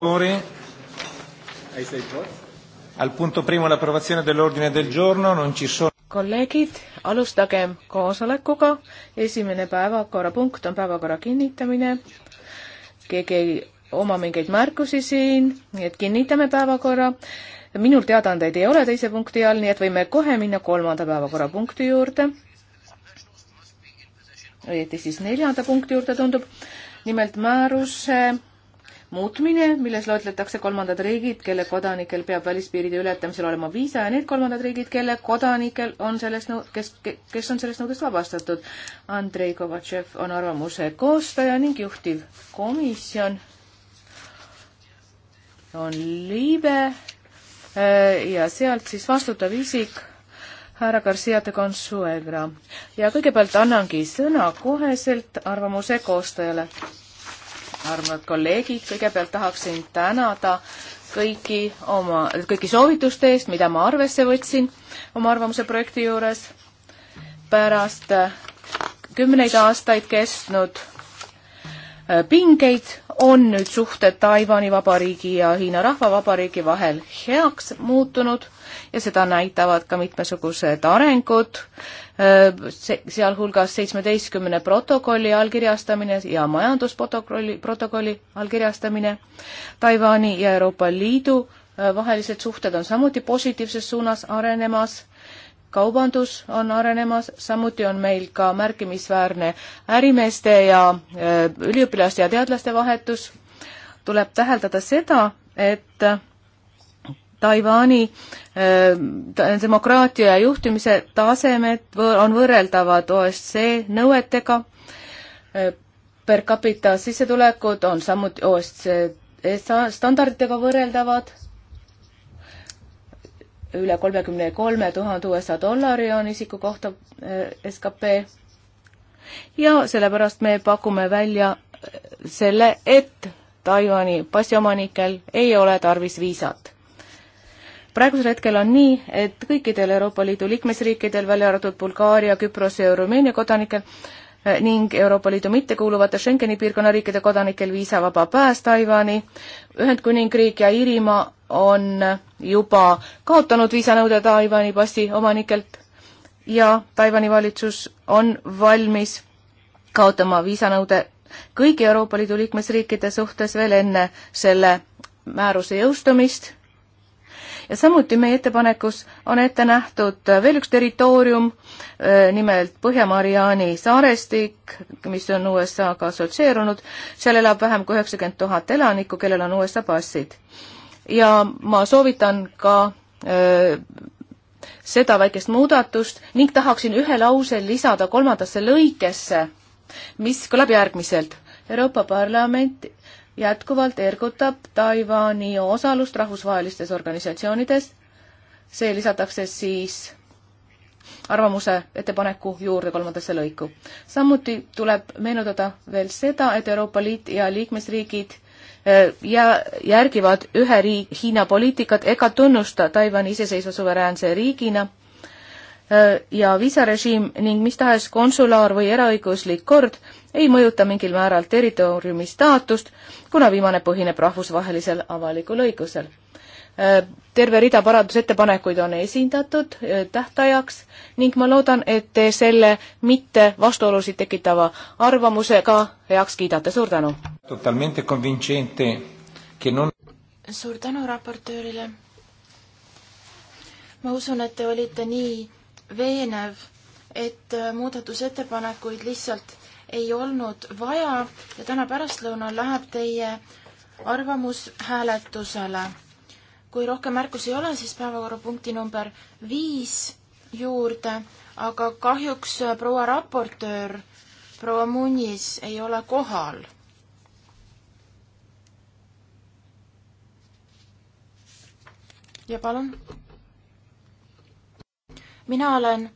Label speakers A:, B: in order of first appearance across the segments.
A: favore. Al punto primo l'approvazione dell'ordine del giorno, non ci sono.
B: kolleegid, alustagem koosolekuga. esimene päevakorrapunkt on päevakorra kinnitamine. keegi ei oma mingeid märkusi siin, nii et kinnitame päevakorra. minul teadaandeid ei ole teise punkti all, nii et võime kohe minna kolmanda päevakorrapunkti juurde. õieti siis neljanda punkti juurde tundub. nimelt määruse muutmine, milles loetletakse kolmandad riigid, kelle kodanikel peab välispiiride ületamisel olema viisa ja need kolmandad riigid, kelle kodanikel on sellest nõu-, kes, kes on sellest nõudest vabastatud. Andrei Kovatšev on arvamuse koostaja ning juhtiv komisjon on liibe äh, ja sealt siis vastutav isik härra Garcia de Consuegra. ja kõigepealt annangi sõna koheselt arvamuse koostajale armad kolleegid, kõigepealt tahaksin tänada kõiki oma, kõiki soovituste eest, mida ma arvesse võtsin oma arvamuse projekti juures. pärast äh, kümneid aastaid kestnud äh, pingeid on nüüd suhted Taiwan'i vabariigi ja Hiina Rahvavabariigi vahel heaks muutunud ja seda näitavad ka mitmesugused arengud Äh, sealhulgas seitsmeteistkümne protokolli allkirjastamine ja majandusprotokolli, protokolli allkirjastamine. Taiwan'i ja Euroopa Liidu äh, vahelised suhted on samuti positiivses suunas arenemas, kaubandus on arenemas, samuti on meil ka märkimisväärne ärimeeste ja äh, üliõpilaste ja teadlaste vahetus. tuleb täheldada seda, et Taiwani äh, demokraatia ja juhtimise tasemed on võrreldavad OSCE nõuetega, äh, per capita sissetulekud on samuti OSCE standarditega võrreldavad, üle kolmekümne kolme tuhande USA dollari on isiku kohta äh, skp ja sellepärast me pakume välja selle, et Taiwan'i passiomanikel ei ole tarvis viisat praegusel hetkel on nii, et kõikidel Euroopa Liidu liikmesriikidel, välja arvatud Bulgaaria, Küprose ja Rumeenia kodanikel eh, ning Euroopa Liidu mittekuuluvate Schengeni piirkonna riikide kodanikel viisavaba pääs Taiwani, Ühendkuningriik ja Iirimaa on juba kaotanud viisanõude Taiwani passi omanikelt ja Taiwani valitsus on valmis kaotama viisanõude kõigi Euroopa Liidu liikmesriikide suhtes veel enne selle määruse jõustumist ja samuti meie ettepanekus on ette nähtud veel üks territoorium, eh, nimelt Põhja-Mariani saarestik, mis on USA-ga assotsieerunud, seal elab vähem kui üheksakümmend tuhat elanikku, kellel on USA passid. ja ma soovitan ka öö, eh, seda väikest muudatust ning tahaksin ühe lause lisada kolmandasse lõikesse, mis kõlab järgmiselt Euroopa Parlament jätkuvalt ergutab Taiwani osalust rahvusvahelistes organisatsioonides. see lisatakse siis arvamuse ettepaneku juurde kolmandasse lõiku. samuti tuleb meenutada veel seda, et Euroopa Liit ja liikmesriigid eh, ja järgivad ühe riik, Hiina poliitikat ega tunnusta Taiwan'i iseseisva suveräänse riigina Äh, ja viisarežiim ning mis tahes konsulaar- või eraõiguslik kord ei mõjuta mingil määral territooriumi staatust, kuna viimane põhineb rahvusvahelisel avalikul õigusel. Äh, terve rida parandusettepanekuid on esindatud äh, tähtajaks ning ma loodan, et te selle mitte vastuolusid tekitava arvamusega heaks kiidate, suur tänu!
A: Non...
C: suur tänu raportöörile! ma usun, et te olite nii veenev, et äh, muudatusettepanekuid lihtsalt ei olnud vaja ja täna pärastlõunal läheb teie arvamus hääletusele. kui rohkem märkusi ei ole, siis päevakorrapunkti number viis juurde, aga kahjuks äh, proua raportöör, proua Munis ei ole kohal. ja palun mina olen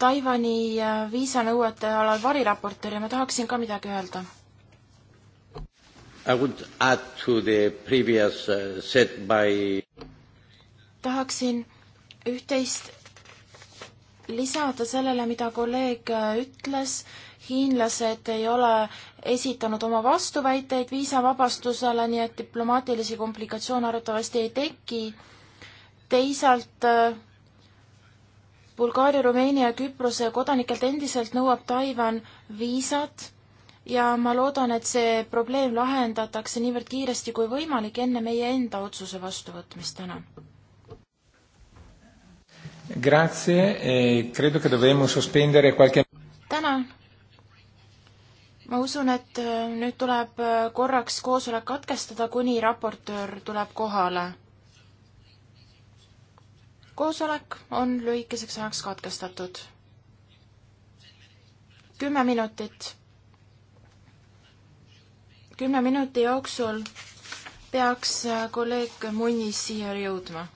C: Taiwan'i äh, viisanõuete alal variraportöör ja ma tahaksin ka midagi öelda.
A: I would add to the previous uh, said by
C: tahaksin üht-teist lisada sellele, mida kolleeg äh, ütles hiinlased ei ole esitanud oma vastuväiteid viisavabastusele, nii et diplomaatilisi komplikatsioone arvatavasti ei teki. teisalt äh, Bulgaaria, Rumeenia ja Küprose kodanikelt endiselt nõuab Taiwan viisat ja ma loodan, et see probleem lahendatakse niivõrd kiiresti kui võimalik enne meie enda otsuse vastuvõtmist täna.
A: Grazie, e credo che dovremmo sospendere qualche
C: ma usun, et äh, nüüd tuleb äh, korraks koosolek katkestada, kuni raportöör tuleb kohale. koosolek on lühikeseks ajaks katkestatud. kümme minutit. kümne minuti jooksul peaks äh, kolleeg Munnis siia jõudma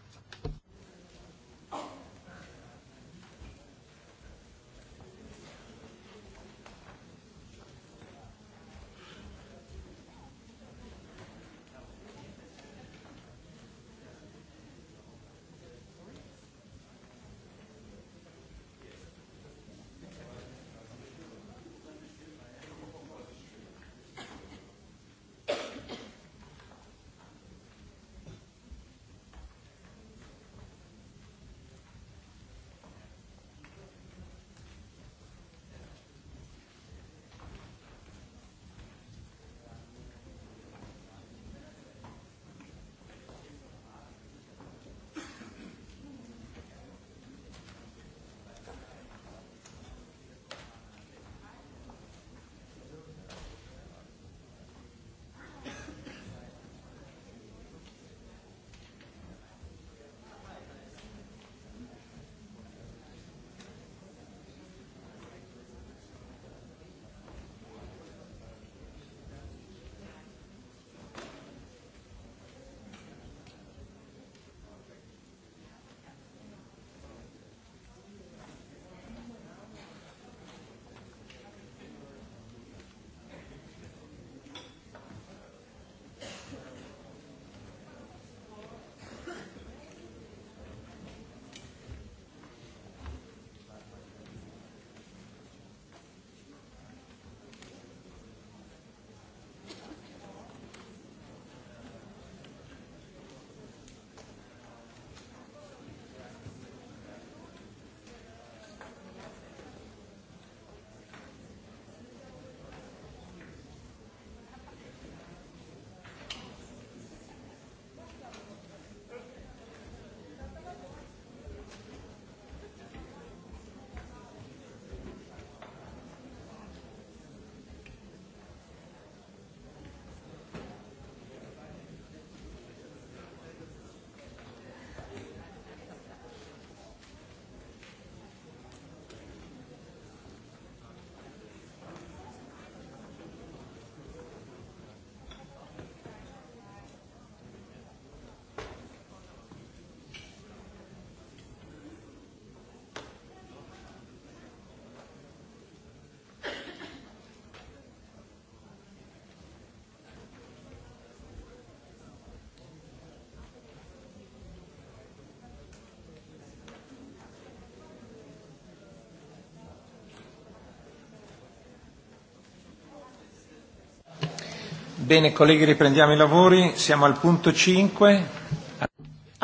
A: Bene, kolleegid, riprendiamo i lavori, siamo al punto 5.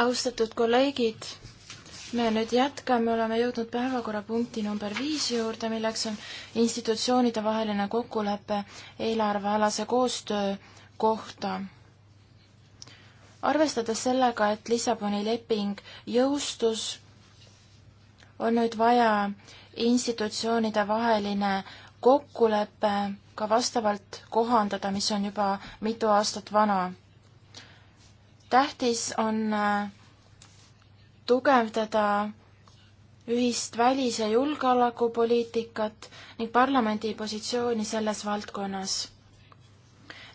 C: austatud kolleegid, me nüüd jätkame, oleme jõudnud päevakorrapunkti number viis juurde, milleks on institutsioonide vaheline kokkulepe eelarvealase koostöö kohta. arvestades sellega, et Lissaboni leping jõustus, on nüüd vaja institutsioonide vaheline kokkulepe ka vastavalt kohandada, mis on juba mitu aastat vana. tähtis on äh, tugevdada ühist välis- ja julgeolekupoliitikat ning parlamendi positsiooni selles valdkonnas.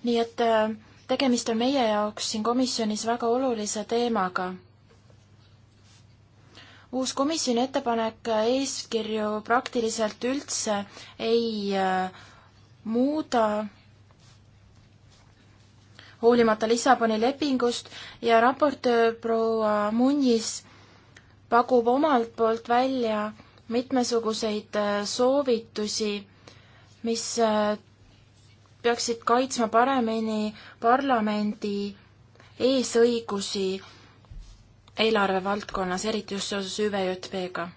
C: nii et äh, tegemist on meie jaoks siin komisjonis väga olulise teemaga uus komisjoni ettepanek äh, eeskirju praktiliselt üldse ei muuda hoolimata Lissaboni lepingust ja raportöör proua Munnis pakub omalt poolt välja mitmesuguseid äh, soovitusi, mis äh, peaksid kaitsma paremini parlamendi eesõigusi eelarve valdkonnas, eriti just seoses ÜVJP-ga.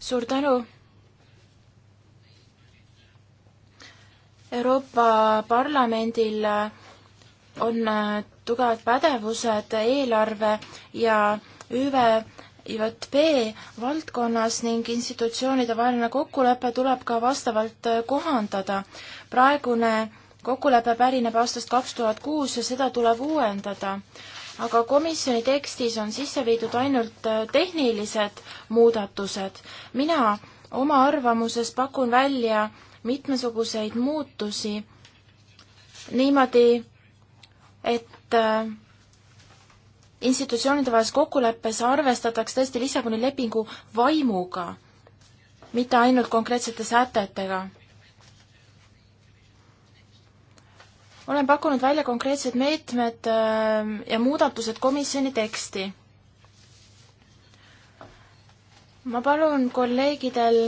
C: suur tänu! Euroopa Parlamendil on äh, tugevad pädevused eelarve ja ÜVJP valdkonnas ning institutsioonide vaheline kokkulepe tuleb ka vastavalt äh, kohandada. praegune kokkulepe pärineb aastast kaks tuhat kuus ja seda tuleb uuendada. aga komisjoni tekstis on sisse viidud ainult äh, tehnilised muudatused. mina oma arvamuses pakun välja mitmesuguseid muutusi niimoodi, et äh, institutsioonide vahelises kokkuleppes arvestatakse tõesti Lissaboni lepingu vaimuga, mitte ainult konkreetsete sätetega. olen pakkunud välja konkreetsed meetmed äh, ja muudatused komisjoni teksti. ma palun kolleegidel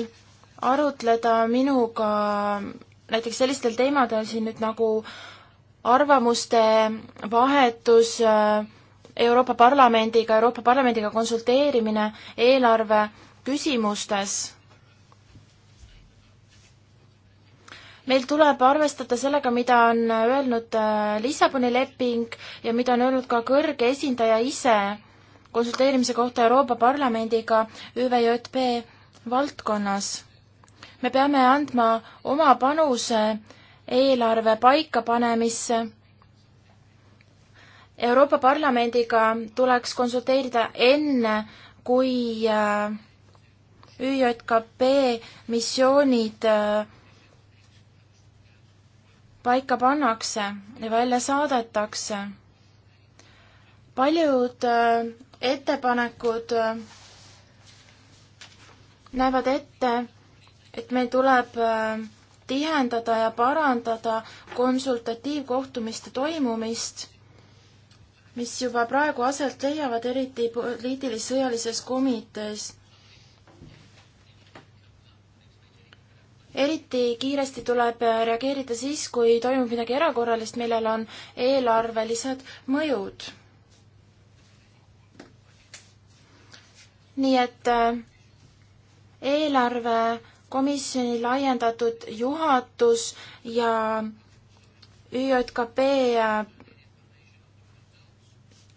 C: arutleda minuga näiteks sellistel teemadel siin nüüd nagu arvamuste vahetus äh, Euroopa Parlamendiga, Euroopa Parlamendiga konsulteerimine eelarve küsimustes. meil tuleb arvestada sellega, mida on öelnud äh, Lissaboni leping ja mida on öelnud ka kõrge esindaja ise konsulteerimise kohta Euroopa Parlamendiga ÜVJP valdkonnas me peame andma oma panuse eelarve paikapanemisse. Euroopa Parlamendiga tuleks konsulteerida enne, kui äh, ÜJKP missioonid äh, paika pannakse ja välja saadetakse. paljud äh, ettepanekud näevad ette et meil tuleb äh, tihendada ja parandada konsultatiivkohtumiste toimumist, mis juba praegu aset leiavad, eriti poliitilis-sõjalises komitees. eriti kiiresti tuleb äh, reageerida siis, kui toimub midagi erakorralist, millel on eelarvelised mõjud. nii et äh, eelarve komisjoni laiendatud juhatus ja ÜJKP äh,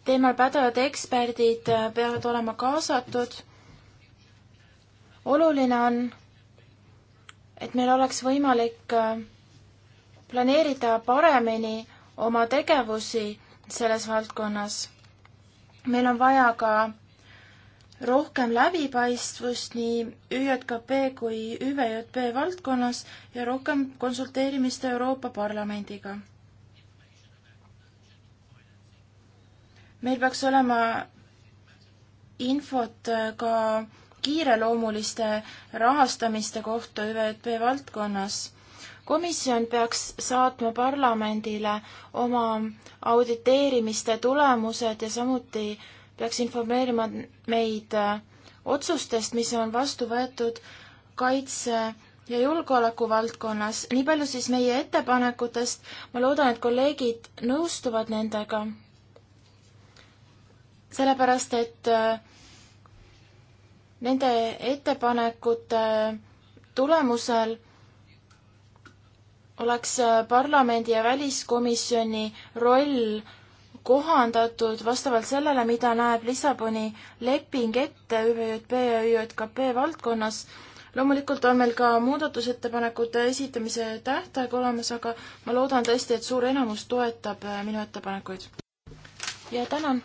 C: teemal pädevad eksperdid äh, peavad olema kaasatud. oluline on, et meil oleks võimalik äh, planeerida paremini oma tegevusi selles valdkonnas. meil on vaja ka rohkem läbipaistvust nii ÜJKP kui ÜVJP valdkonnas ja rohkem konsulteerimist Euroopa Parlamendiga. meil peaks olema infot äh, ka kiireloomuliste rahastamiste kohta ÜVJP valdkonnas. komisjon peaks saatma parlamendile oma auditeerimiste tulemused ja samuti äh, peaks informeerima meid äh, otsustest, mis on vastu võetud kaitse ja julgeoleku valdkonnas. nii palju siis meie ettepanekutest, ma loodan, et kolleegid nõustuvad nendega. sellepärast, et äh, nende ettepanekute äh, tulemusel oleks parlamendi ja väliskomisjoni roll kohandatud vastavalt sellele, mida näeb Lissaboni leping ette ÜVJP ja ÜJKP valdkonnas. loomulikult on meil ka muudatusettepanekute esitamise tähtaeg olemas, aga ma loodan tõesti, et suur enamus toetab äh, minu ettepanekuid. ja tänan!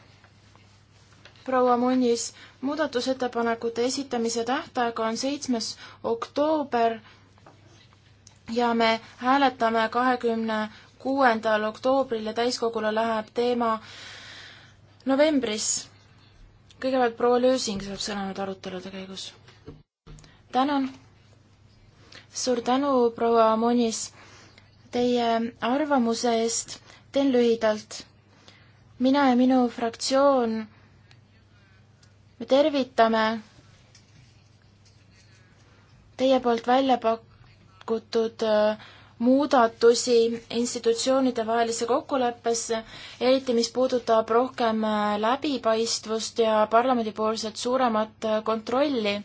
C: proua Munnis, muudatusettepanekute esitamise tähtaeg on seitsmes oktoober ja me hääletame kahekümne kuuendal oktoobril ja täiskogule läheb teema novembris. kõigepealt proua Lösing saab sõna nüüd arutelude käigus. tänan. suur tänu, proua Monis, teie arvamuse eest. teen lühidalt. mina ja minu fraktsioon, me tervitame teie poolt välja pakutud äh, muudatusi institutsioonide vahelisse kokkuleppesse, eriti mis puudutab rohkem äh, läbipaistvust ja parlamendipoolset suuremat äh, kontrolli.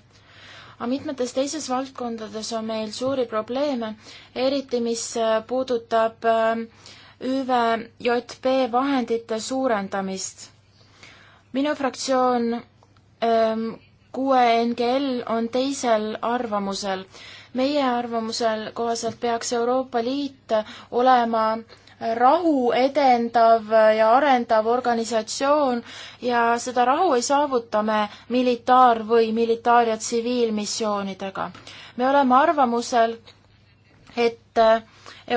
C: aga mitmetes teises valdkondades on meil suuri probleeme, eriti mis äh, puudutab ÜVJP vahendite suurendamist. minu fraktsioon QNGL ähm, on teisel arvamusel meie arvamusel kohaselt peaks Euroopa Liit olema rahu edendav ja arendav organisatsioon ja seda rahu ei saavuta me militaar- või militaar- ja tsiviilmissioonidega. me oleme arvamusel, et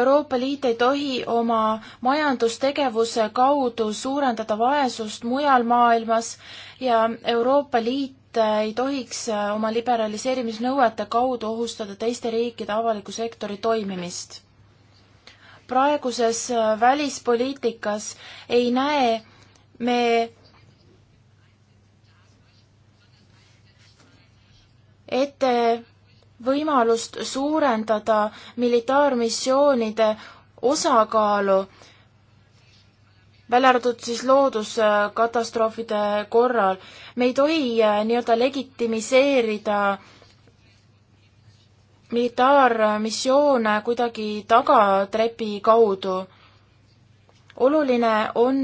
C: Euroopa Liit ei tohi oma majandustegevuse kaudu suurendada vaesust mujal maailmas ja Euroopa Liit Äh, ei tohiks äh, oma liberaliseerimisnõuete kaudu ohustada teiste riikide avaliku sektori toimimist. praeguses äh, välispoliitikas ei näe me ette võimalust suurendada militaarmissioonide osakaalu välja arvatud siis looduskatastroofide korral. me ei tohi äh, nii-öelda legitimiseerida militaarmissioone kuidagi tagatrepi kaudu. oluline on,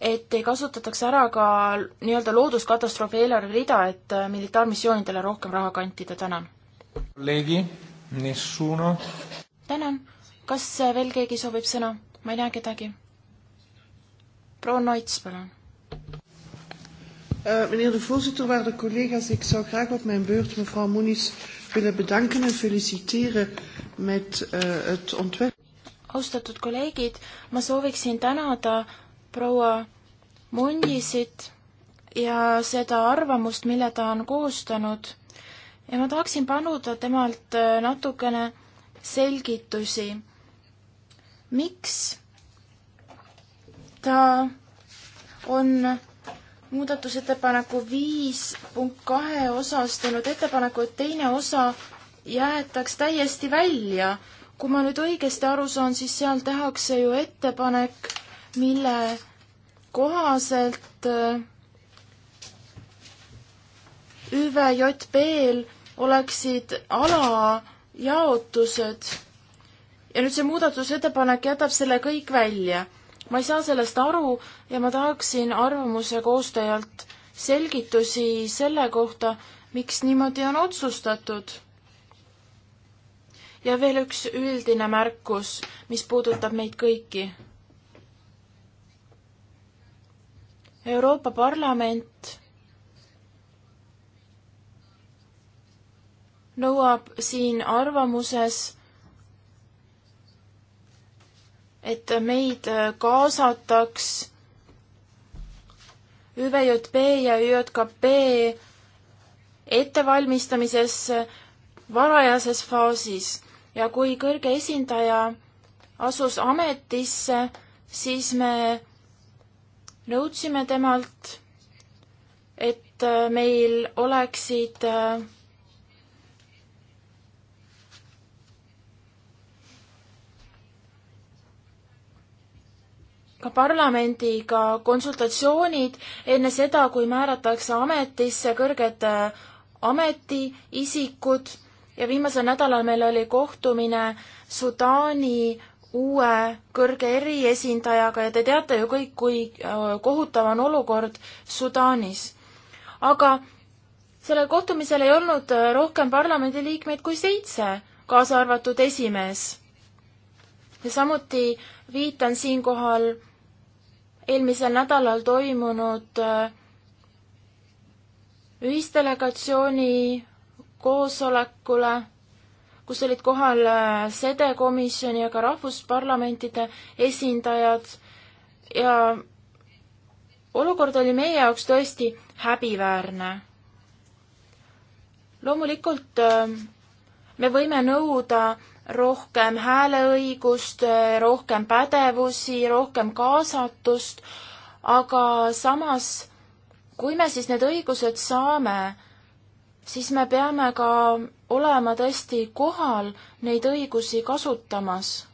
C: et ei kasutataks ära ka nii-öelda looduskatastroofi eelarverida, et äh, militaarmissioonidele rohkem raha kantida, tänan.
A: kolleegi, nessuno.
C: tänan. kas äh, veel keegi soovib sõna? ma ei näe kedagi proua Noits, palun.
D: Eh, meneer de voorzitter, waarde collega's, ik zou graag op mijn beurt mevrouw Moenis willen bedanken en feliciteren met uh, het ontwerp.
C: austatud kolleegid, ma sooviksin tänada proua Mundisit ja seda arvamust, mille ta on koostanud. ja ma tahaksin paluda temalt eh, natukene selgitusi, miks ta on muudatusettepaneku viis punkt kahe osas teinud ettepaneku, et teine osa jäetaks täiesti välja. kui ma nüüd õigesti aru saan, siis seal tehakse ju ettepanek, mille kohaselt äh, ÜVJP-l oleksid alajaotused ja nüüd see muudatusettepanek jätab selle kõik välja ma ei saa sellest aru ja ma tahaksin arvamuse koostajalt selgitusi selle kohta, miks niimoodi on otsustatud. ja veel üks üldine märkus, mis puudutab meid kõiki. Euroopa Parlament nõuab siin arvamuses et meid äh, kaasataks ÜVJP ja ÜJKP ettevalmistamises varajases faasis ja kui kõrge esindaja asus ametisse, siis me nõudsime temalt, et äh, meil oleksid äh, ka parlamendiga konsultatsioonid enne seda, kui määratakse ametisse kõrged äh, ametiisikud ja viimasel nädalal meil oli kohtumine Sudaani uue kõrge eriesindajaga ja te teate ju kõik, kui äh, kohutav on olukord Sudaanis. aga sellel kohtumisel ei olnud äh, rohkem parlamendiliikmeid kui seitse, kaasa arvatud esimees. ja samuti viitan siinkohal eelmisel nädalal toimunud äh, ühisdelegatsiooni koosolekule, kus olid kohal äh, SEDE komisjoni ja ka rahvusparlamentide esindajad ja olukord oli meie jaoks tõesti häbiväärne. loomulikult äh, me võime nõuda rohkem hääleõigust, rohkem pädevusi, rohkem kaasatust, aga samas, kui me siis need õigused saame, siis me peame ka olema tõesti kohal neid õigusi kasutamas.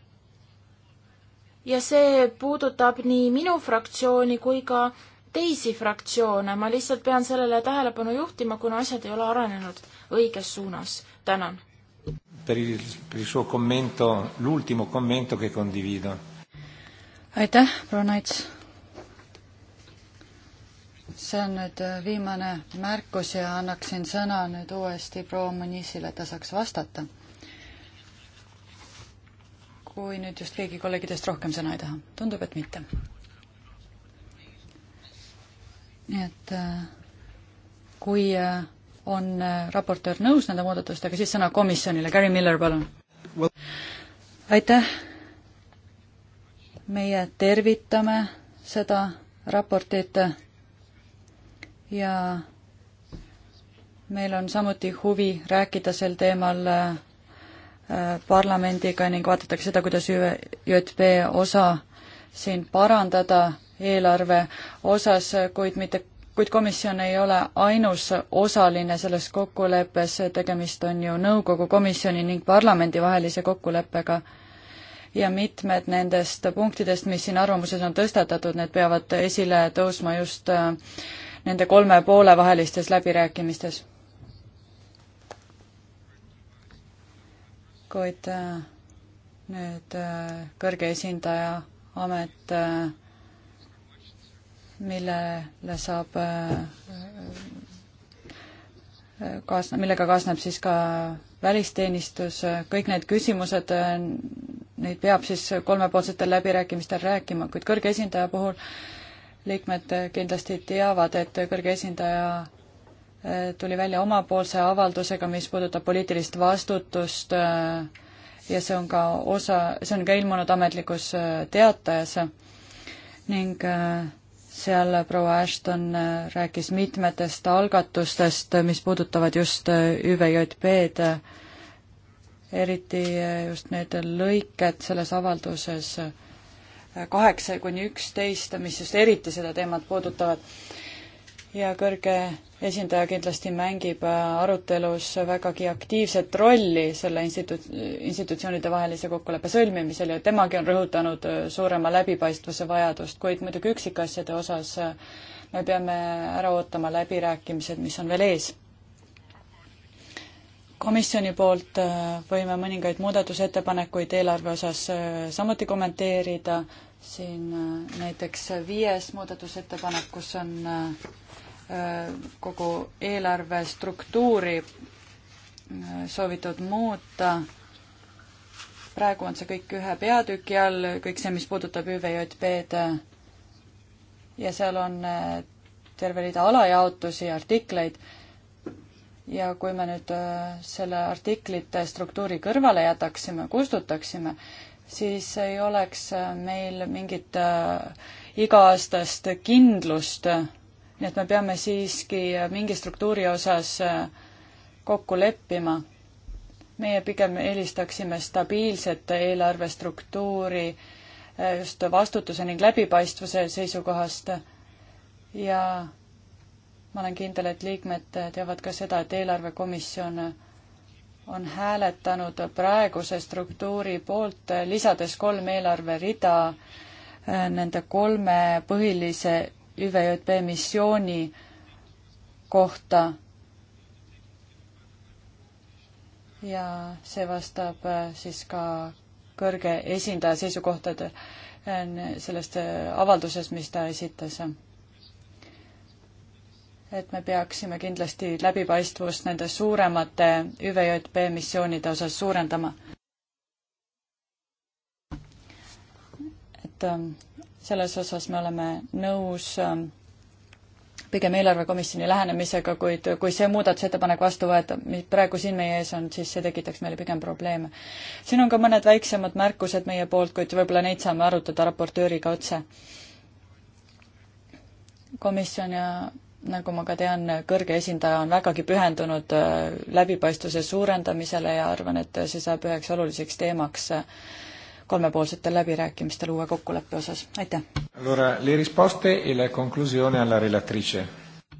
C: ja see puudutab nii minu fraktsiooni kui ka teisi fraktsioone, ma lihtsalt pean sellele tähelepanu juhtima, kuna asjad ei ole arenenud õiges
D: suunas. tänan
A: per il, per il suo commento, l'ultimo commento che condivido.
D: aitäh, proua Naits. see on nüüd äh, viimane märkus ja annaksin sõna nüüd uuesti proua Munisile, et ta saaks vastata. kui nüüd just keegi kolleegidest rohkem sõna ei taha, tundub, et mitte. nii et äh, kui äh, on äh, raportöör nõus nende muudatustega, siis sõna komisjonile, Gary Miller, palun well.. aitäh! meie tervitame seda raportit ja meil on samuti huvi rääkida sel teemal äh, parlamendiga ning vaadatakse seda, kuidas ÜJP osa siin parandada eelarve osas, kuid mitte kuid komisjon ei ole ainus osaline selles kokkuleppes, tegemist on ju nõukogu komisjoni ning parlamendi vahelise kokkuleppega ja mitmed nendest punktidest, mis siin arvamuses on tõstatatud, need peavad esile tõusma just äh, nende kolme poole vahelistes läbirääkimistes. kuid äh, nüüd äh, kõrge esindaja amet millele saab kaasne-, millega kaasneb siis ka välisteenistus, kõik need küsimused, neid peab siis kolmepoolsetel läbirääkimistel rääkima, kuid kõrge esindaja puhul liikmed kindlasti teavad, et kõrge esindaja eh, tuli välja omapoolse avaldusega, mis puudutab poliitilist vastutust eh, ja see on ka osa, see on ka ilmunud ametlikus eh, teatajas ning äh, seal proua Ashton äh, rääkis mitmetest algatustest, äh, mis puudutavad just äh, ÜVJP-d, eriti just need lõiked selles avalduses kaheksa kuni üksteist, mis just eriti seda teemat puudutavad ja kõrge esindaja kindlasti mängib äh, arutelus vägagi aktiivset rolli selle institu-, institutsioonide vahelise kokkuleppe sõlmimisel ja temagi on rõhutanud äh, suurema läbipaistvuse vajadust, kuid muidugi üksikasjade osas äh, me peame ära ootama läbirääkimised, mis on veel ees. komisjoni poolt võime mõningaid muudatusettepanekuid eelarve osas samuti kommenteerida, siin näiteks viies muudatusettepanek, kus on äh, kogu eelarve struktuuri äh, soovitud muuta. praegu on see kõik ühe peatüki all, kõik see, mis puudutab ÜVJP-d ja seal on äh, terve rida alajaotusi, artikleid. ja kui me nüüd äh, selle artiklite struktuuri kõrvale jätaksime, kustutaksime, siis ei oleks meil mingit iga-aastast kindlust nii et me peame siiski mingi struktuuri osas äh, kokku leppima. meie pigem eelistaksime stabiilset eelarvestruktuuri äh, just vastutuse ning läbipaistvuse seisukohast ja ma olen kindel, et liikmed teavad ka seda, et eelarvekomisjon on hääletanud praeguse struktuuri poolt, lisades kolm eelarverida äh, nende kolme põhilise ÜVJP missiooni kohta. ja see vastab äh, siis ka kõrge esindaja seisukohtade äh, sellest äh, avaldusest, mis ta esitas. et me peaksime kindlasti läbipaistvust nende suuremate ÜVJP missioonide osas suurendama. et ähm, selles osas me oleme nõus ähm, pigem eelarvekomisjoni lähenemisega, kuid kui see muudatusettepanek vastu võeta, mis praegu siin meie ees on, siis see tekitaks meile pigem probleeme. siin on ka mõned väiksemad märkused meie poolt, kuid võib-olla neid saame arutada raportööriga otse. komisjon ja nagu ma ka tean, kõrge esindaja on vägagi pühendunud äh, läbipaistvuse suurendamisele ja arvan, et see saab üheks oluliseks teemaks äh, kolmepoolsetel läbirääkimistel uue kokkuleppe osas, aitäh! E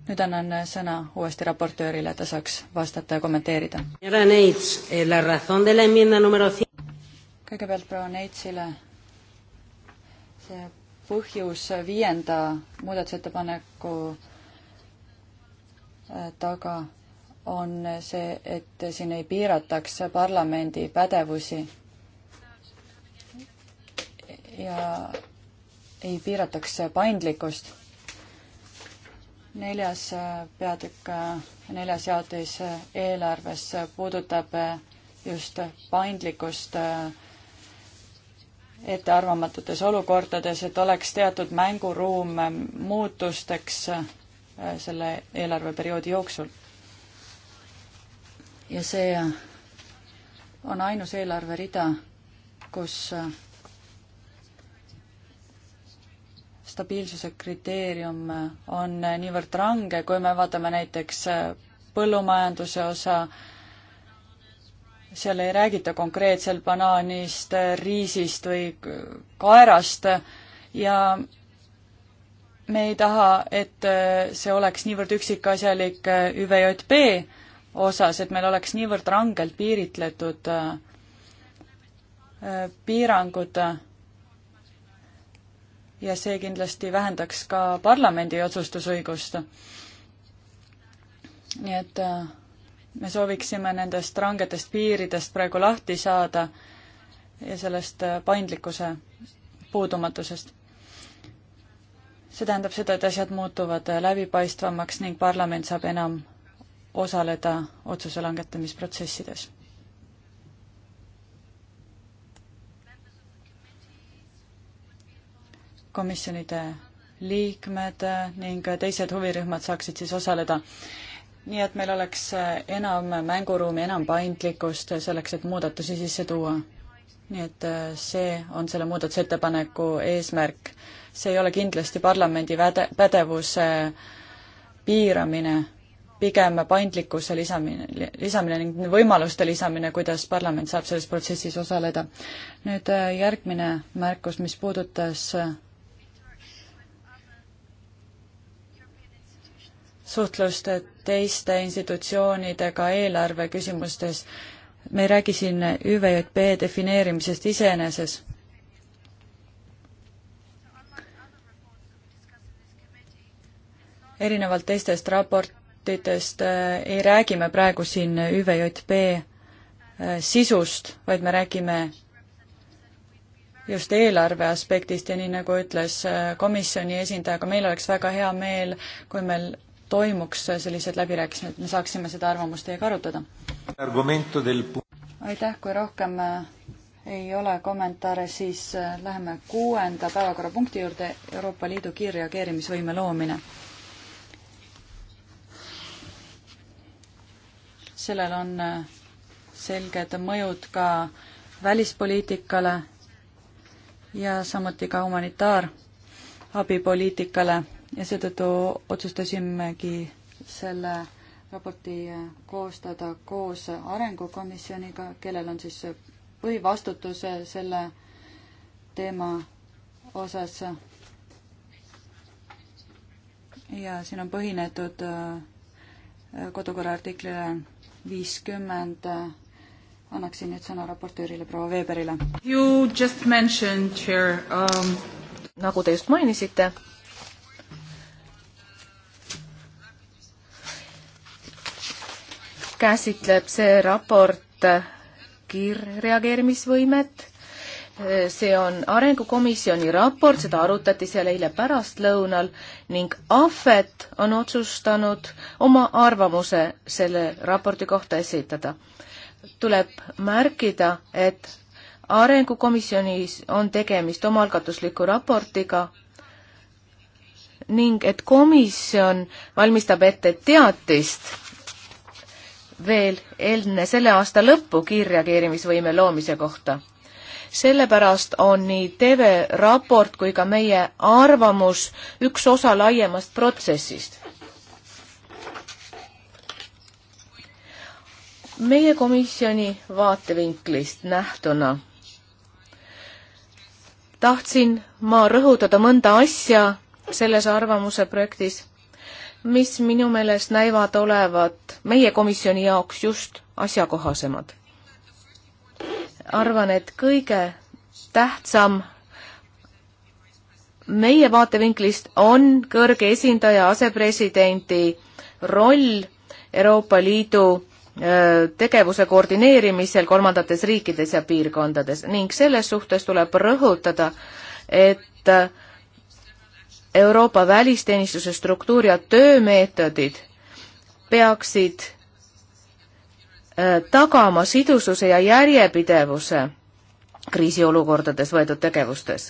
D: nüüd annan sõna uuesti raportöörile, ta saaks vastata ja kommenteerida. Eh, kõigepealt proua Neitsile see põhjus viienda muudatusettepaneku eh, taga on see, et siin ei piirataks parlamendi pädevusi ja ei piirataks paindlikkust. neljas äh, peatükk, äh, neljas jaotis äh, eelarves puudutab just paindlikkust ettearvamatutes olukordades, et oleks teatud mänguruum muutusteks selle eelarveperioodi jooksul. ja see on ainus eelarverida, kus stabiilsuse kriteerium on niivõrd range, kui me vaatame näiteks põllumajanduse osa, seal ei räägita konkreetselt banaanist, riisist või kaerast ja me ei taha, et see oleks niivõrd üksikasjalik ÜVJP osas, et meil oleks niivõrd rangelt piiritletud piirangud ja see kindlasti vähendaks ka parlamendi otsustusõigust. nii et äh, me sooviksime nendest rangetest piiridest praegu lahti saada ja sellest äh, paindlikkuse puudumatusest. see tähendab seda, et asjad muutuvad äh, läbipaistvamaks ning parlament saab enam osaleda otsuse langetamisprotsessides komisjonide liikmed ning teised huvirühmad saaksid siis osaleda. nii et meil oleks enam mänguruumi, enam paindlikkust selleks, et muudatusi sisse tuua. nii et see on selle muudatusettepaneku eesmärk. see ei ole kindlasti parlamendi väde-, pädevuse piiramine, pigem paindlikkuse lisamine, lisamine ning võimaluste lisamine, kuidas parlament saab selles protsessis osaleda. nüüd järgmine märkus, mis puudutas suhtlust teiste institutsioonidega eelarve küsimustes. me ei räägi siin ÜVJP defineerimisest iseeneses. erinevalt teistest raportitest eh, ei räägi me praegu siin ÜVJP eh, sisust, vaid me räägime just eelarve aspektist ja nii nagu ütles eh, komisjoni esindaja, aga meil oleks väga hea meel, kui meil toimuks sellised läbirääkimised, et me saaksime seda arvamust teiega arutada. aitäh, kui rohkem äh, ei ole kommentaare, siis äh, läheme kuuenda päevakorrapunkti juurde, Euroopa Liidu kiirreageerimisvõime loomine. sellel on äh, selged mõjud ka välispoliitikale ja samuti ka humanitaarabipoliitikale ja seetõttu otsustasimegi selle raporti koostada koos Arengukomisjoniga, kellel on siis põhivastutus selle teema osas. ja siin on põhinetud äh, kodukorra artiklile viiskümmend. annaksin nüüd sõna raportöörile proua Veberile. You just mentioned
B: here um... nagu te just mainisite käsitleb see raport kiirreageerimisvõimet. see on Arengukomisjoni raport, seda arutati seal eile pärastlõunal ning Ahvet on otsustanud oma arvamuse selle raporti kohta esitada. tuleb märkida, et arengukomisjonis on tegemist omaalgatusliku raportiga ning et komisjon valmistab ette teatist veel enne selle aasta lõppu kiirreageerimisvõime loomise kohta. sellepärast on nii TV raport kui ka meie arvamus üks osa laiemast protsessist. meie komisjoni vaatevinklist nähtuna tahtsin ma rõhutada mõnda asja selles arvamuse projektis mis minu meelest näivad olevat meie komisjoni jaoks just asjakohasemad. arvan, et kõige tähtsam meie vaatevinklist on kõrge esindaja asepresidendi roll Euroopa Liidu tegevuse koordineerimisel kolmandates riikides ja piirkondades ning selles suhtes tuleb rõhutada, et Euroopa välisteenistuse struktuur ja töömeetodid peaksid äh, tagama sidususe ja järjepidevuse kriisiolukordades võetud tegevustes.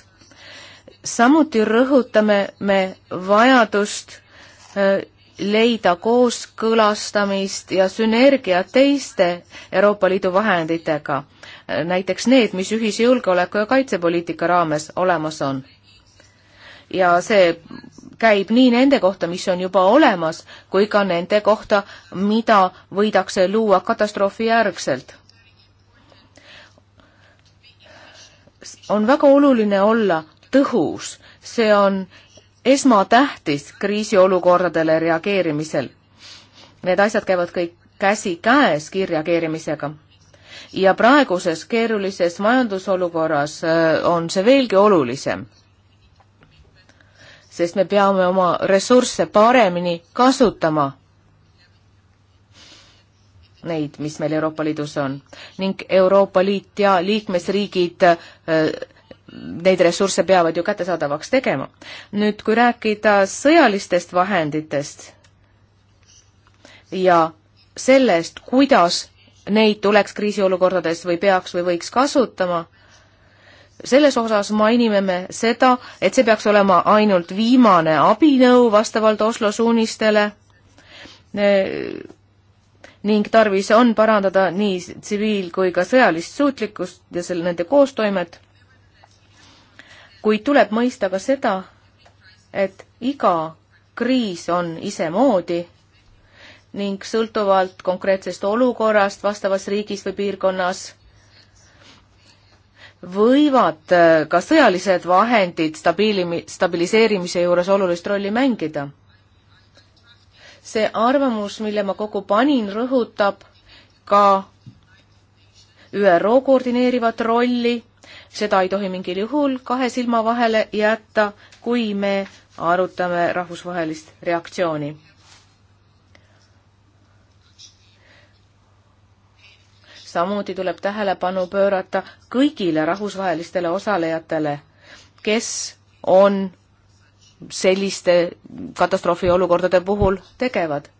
B: samuti rõhutame me vajadust äh, leida kooskõlastamist ja sünergiat teiste Euroopa Liidu vahenditega, äh, näiteks need, mis ühise julgeoleku ja kaitsepoliitika raames olemas on ja see käib nii nende kohta, mis on juba olemas, kui ka nende kohta, mida võidakse luua katastroofi järgselt. on väga oluline olla tõhus, see on esmatähtis kriisiolukordadele reageerimisel. Need asjad käivad kõik käsikäes kiirreageerimisega. ja praeguses keerulises majandusolukorras äh, on see veelgi olulisem sest me peame oma ressursse paremini kasutama, neid, mis meil Euroopa Liidus on. ning Euroopa Liit ja liikmesriigid äh, neid ressursse peavad ju kättesaadavaks tegema. nüüd, kui rääkida sõjalistest vahenditest ja sellest, kuidas neid tuleks kriisiolukordades või peaks või võiks kasutama, selles osas mainime me seda, et see peaks olema ainult viimane abinõu vastavalt Oslo suunistele ning tarvis on parandada nii tsiviil- kui ka sõjalist suutlikkust ja selle, nende koostoimet, kuid tuleb mõista ka seda, et iga kriis on isemoodi ning sõltuvalt konkreetsest olukorrast vastavas riigis või piirkonnas võivad äh, ka sõjalised vahendid stabiili-, stabiliseerimise juures olulist rolli mängida. see arvamus, mille ma kokku panin, rõhutab ka ÜRO koordineerivat rolli, seda ei tohi mingil juhul kahe silma vahele jätta, kui me arutame rahvusvahelist reaktsiooni samuti tuleb tähelepanu pöörata kõigile rahvusvahelistele osalejatele, kes on selliste katastroofiolukordade puhul tegevad.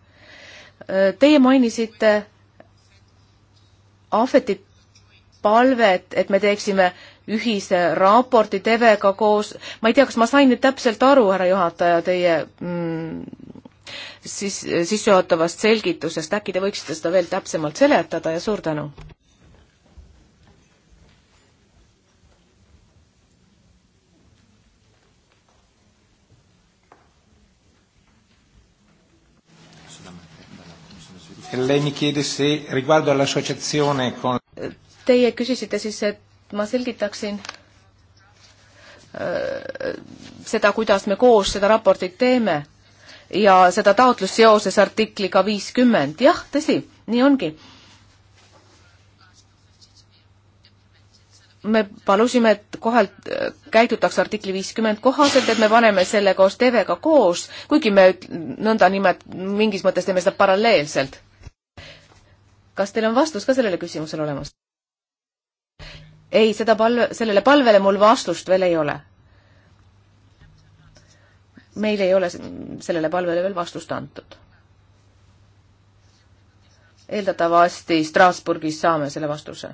B: Teie mainisite Ahveti palvet, et me teeksime ühise raporti TV-ga koos, ma ei tea, kas ma sain nüüd täpselt aru, härra juhataja, teie mm, siis sissejuhatavast selgitusest, äkki te võiksite seda veel täpsemalt seletada ja suur tänu!
A: Lei mi chiede se riguardo all'associazione con...
B: Teie küsisite siis, et ma selgitaksin äh, seda, kuidas me koos seda raportit teeme ja seda taotlust seoses artikliga viiskümmend. jah, tõsi, nii ongi. me palusime, et kohalt äh, käidutaks artikli viiskümmend kohaselt, et me paneme selle koos TV-ga koos, kuigi me nõnda nimet-, mingis mõttes teeme seda paralleelselt. kas teil on vastus ka sellele küsimusele olemas? ei, seda palve, sellele palvele mul vastust veel ei ole meil ei ole sellele palvele veel vastust antud. eeldatavasti Strasburgis saame selle vastuse.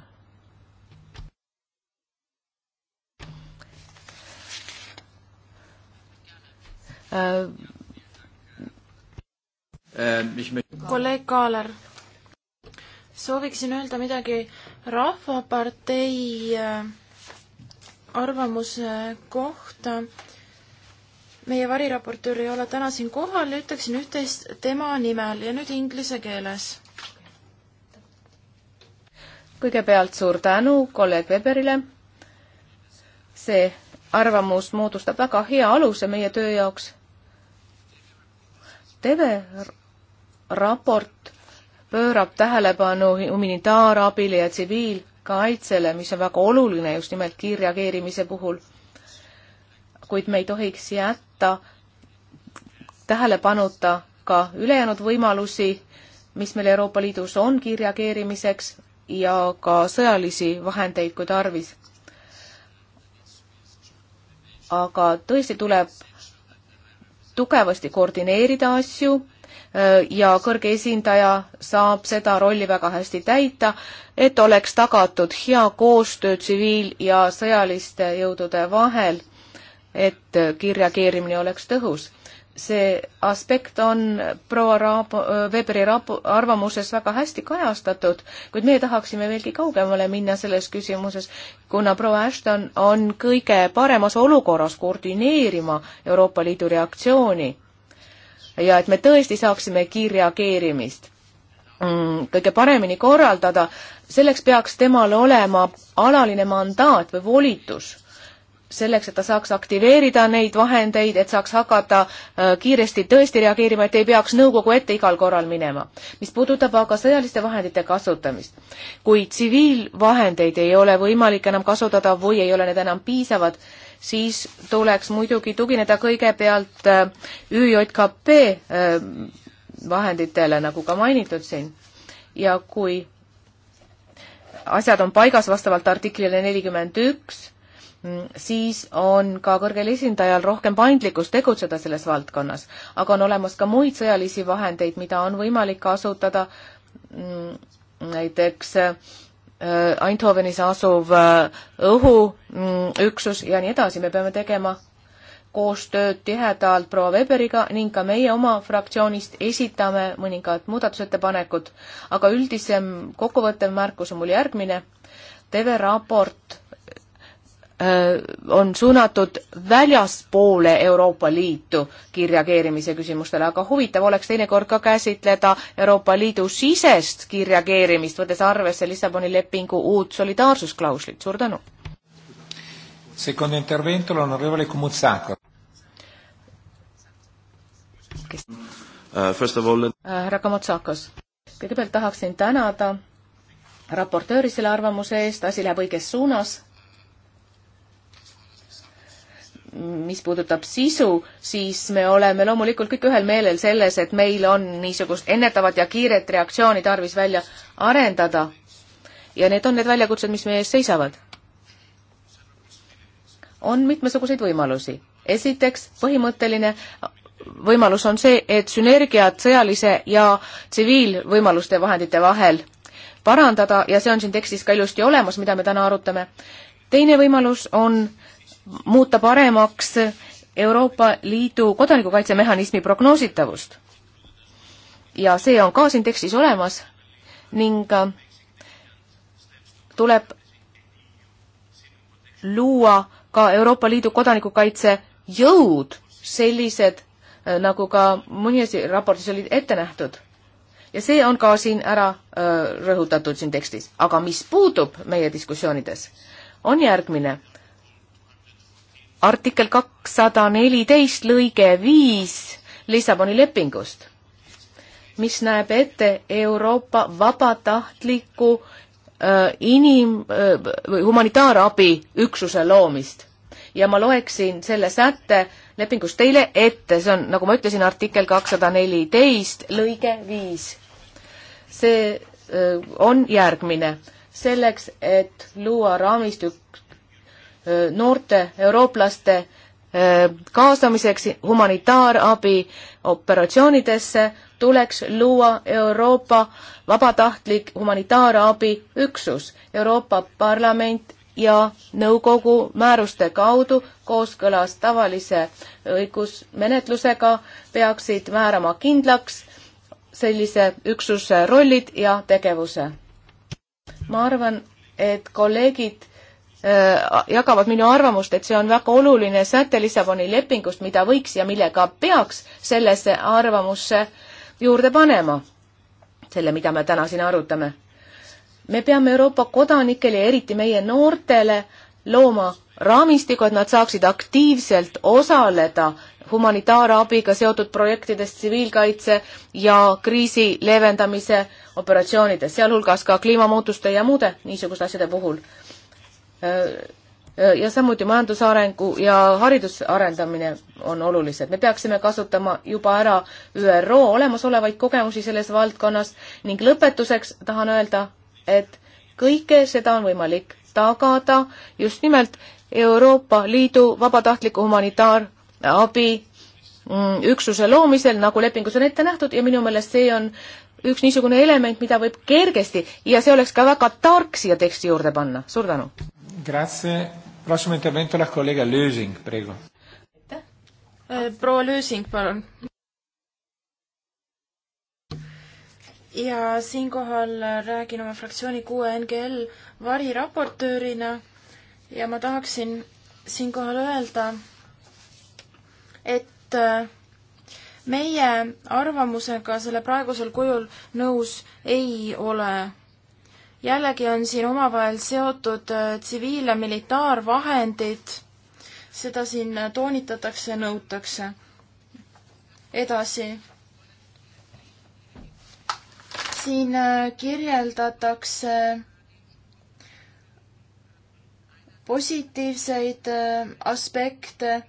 D: kolleeg
C: Kaaler, sooviksin öelda midagi Rahvapartei äh, arvamuse kohta meie variraportöör ei ole täna siin kohal ja ütleksin üht-teist tema nimel ja nüüd inglise keeles.
B: kõigepealt suur tänu kolleeg Weberile. see arvamus moodustab väga hea aluse meie töö jaoks. TV raport pöörab tähelepanu humanitaarabile ja tsiviilkaitsele, mis on väga oluline just nimelt kiirreageerimise puhul kuid me ei tohiks jätta tähelepanuta ka ülejäänud võimalusi, mis meil Euroopa Liidus on kiirreageerimiseks ja ka sõjalisi vahendeid, kui tarvis. aga tõesti tuleb tugevasti koordineerida asju äh, ja kõrge esindaja saab seda rolli väga hästi täita, et oleks tagatud hea koostöö tsiviil- ja sõjaliste jõudude vahel et kiirreageerimine oleks tõhus. see aspekt on proua Raabo, Weberi rapo-, arvamuses väga hästi kajastatud, kuid meie tahaksime veelgi kaugemale minna selles küsimuses, kuna proua Ashton on kõige paremas olukorras koordineerima Euroopa Liidu reaktsiooni ja et me tõesti saaksime kiirreageerimist mm, kõige paremini korraldada, selleks peaks temal olema alaline mandaat või volitus selleks, et ta saaks aktiveerida neid vahendeid, et saaks hakata äh, kiiresti tõesti reageerima, et ei peaks nõukogu ette igal korral minema. mis puudutab aga sõjaliste vahendite kasutamist, kui tsiviilvahendeid ei ole võimalik enam kasutada või ei ole need enam piisavad, siis tuleks muidugi tugineda kõigepealt äh, ÜJKP äh, vahenditele, nagu ka mainitud siin. ja kui asjad on paigas vastavalt artiklile nelikümmend üks, siis on ka kõrgel esindajal rohkem paindlikkust tegutseda selles valdkonnas. aga on olemas ka muid sõjalisi vahendeid, mida on võimalik kasutada, mm, näiteks äh, Eindhovenis asuv äh, õhuüksus mm, ja nii edasi, me peame tegema koostööd tihedalt proua Weberiga ning ka meie oma fraktsioonist esitame mõningad muudatusettepanekud. aga üldisem kokkuvõttev märkus on mul järgmine. TV raport Äh, on suunatud väljaspoole Euroopa Liitu kiirreageerimise küsimustele, aga huvitav oleks teinekord ka käsitleda Euroopa Liidu sisest kiirreageerimist, võttes arvesse Lissaboni lepingu uut solidaarsusklauslit, suur tänu!
A: Uh, äh,
B: härra Kamotsakos, kõigepealt tahaksin tänada raportööri selle arvamuse eest, asi läheb õiges suunas mis puudutab sisu, siis me oleme loomulikult kõik ühel meelel selles, et meil on niisugust ennetavat ja kiiret reaktsiooni tarvis välja arendada. ja need on need väljakutsed, mis meie ees seisavad. on mitmesuguseid võimalusi. esiteks, põhimõtteline võimalus on see, et sünergiat sõjalise ja tsiviilvõimaluste vahendite vahel parandada ja see on siin tekstis ka ilusti olemas, mida me täna arutame. teine võimalus on äh, muuta paremaks Euroopa Liidu kodanikukaitsemehhanismi prognoositavust. ja see on ka siin tekstis olemas ning äh, tuleb luua ka Euroopa Liidu kodanikukaitse jõud, sellised äh, nagu ka Munjesi raportis olid ette nähtud. ja see on ka siin ära öö, äh, rõhutatud siin tekstis, aga mis puudub meie diskussioonides, on järgmine artikkel kakssada neliteist lõige viis Lissaboni lepingust, mis näeb ette Euroopa vabatahtliku äh, inim- või äh, humanitaarabi üksuse loomist. ja ma loeksin selle sätte lepingust teile ette, see on, nagu ma ütlesin, artikkel kakssada neliteist lõige viis. see äh, on järgmine selleks, et luua raamistik Äh, noorte eurooplaste äh, kaasamiseks humanitaarabi operatsioonidesse tuleks luua Euroopa vabatahtlik humanitaarabi üksus. Euroopa Parlament ja nõukogu määruste kaudu kooskõlas tavalise õigusmenetlusega peaksid määrama kindlaks sellise üksuse rollid ja tegevuse. ma arvan, et kolleegid Äh, jagavad minu arvamust, et see on väga oluline säte Lissaboni lepingust, mida võiks ja millega peaks sellesse arvamusse juurde panema, selle, mida me täna siin arutame. me peame Euroopa kodanikele ja eriti meie noortele looma raamistiku, et nad saaksid aktiivselt osaleda humanitaarabiga seotud projektidest tsiviilkaitse ja kriisi leevendamise operatsioonides, sealhulgas ka kliimamuutuste ja muude niisuguste asjade puhul. Äh, äh, ja samuti majandusarengu ja hariduse arendamine on olulised. me peaksime kasutama juba ära ÜRO olemasolevaid kogemusi selles valdkonnas ning lõpetuseks tahan öelda, et kõike seda on võimalik tagada just nimelt Euroopa Liidu vabatahtliku humanitaarabi mm, üksuse loomisel, nagu lepingus on ette nähtud ja minu meelest see on üks niisugune element, mida võib kergesti ja see oleks ka väga tark siia teksti juurde panna. suur tänu!
A: Grazie. Prossimo intervento la kolleeg Lösing, prego. aitäh.
C: Eh, proua Lösing, palun. ja siinkohal räägin oma fraktsiooni kuue NGL variraportöörina ja ma tahaksin siinkohal öelda, et eh, meie arvamusega selle praegusel kujul nõus ei ole jällegi on siin omavahel seotud äh, tsiviil- ja militaarvahendid, seda siin äh, toonitatakse ja nõutakse. edasi. siin äh, kirjeldatakse positiivseid aspekte.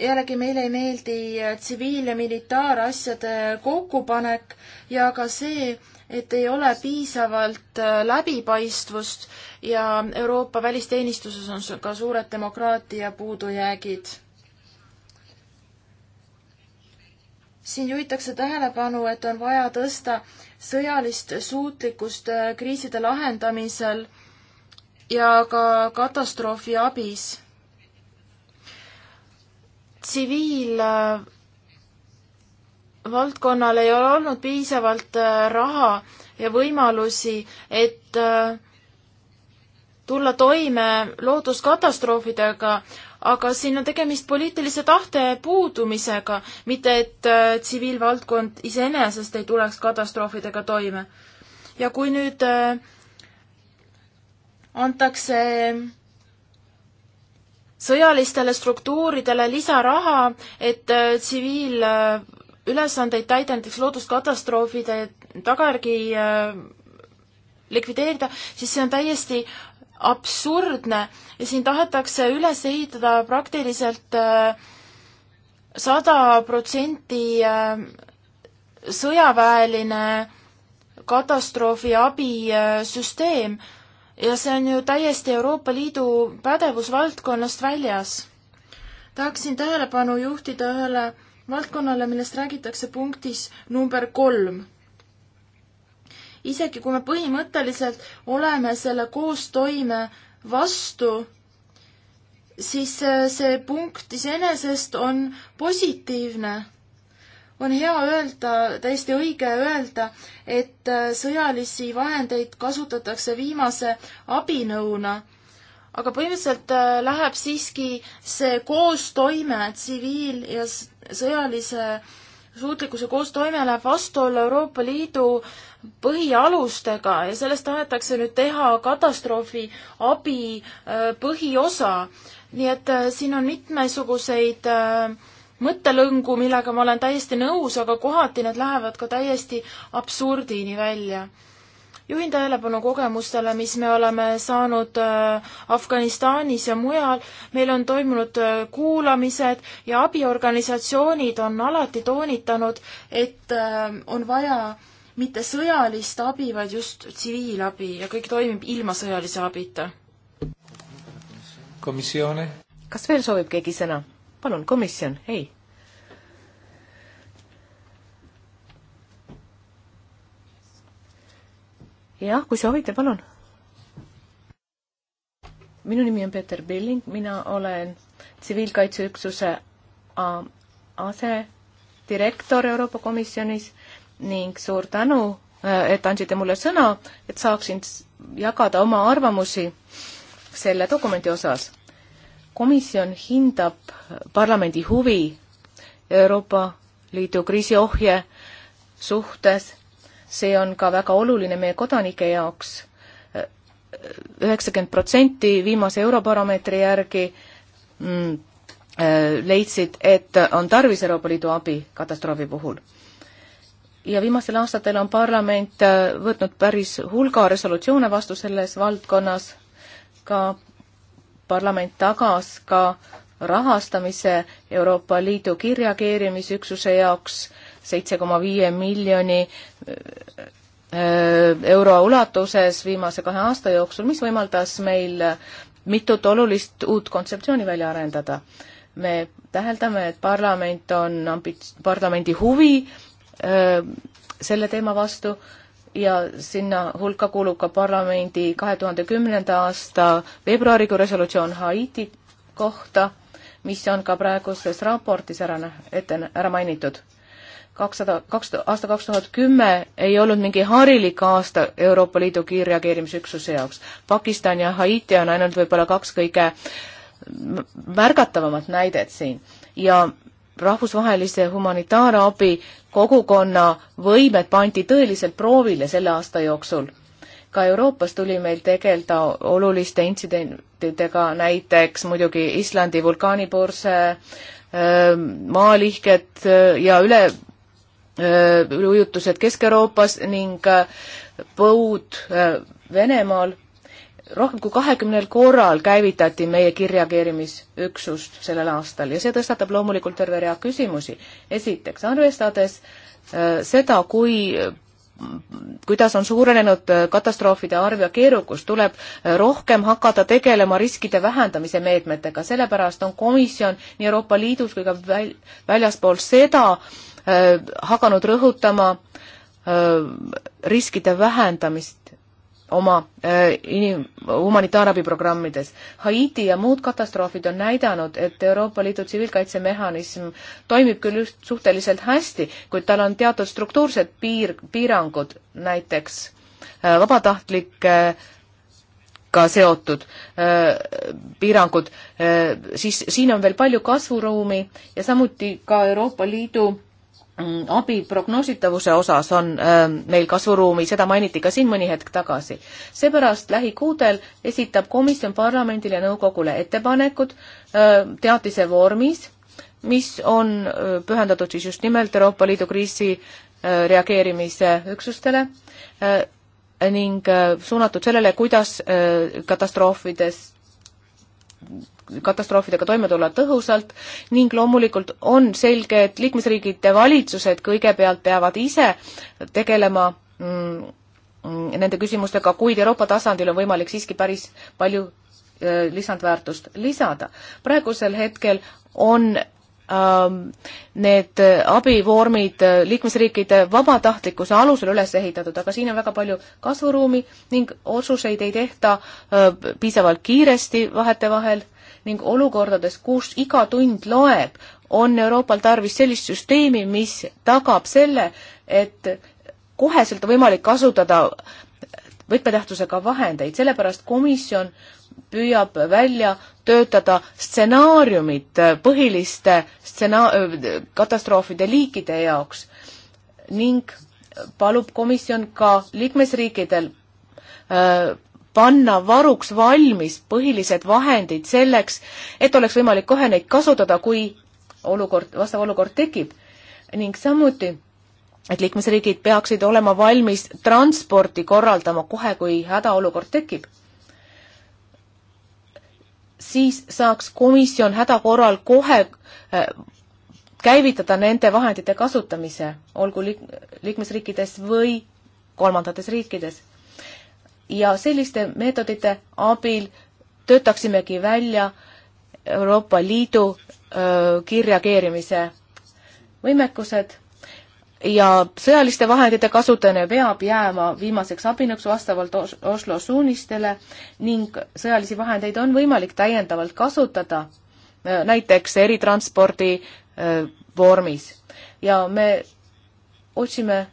C: jällegi meile ei meeldi tsiviil- ja militaarasjade kokkupanek ja ka see, et ei ole piisavalt äh, läbipaistvust ja Euroopa välisteenistuses on ka suured demokraatia puudujäägid. siin juhitakse tähelepanu, et on vaja tõsta sõjalist suutlikkust äh, kriiside lahendamisel ja ka katastroofi abis. tsiviil äh, valdkonnal ei ole olnud piisavalt äh, raha ja võimalusi, et äh, tulla toime looduskatastroofidega, aga siin on tegemist poliitilise tahte puudumisega, mitte et äh, tsiviilvaldkond iseenesest ei tuleks katastroofidega toime. ja kui nüüd antakse sõjalistele struktuuridele lisaraha, et tsiviil äh, ülesandeid täida, näiteks looduskatastroofide tagajärgi äh, likvideerida, siis see on täiesti absurdne ja siin tahetakse üles ehitada praktiliselt äh, sada protsenti äh, sõjaväeline katastroofi abisüsteem ja see on ju täiesti Euroopa Liidu pädevusvaldkonnast väljas. tahaksin tähelepanu juhtida ühele valdkonnale, millest räägitakse punktis number kolm. isegi kui me põhimõtteliselt oleme selle koostoime vastu, siis see punkt iseenesest on positiivne. on hea öelda, täiesti õige öelda, et äh, sõjalisi vahendeid kasutatakse viimase abinõuna aga põhimõtteliselt äh, läheb siiski see koostoime tsiviil- ja sõjalise suutlikkuse koostoime läheb vastuollu Euroopa Liidu põhialustega ja sellest tahetakse nüüd teha katastroofi abi äh, põhiosa. nii et äh, siin on mitmesuguseid äh, mõttelõngu, millega ma olen täiesti nõus, aga kohati need lähevad ka täiesti absurdini välja juhin tähelepanu kogemustele, mis me oleme saanud äh, Afganistanis ja mujal. meil on toimunud äh, kuulamised ja abiorganisatsioonid on alati toonitanud, et äh, on vaja mitte sõjalist abi, vaid just tsiviilabi ja kõik toimib ilma sõjalise abita.
A: komisjoni.
C: kas veel soovib keegi sõna? palun, komisjon, ei
B: jah, kui soovite, palun. minu nimi on Peeter Pilling, mina olen tsiviilkaitseüksuse asedirektor Euroopa Komisjonis ning suur tänu, e, et andsite mulle sõna, et saaksin jagada oma arvamusi selle dokumendi osas. komisjon hindab parlamendi huvi Euroopa Liidu kriisiohje suhtes see on ka väga oluline meie kodanike jaoks. üheksakümmend protsenti viimase Eurobaromeetri järgi mm, äh, leidsid, et on tarvis Euroopa Liidu abi katastroofi puhul. ja viimastel aastatel on parlament äh, võtnud päris hulga resolutsioone vastu selles valdkonnas, ka parlament tagas ka rahastamise Euroopa Liidu kiirreageerimisüksuse jaoks äh, seitse koma viie miljoni äh, äh, euro ulatuses viimase kahe aasta jooksul, mis võimaldas meil mitut olulist uut kontseptsiooni välja arendada. me täheldame, et parlament on ambits-, parlamendi huvi öö, äh, selle teema vastu ja sinna hulka kuulub ka parlamendi kahe tuhande kümnenda aasta veebruarikuu resolutsioon Haiti kohta, mis on ka praeguses raportis ära nä-, ette, ära mainitud kakssada, kaks, aasta kaks tuhat kümme ei olnud mingi harilik aasta Euroopa Liidu kiirreageerimisüksuse jaoks. Pakistan ja Haiti on ainult võib-olla kaks kõige märgatavamat näidet siin ja rahvusvahelise humanitaarabi kogukonna võimed pandi tõeliselt proovile selle aasta jooksul. ka Euroopas tuli meil tegeleda oluliste intsidentidega, näiteks muidugi Islandi vulkaanipurse, maalihked ja üle üleujutustest äh, Kesk-Euroopas ning äh, põud äh, Venemaal. rohkem kui kahekümnel korral käivitati meie kiirreageerimisüksust sellel aastal ja see tõstatab loomulikult terve rea küsimusi. esiteks, arvestades seda, kui kuidas on suurenenud katastroofide arv ja keerukus, tuleb rohkem hakata tegelema riskide vähendamise meetmetega, sellepärast on komisjon nii Euroopa Liidus kui ka väl-, väljaspool seda äh, Äh, hakanud rõhutama äh, riskide vähendamist oma äh, inim-, humanitaarabiprogrammides. Haiti ja muud katastroofid on näidanud, et Euroopa Liidu tsiviilkaitsemehhanism toimib küll just suhteliselt hästi, kuid tal on teatud struktuursed piir, piirangud, näiteks vabatahtlike ka seotud piirangud, siis siin on veel palju kasvuruumi ja samuti ka Euroopa Liidu Mm, abi prognoositavuse osas on ähm, meil kasvuruumi, seda mainiti ka siin mõni hetk tagasi. seepärast lähikuudel esitab komisjon parlamendile ja nõukogule ettepanekud ähm, teatise vormis, mis on äh, pühendatud siis just nimelt Euroopa Liidu kriisi äh, reageerimise üksustele äh, ning suunatud sellele, kuidas katastroofides katastroofidega toime tulla tõhusalt ning loomulikult on selge, et liikmesriigid, valitsused kõigepealt peavad ise tegelema mm, nende küsimustega, kuid Euroopa tasandil on võimalik siiski päris palju äh, lisandväärtust lisada. praegusel hetkel on ähm, need abivormid äh, liikmesriikide vabatahtlikkuse alusel üles ehitatud, aga siin on väga palju kasvuruumi ning otsuseid ei tehta äh, piisavalt kiiresti vahetevahel ning olukordades, kus iga tund loeb, on Euroopal tarvis sellist süsteemi, mis tagab selle, et koheselt on võimalik kasutada võtmetähtsusega vahendeid, sellepärast komisjon püüab välja töötada stsenaariumid põhiliste stsena-, katastroofide liikide jaoks ning palub komisjon ka liikmesriikidel äh, panna varuks valmis põhilised vahendid selleks, et oleks võimalik kohe neid kasutada, kui olukord, vastav olukord tekib. ning samuti, et liikmesriigid peaksid olema valmis transporti korraldama kohe, kui hädaolukord tekib. siis saaks komisjon hädakorral kohe äh, käivitada nende vahendite kasutamise, olgu liik-, liikmesriikides või kolmandates riikides ja selliste meetodite abil töötaksimegi välja Euroopa Liidu kiirreageerimise võimekused ja sõjaliste vahendite kasutamine peab jääma viimaseks abinõuks vastavalt Oslo suunistele ning sõjalisi vahendeid on võimalik täiendavalt kasutada näiteks eritranspordi vormis ja me otsime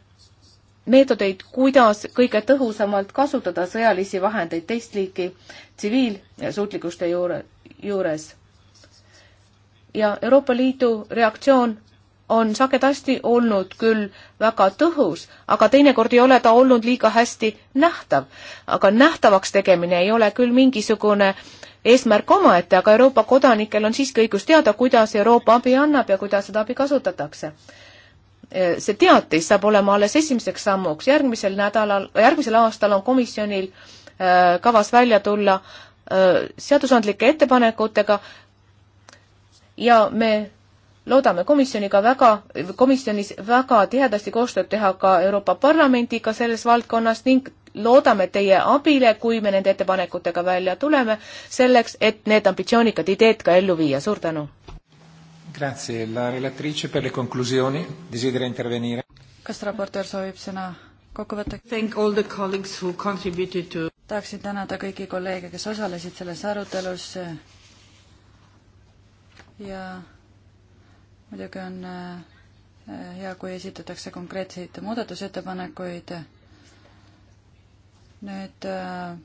B: meetodeid, kuidas kõige tõhusamalt kasutada sõjalisi vahendeid teist liiki tsiviilsuutlikkuste juure, juures. ja Euroopa Liidu reaktsioon on sagedasti olnud küll väga tõhus, aga teinekord ei ole ta olnud liiga hästi nähtav. aga nähtavaks tegemine ei ole küll mingisugune eesmärk omaette, aga Euroopa kodanikel on siiski õigus teada, kuidas Euroopa abi annab ja kuidas seda abi kasutatakse Eh, see teatis saab olema alles esimeseks sammuks, järgmisel nädalal, järgmisel aastal on komisjonil eh, kavas välja tulla eh, seadusandlike ettepanekutega ja me loodame komisjoniga väga, komisjonis väga tihedasti koostööd teha ka Euroopa Parlamendiga selles valdkonnas ning loodame teie abile, kui me nende ettepanekutega välja tuleme, selleks et need ambitsioonikad ideed ka ellu viia, suur tänu!
A: Grazie, la relatrice per le conclusioni, desidera intervenire.
D: kas raportöör soovib sõna kokkuvõtteks? Thank all the colleagues who contributed to tahaksin tänada kõiki kolleege, kes osalesid selles arutelus ja muidugi on eh, hea, kui esitatakse konkreetseid muudatusettepanekuid. Need äh, eh,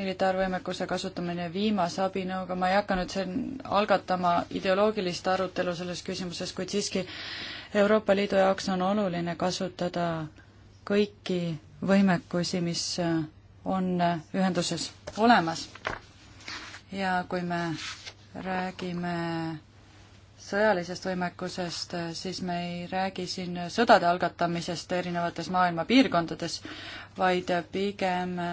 D: militaarvõimekuse kasutamine viimase abinõuga, ma ei hakka nüüd siin algatama ideoloogilist arutelu selles küsimuses, kuid siiski Euroopa Liidu jaoks on oluline kasutada kõiki võimekusi, mis on ühenduses olemas. ja kui me räägime sõjalisest võimekusest, siis me ei räägi siin sõdade algatamisest erinevates maailma piirkondades, vaid pigem äh,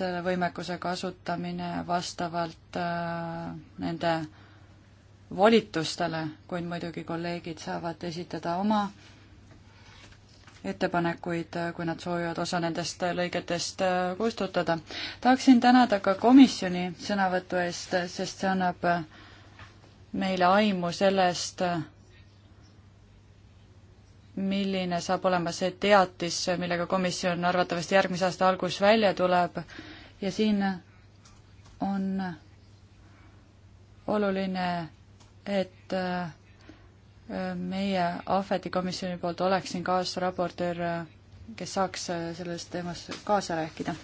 D: selle võimekuse kasutamine vastavalt äh, nende volitustele, kuid muidugi kolleegid saavad esitada oma ettepanekuid, äh, kui nad soovivad osa nendest äh, lõigetest kustutada. tahaksin tänada ka komisjoni sõnavõtu eest, sest see annab meile aimu sellest, milline saab olema see teatis, millega komisjon arvatavasti järgmise aasta algus välja tuleb ja siin on oluline, et äh, meie Ahveti komisjoni poolt oleks siin kaasraportöör, äh, kes saaks äh, selles teemas kaasa rääkida.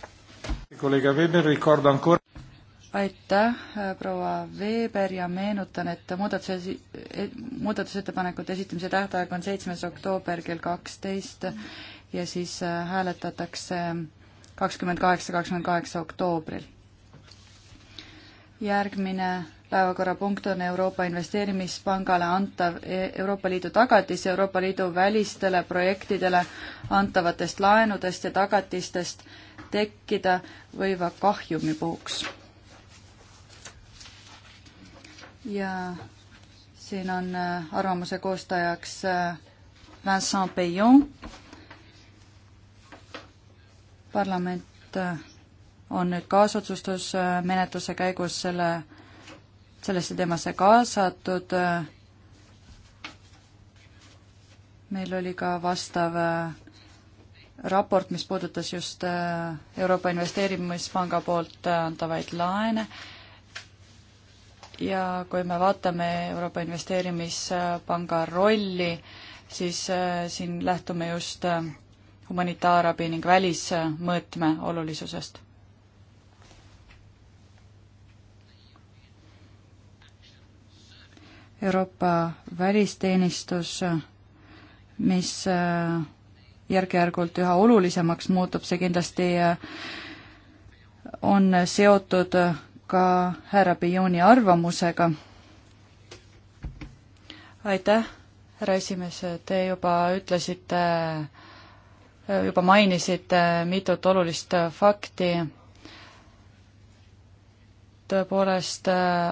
D: aitäh, proua Weber ja meenutan, et muudatuse, e-, muudatusettepanekute esitamise tähtaeg on seitsmes oktoober kell kaksteist ja siis hääletatakse äh, kakskümmend kaheksa, kakskümmend kaheksa oktoobril. järgmine päevakorrapunkt on Euroopa Investeerimispangale antav e-, Euroopa Liidu tagatis Euroopa Liidu välistele projektidele antavatest laenudest ja tagatistest tekkida võiva kahjumi puhuks. ja siin on äh, arvamuse koostajaks äh, Vincent Peillon parlament äh, on nüüd kaasotsustusmenetluse käigus selle, sellesse teemasse kaasatud. Äh, meil oli ka vastav äh, raport, mis puudutas just Euroopa Investeerimispanga poolt antavaid laene ja kui me vaatame Euroopa Investeerimispanga rolli, siis siin lähtume just humanitaarabi ning välismõõtme olulisusest. Euroopa välisteenistus, mis äh, järk-järgult üha olulisemaks muutub, see kindlasti äh, on seotud äh, ka härra Bioni arvamusega. aitäh, härra esimees, te juba ütlesite äh, juba mainisite mitut olulist fakti. tõepoolest,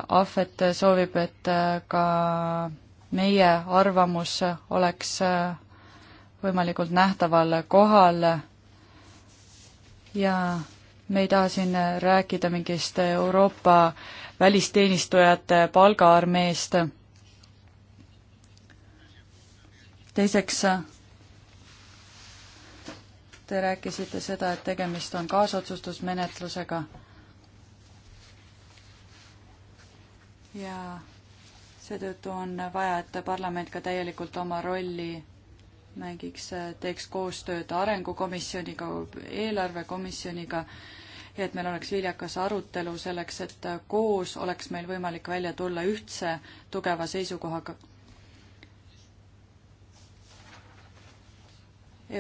D: Ahvet soovib, et ka meie arvamus oleks võimalikult nähtaval kohal ja me ei taha siin rääkida mingist Euroopa välisteenistujate palgaarmeest. teiseks Te rääkisite seda, et tegemist on kaasotsustusmenetlusega. ja seetõttu on vaja, et parlament ka täielikult oma rolli mängiks, teeks koostööd arengukomisjoniga, eelarvekomisjoniga ja et meil oleks viljakas arutelu selleks, et koos oleks meil võimalik välja tulla ühtse tugeva seisukohaga.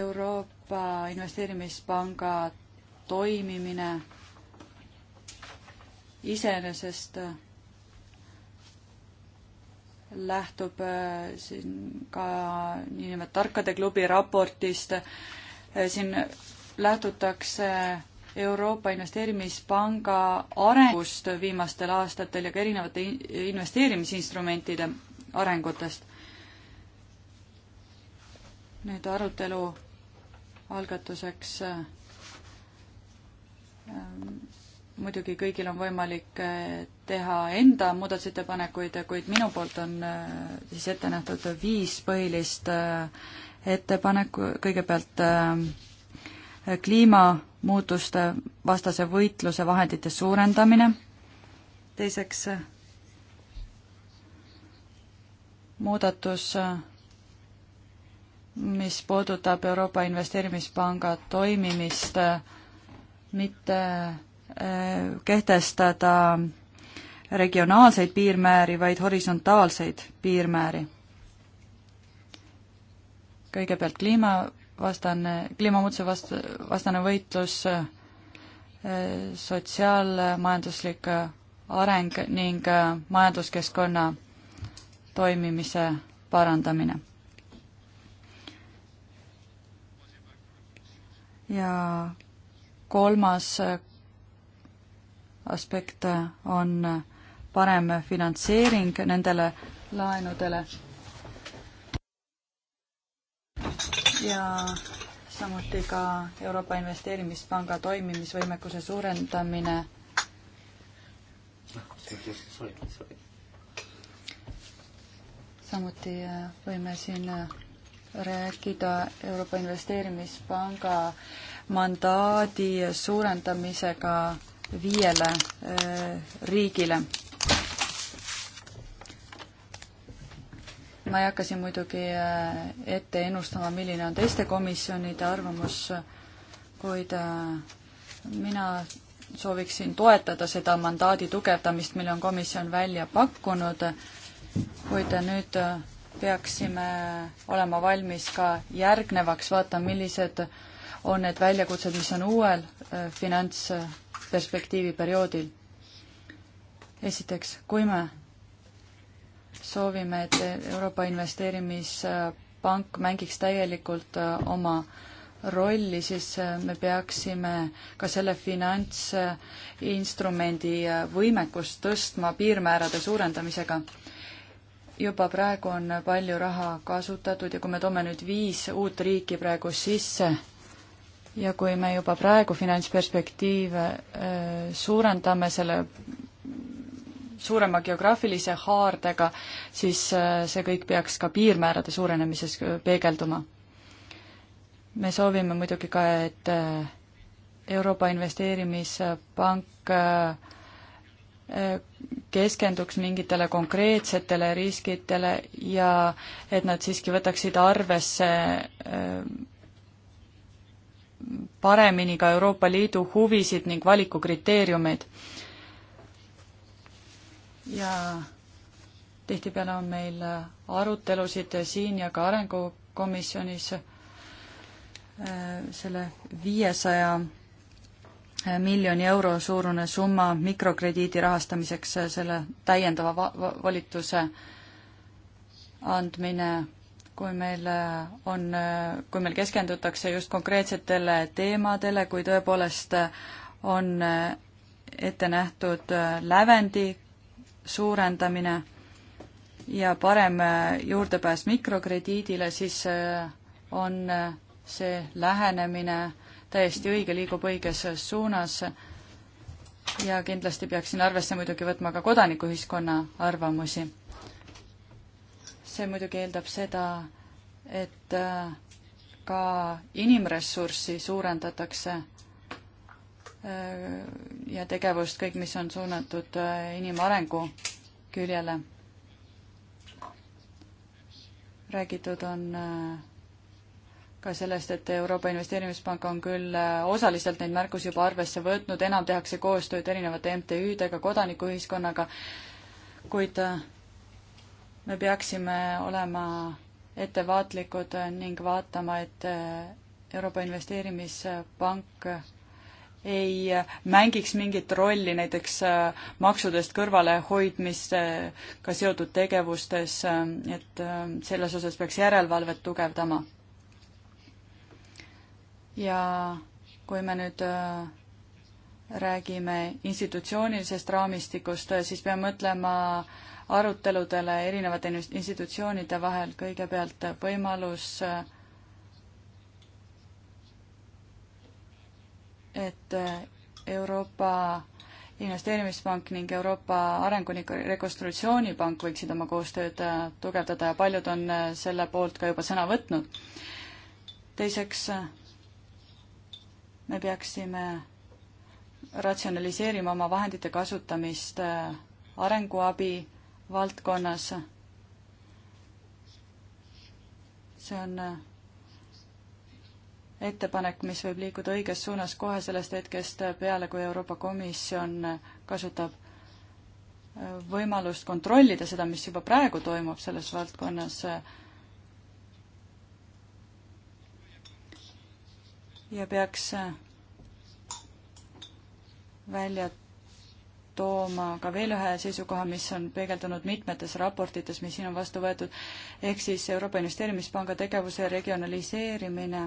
D: Euro-, Euroopa Investeerimispanga toimimine iseenesest äh, lähtub äh, siin ka niinimetatud tarkade klubi raportist. Äh, siin lähtutakse Euroopa Investeerimispanga arengust viimastel aastatel ja ka erinevate investeerimisinstrumentide arengutest. nüüd arutelu algatuseks ähm, muidugi kõigil on võimalik äh, teha enda muudatusettepanekuid, kuid minu poolt on äh, siis ette nähtud viis põhilist äh, ettepaneku, kõigepealt kliimamuutuste vastase võitluse vahendite suurendamine, teiseks muudatus mis puudutab Euroopa Investeerimispanga toimimist, mitte äh, kehtestada regionaalseid piirmääri, vaid horisontaalseid piirmääri. kõigepealt kliimavastane, kliimamuutuse vastu, vastane võitlus, äh, sotsiaalmajanduslik areng ning äh, majanduskeskkonna toimimise parandamine ja kolmas äh, aspekt äh, on äh, parem finantseering nendele laenudele. ja samuti ka Euroopa Investeerimispanga toimimisvõimekuse suurendamine. samuti võime siin rääkida Euroopa Investeerimispanga mandaadi suurendamisega viiele äh, riigile ma ei hakka siin muidugi äh, ette ennustama, milline on teiste komisjonide arvamus, kuid äh, mina sooviksin toetada seda mandaadi tugevdamist, mille on komisjon välja pakkunud, kuid nüüd peaksime olema valmis ka järgnevaks, vaatama, millised on need väljakutsed, mis on uuel äh, finantsperspektiivi perioodil. esiteks, kui me soovime, et Euroopa Investeerimispank mängiks täielikult äh, oma rolli, siis äh, me peaksime ka selle finantsinstrumendi võimekust tõstma piirmäärade suurendamisega juba praegu on palju raha kasutatud ja kui me toome nüüd viis uut riiki praegu sisse ja kui me juba praegu finantsperspektiive äh, suurendame selle suurema geograafilise haardega, siis äh, see kõik peaks ka piirmäärade suurenemises peegelduma. me soovime muidugi ka, et äh, Euroopa Investeerimispank keskenduks mingitele konkreetsetele riskidele ja et nad siiski võtaksid arvesse äh, paremini ka Euroopa Liidu huvisid ning valikukriteeriumeid. ja tihtipeale on meil arutelusid siin ja ka Arengukomisjonis äh, selle viiesaja 500 miljoni euro suurune summa mikrokrediidi rahastamiseks, äh, selle täiendava va-, volituse andmine, kui meil äh, on, äh, kui meil keskendutakse just konkreetsetele teemadele, kui tõepoolest on ette nähtud lävendi suurendamine ja parem juurdepääs mikrokrediidile, siis on see lähenemine täiesti õige, liigub õiges suunas ja kindlasti peaksin arvesse muidugi võtma ka kodanikuühiskonna arvamusi. see muidugi eeldab seda, et äh, ka inimressurssi suurendatakse äh, ja tegevust, kõik, mis on suunatud äh, inimarengu küljele. räägitud on äh, ka sellest, et Euroopa Investeerimispank on küll äh, osaliselt neid märkusi juba arvesse võtnud, enam tehakse koostööd erinevate MTÜ-dega, kodanikuühiskonnaga, kuid äh, me peaksime olema ettevaatlikud äh, ning vaatama, et Euroopa Investeerimispank ei mängiks mingit rolli näiteks maksudest kõrvalehoidmisega seotud tegevustes, et selles osas peaks järelevalvet tugevdama ja kui me nüüd äh, räägime institutsioonilisest raamistikust, äh, siis peame mõtlema aruteludele erinevate institutsioonide vahel, kõigepealt äh, võimalus et Euroopa Investeerimispank ning Euroopa Arengu- ning Rekonstruktsioonipank võiksid oma koostööd tugevdada ja paljud on selle poolt ka juba sõna võtnud. teiseks me peaksime ratsionaliseerima oma vahendite kasutamist äh, arenguabi valdkonnas. see on äh, ettepanek, mis võib liikuda õiges suunas kohe sellest hetkest peale, kui Euroopa Komisjon kasutab äh, võimalust kontrollida seda, mis juba praegu toimub selles valdkonnas ja peaks välja tooma ka veel ühe seisukoha, mis on peegeldunud mitmetes raportites, mis siin on vastu võetud, ehk siis Euroopa Investeerimispanga tegevuse regionaliseerimine.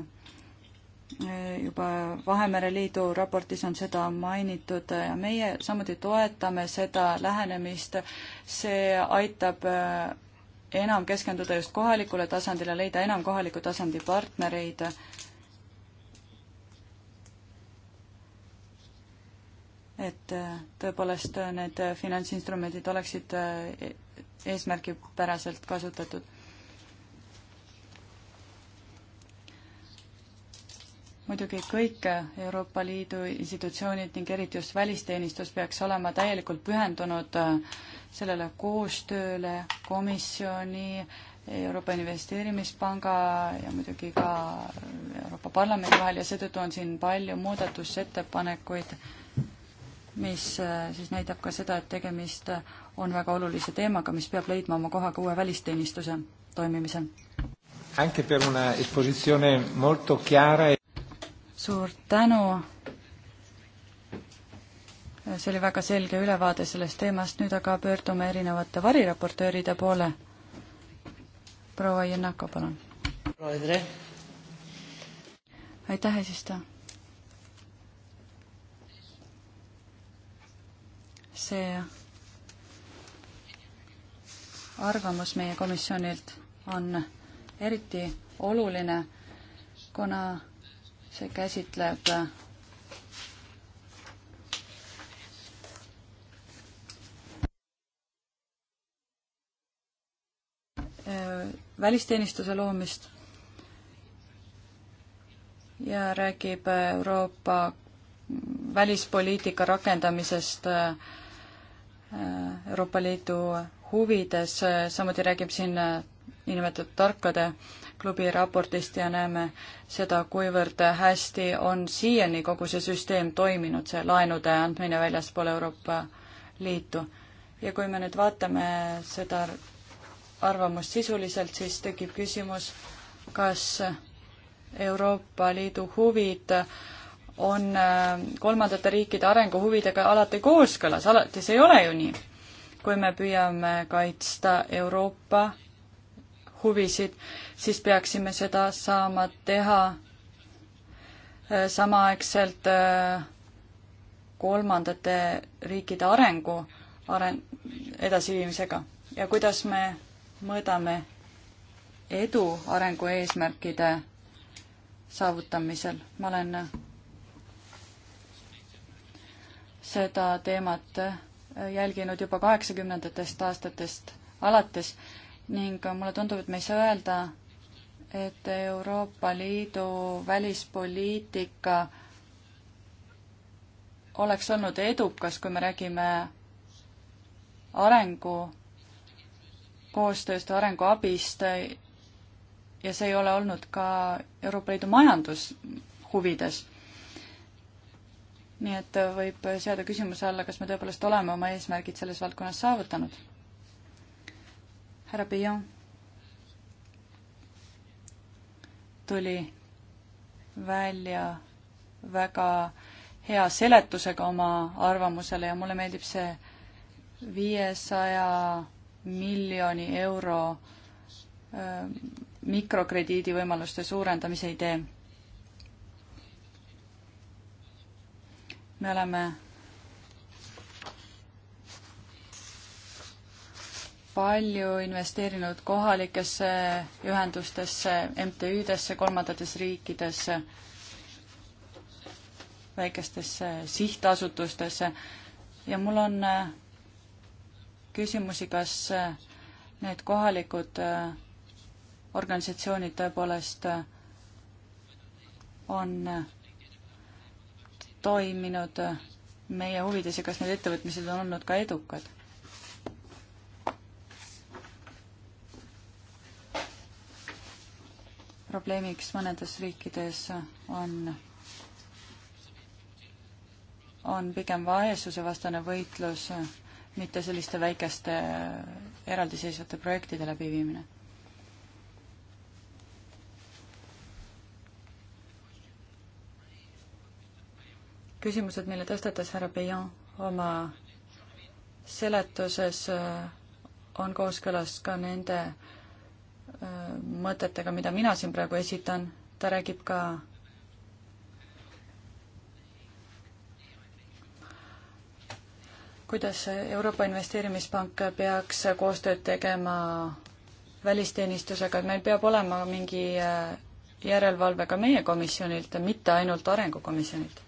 D: juba Vahemere Liidu raportis on seda mainitud ja meie samuti toetame seda lähenemist, see aitab äh, enam keskenduda just kohalikule tasandile, leida enam kohaliku tasandi partnereid et äh, tõepoolest äh, need äh, finantsinstrumendid oleksid eesmärgipäraselt kasutatud. muidugi kõik Euroopa Liidu institutsioonid ning eriti just välisteenistus peaks olema täielikult pühendunud sellele koostööle komisjoni, Euroopa Investeerimispanga ja muidugi ka Euroopa Parlamendi vahel ja seetõttu on siin palju muudatusettepanekuid mis äh, siis näitab ka seda, et tegemist on väga olulise teemaga, mis peab leidma oma koha ka uue välisteenistuse toimimisel. E- suur tänu see oli väga selge ülevaade sellest teemast, nüüd aga pöördume erinevate variraportööride poole. proua Jennako, palun. aitäh, eesistuja see arvamus meie komisjonilt on eriti oluline, kuna see käsitleb välisteenistuse loomist ja räägib Euroopa välispoliitika rakendamisest äh, Euroopa Liidu huvides, samuti räägib siin niinimetatud tarkade klubi raportist ja näeme seda, kuivõrd hästi on siiani kogu see süsteem toiminud, see laenude andmine väljaspool Euroopa Liitu. ja kui me nüüd vaatame seda arvamust sisuliselt, siis tekib küsimus, kas Euroopa Liidu huvid äh, on äh, kolmandate riikide arenguhuvidega alati kooskõlas, alati see ei ole ju nii. kui me püüame kaitsta Euroopa huvisid, siis peaksime seda saama teha äh, samaaegselt äh, kolmandate riikide arengu aren-, edasiviimisega. ja kuidas me mõõdame edu arengueesmärkide saavutamisel, ma olen seda teemat äh, jälginud juba kaheksakümnendatest aastatest alates ning mulle tundub, et me ei saa öelda, et Euroopa Liidu välispoliitika oleks olnud edukas, kui me räägime arengu koostööst või arenguabist ja see ei ole olnud ka Euroopa Liidu majandus huvides nii et äh, võib äh, seada küsimuse alla, kas me tõepoolest oleme oma eesmärgid selles valdkonnas saavutanud. härra Pillon tuli välja väga hea seletusega oma arvamusele ja mulle meeldib see viiesaja miljoni euro äh, mikrokrediidi võimaluste suurendamise idee me oleme palju investeerinud kohalikesse ühendustesse, MTÜ-desse, kolmandates riikides, väikestesse sihtasutustesse ja mul on äh, küsimusi, kas äh, need kohalikud äh, organisatsioonid tõepoolest on toiminud meie huvides ja kas need ettevõtmised on olnud ka edukad? probleemiks mõnedes riikides on, on pigem vaesusevastane võitlus, mitte selliste väikeste eraldiseisvate projektide läbiviimine küsimused, mille tõstatas härra Peillon oma seletuses, äh, on kooskõlas ka nende äh, mõtetega, mida mina siin praegu esitan. ta räägib ka kuidas Euroopa Investeerimispank peaks koostööd tegema välisteenistusega, et meil peab olema mingi äh, järelevalve ka meie komisjonilt, mitte ainult Arengukomisjonilt?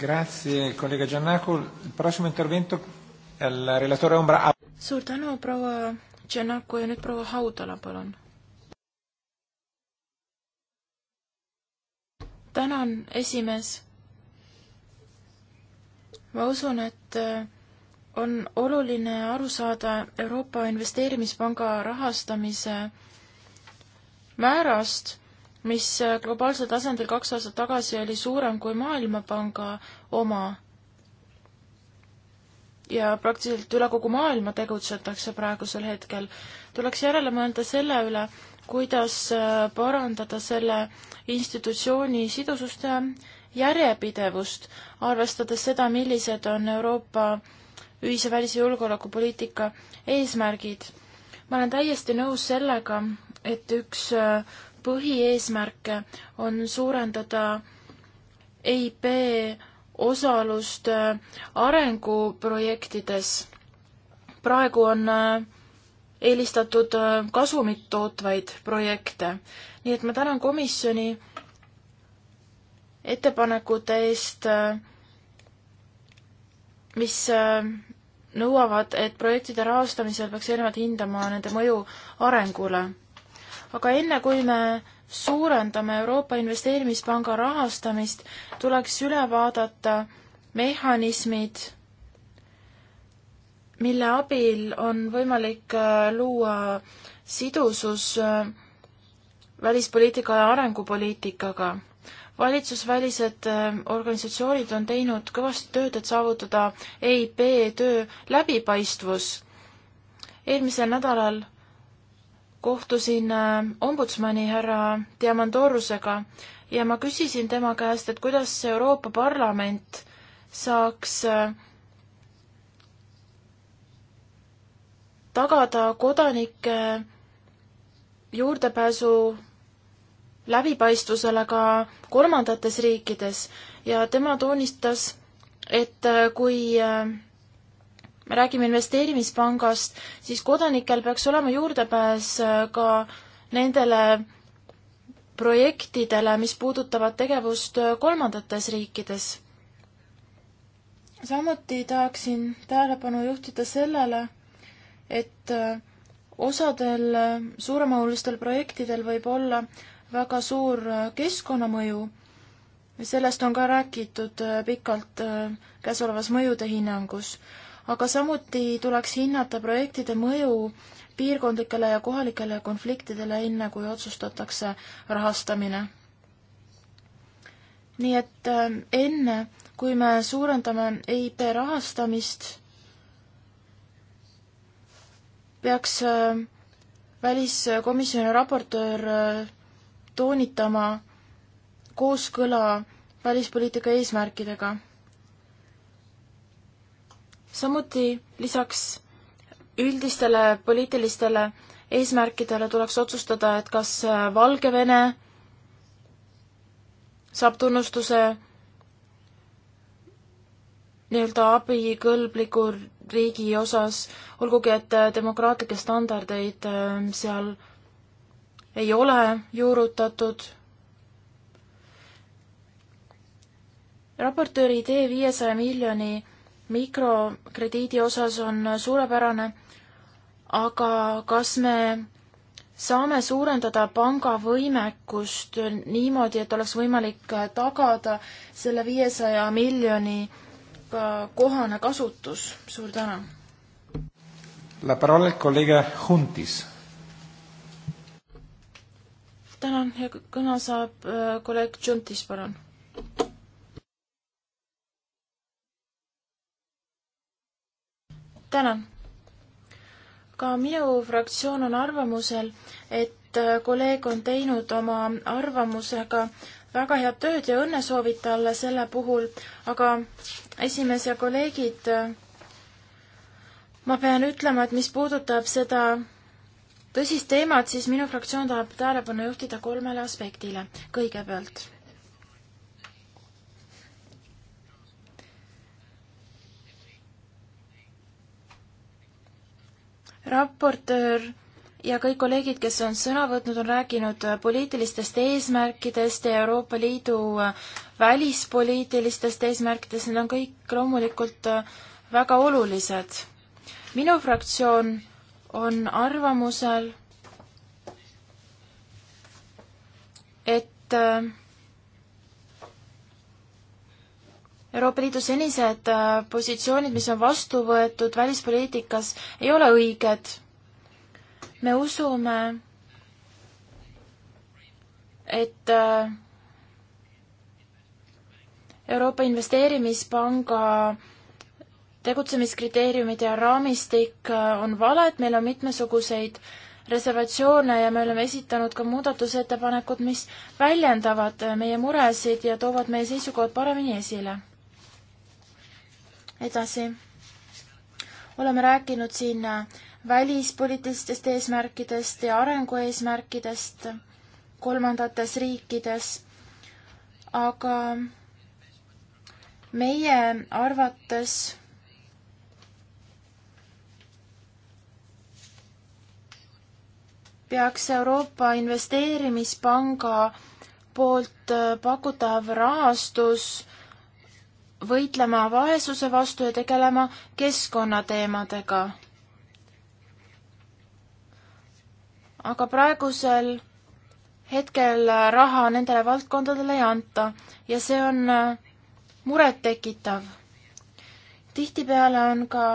A: Grazie, kolleeg Giannakul. Prossimo intervento, relatore Umbra. suur tänu, proua Giannaku
C: ja nüüd proua Haudala, palun. tänan, esimees. ma usun, et äh, on oluline aru saada Euroopa Investeerimispanga rahastamise määrast mis äh, globaalsel tasandil kaks aastat tagasi oli suurem kui Maailmapanga oma. ja praktiliselt üle kogu maailma tegutsetakse praegusel hetkel. tuleks järele mõelda selle üle, kuidas äh, parandada selle institutsiooni sidusust ja järjepidevust, arvestades seda, millised on Euroopa ühise välis- ja julgeolekupoliitika eesmärgid. ma olen täiesti nõus sellega, et üks äh, põhieesmärke on suurendada EIB osalust äh, arenguprojektides. praegu on äh, eelistatud äh, kasumit tootvaid projekte, nii et ma tänan komisjoni ettepanekute eest, mis nõuavad, et projektide rahastamisel peaks erinevalt hindama nende mõju arengule aga enne, kui me suurendame Euroopa Investeerimispanga rahastamist, tuleks üle vaadata mehhanismid, mille abil on võimalik äh, luua sidusus äh, välispoliitika ja arengupoliitikaga. valitsusvälised äh, organisatsioonid on teinud kõvasti tööd, et saavutada EIB töö läbipaistvus. eelmisel nädalal kohtusin äh, ombudsmani härra Diamandorusega ja ma küsisin tema käest, et kuidas Euroopa Parlament saaks äh, tagada kodanike juurdepääsu läbipaistvusele ka kolmandates riikides ja tema toonistas, et äh, kui me räägime investeerimispangast, siis kodanikel peaks olema juurdepääs äh, ka nendele projektidele, mis puudutavad tegevust äh, kolmandates riikides. samuti tahaksin tähelepanu juhtida sellele, et äh, osadel suuremahulistel projektidel võib olla väga suur keskkonnamõju. sellest on ka räägitud pikalt käesolevas mõjude hinnangus aga samuti tuleks hinnata projektide mõju piirkondlikele ja kohalikele konfliktidele, enne kui otsustatakse rahastamine. nii et äh, enne, kui me suurendame EIP rahastamist, peaks äh, väliskomisjoni raportöör äh, toonitama kooskõla välispoliitika eesmärkidega samuti lisaks üldistele poliitilistele eesmärkidele tuleks otsustada, et kas äh, Valgevene saab tunnustuse nii-öelda abikõlbliku riigi osas, olgugi et äh, demokraatlikke standardeid äh, seal ei ole juurutatud. raportööri idee viiesaja miljoni mikrokrediidi osas on suurepärane, aga kas me saame suurendada panga võimekust niimoodi, et oleks võimalik tagada selle viiesaja miljoni ka kohane kasutus, suur tänu.
A: La parola al collega Huntis.
C: tänan ja kõne saab äh, kolleeg Juntis, palun tänan. ka minu fraktsioon on arvamusel, et äh, kolleeg on teinud oma arvamusega väga head tööd ja õnne soovib talle selle puhul, aga esimees ja kolleegid, äh, ma pean ütlema, et mis puudutab seda tõsist teemat, siis minu fraktsioon tahab tähelepanu juhtida kolmele aspektile. kõigepealt raportöör ja kõik kolleegid, kes on sõna võtnud, on rääkinud äh, poliitilistest eesmärkidest ja Euroopa Liidu äh, välispoliitilistest eesmärkidest, need on kõik loomulikult äh, väga olulised. minu fraktsioon on arvamusel, et Euroopa Liidu senised äh, positsioonid, mis on vastu võetud välispoliitikas, ei ole õiged. me usume, et äh, Euroopa Investeerimispanga tegutsemiskriteeriumid ja raamistik äh, on valed, meil on mitmesuguseid reservatsioone ja me oleme esitanud ka muudatusettepanekud, mis väljendavad meie muresid ja toovad meie seisukohad paremini esile edasi. oleme rääkinud siin äh, välispoliitilistest eesmärkidest ja arengueesmärkidest kolmandates riikides, aga meie arvates peaks Euroopa Investeerimispanga poolt äh, pakutav rahastus võitlema vaesuse vastu ja tegelema keskkonnateemadega. aga praegusel hetkel raha nendele valdkondadele ei anta ja see on äh, murettekitav. tihtipeale on ka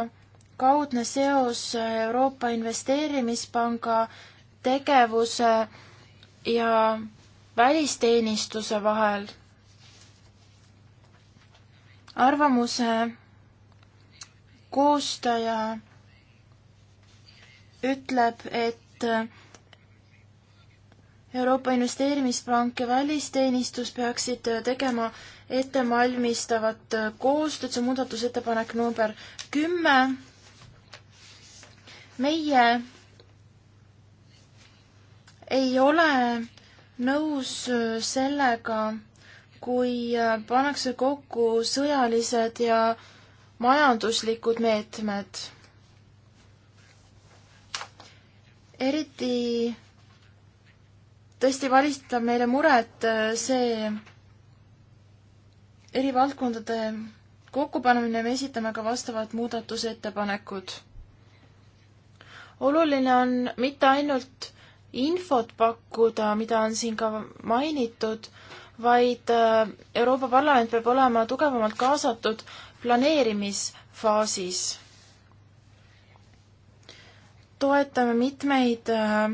C: kaudne seos äh, Euroopa Investeerimispanga tegevuse ja välisteenistuse vahel arvamuse koostaja ütleb, et Euroopa Investeerimispank ja välisteenistus peaksid tegema ettevalmistavat koostööd, see on muudatusettepanek number kümme. meie ei ole nõus sellega, kui äh, pannakse kokku sõjalised ja majanduslikud meetmed. eriti tõesti valmistab meile muret äh, see eri valdkondade kokkupanemine, me esitame ka vastavad muudatusettepanekud. oluline on mitte ainult infot pakkuda, mida on siin ka mainitud, vaid äh, Euroopa Parlament peab olema tugevamalt kaasatud planeerimisfaasis. toetame mitmeid äh,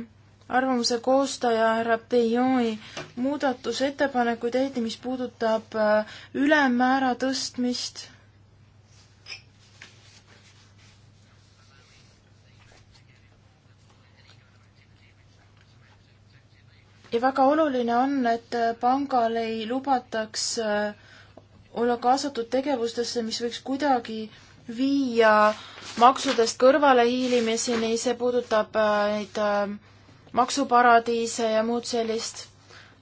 C: arvamuse koostaja härra Peioni muudatusettepanekuid, eriti mis puudutab äh, ülemmäära tõstmist ja väga oluline on, et äh, pangal ei lubataks äh, olla kaasatud tegevustesse, mis võiks kuidagi viia maksudest kõrvalehiilimiseni, see puudutab äh, neid maksuparadiise ja muud sellist.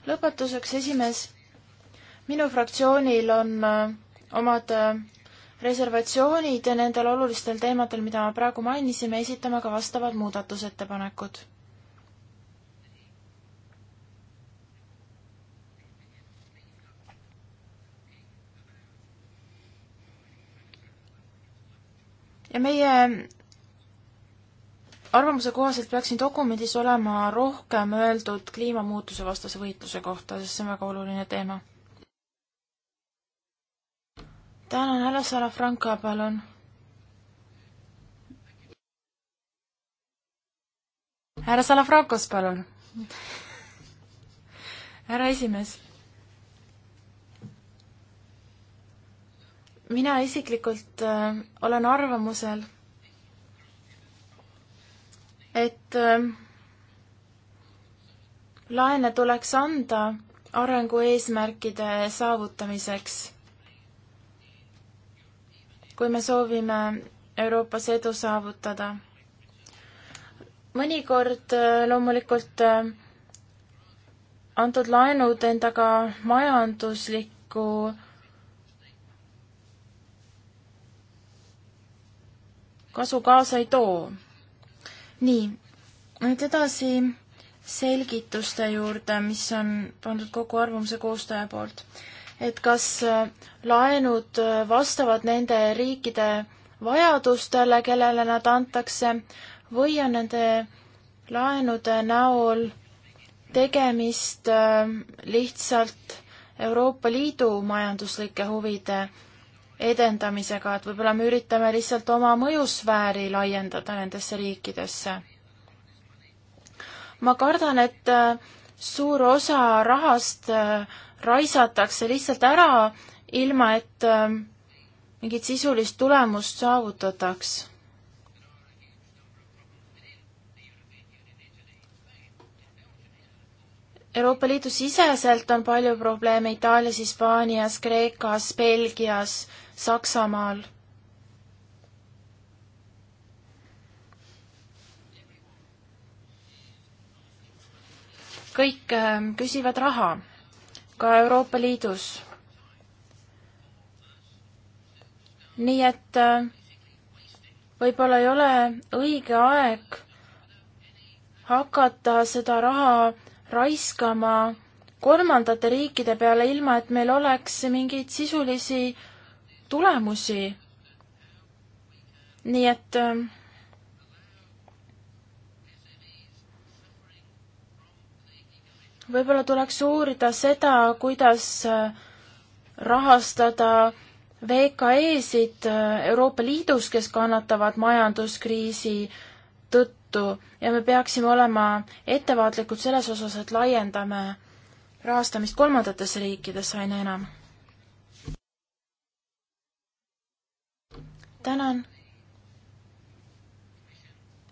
C: lõpetuseks, esimees, minu fraktsioonil on omad reservatsioonid ja nendel olulistel teemadel, mida praegu mainisime, esitame ka vastavad muudatusettepanekud ja meie arvamuse kohaselt peaks siin dokumendis olema rohkem öeldud kliimamuutuse vastase võitluse kohta, sest see on väga oluline teema. tänan, härra Salafranca, palun. härra Salafrancos, palun. härra esimees mina isiklikult äh, olen arvamusel, et äh, laene tuleks anda arengu eesmärkide saavutamiseks. kui me soovime Euroopas edu saavutada. mõnikord äh, loomulikult äh, antud laenud endaga majanduslikku kasu kaasa ei too. nii, nüüd edasi selgituste juurde, mis on pandud kokku arvamuse koostaja poolt. et kas äh, laenud äh, vastavad nende riikide vajadustele, kellele nad antakse, või on nende laenude näol tegemist äh, lihtsalt Euroopa Liidu majanduslike huvide edendamisega, et võib-olla me üritame lihtsalt oma mõjusfääri laiendada nendesse riikidesse. ma kardan, et äh, suur osa rahast äh, raisatakse lihtsalt ära, ilma et äh, mingit sisulist tulemust saavutataks Euroopa Liidu siseselt on palju probleeme Itaalias, Hispaanias, Kreekas, Belgias, Saksamaal. kõik äh, küsivad raha, ka Euroopa Liidus. nii et äh, võib-olla ei ole õige aeg hakata seda raha raiskama kolmandate riikide peale, ilma et meil oleks mingeid sisulisi tulemusi. nii et ähm, võib-olla tuleks uurida seda, kuidas äh, rahastada VKE-sid äh, Euroopa Liidus, kes kannatavad majanduskriisi tõttu ja me peaksime olema ettevaatlikud selles osas, et laiendame rahastamist kolmandatesse riikidesse aina enam tänan.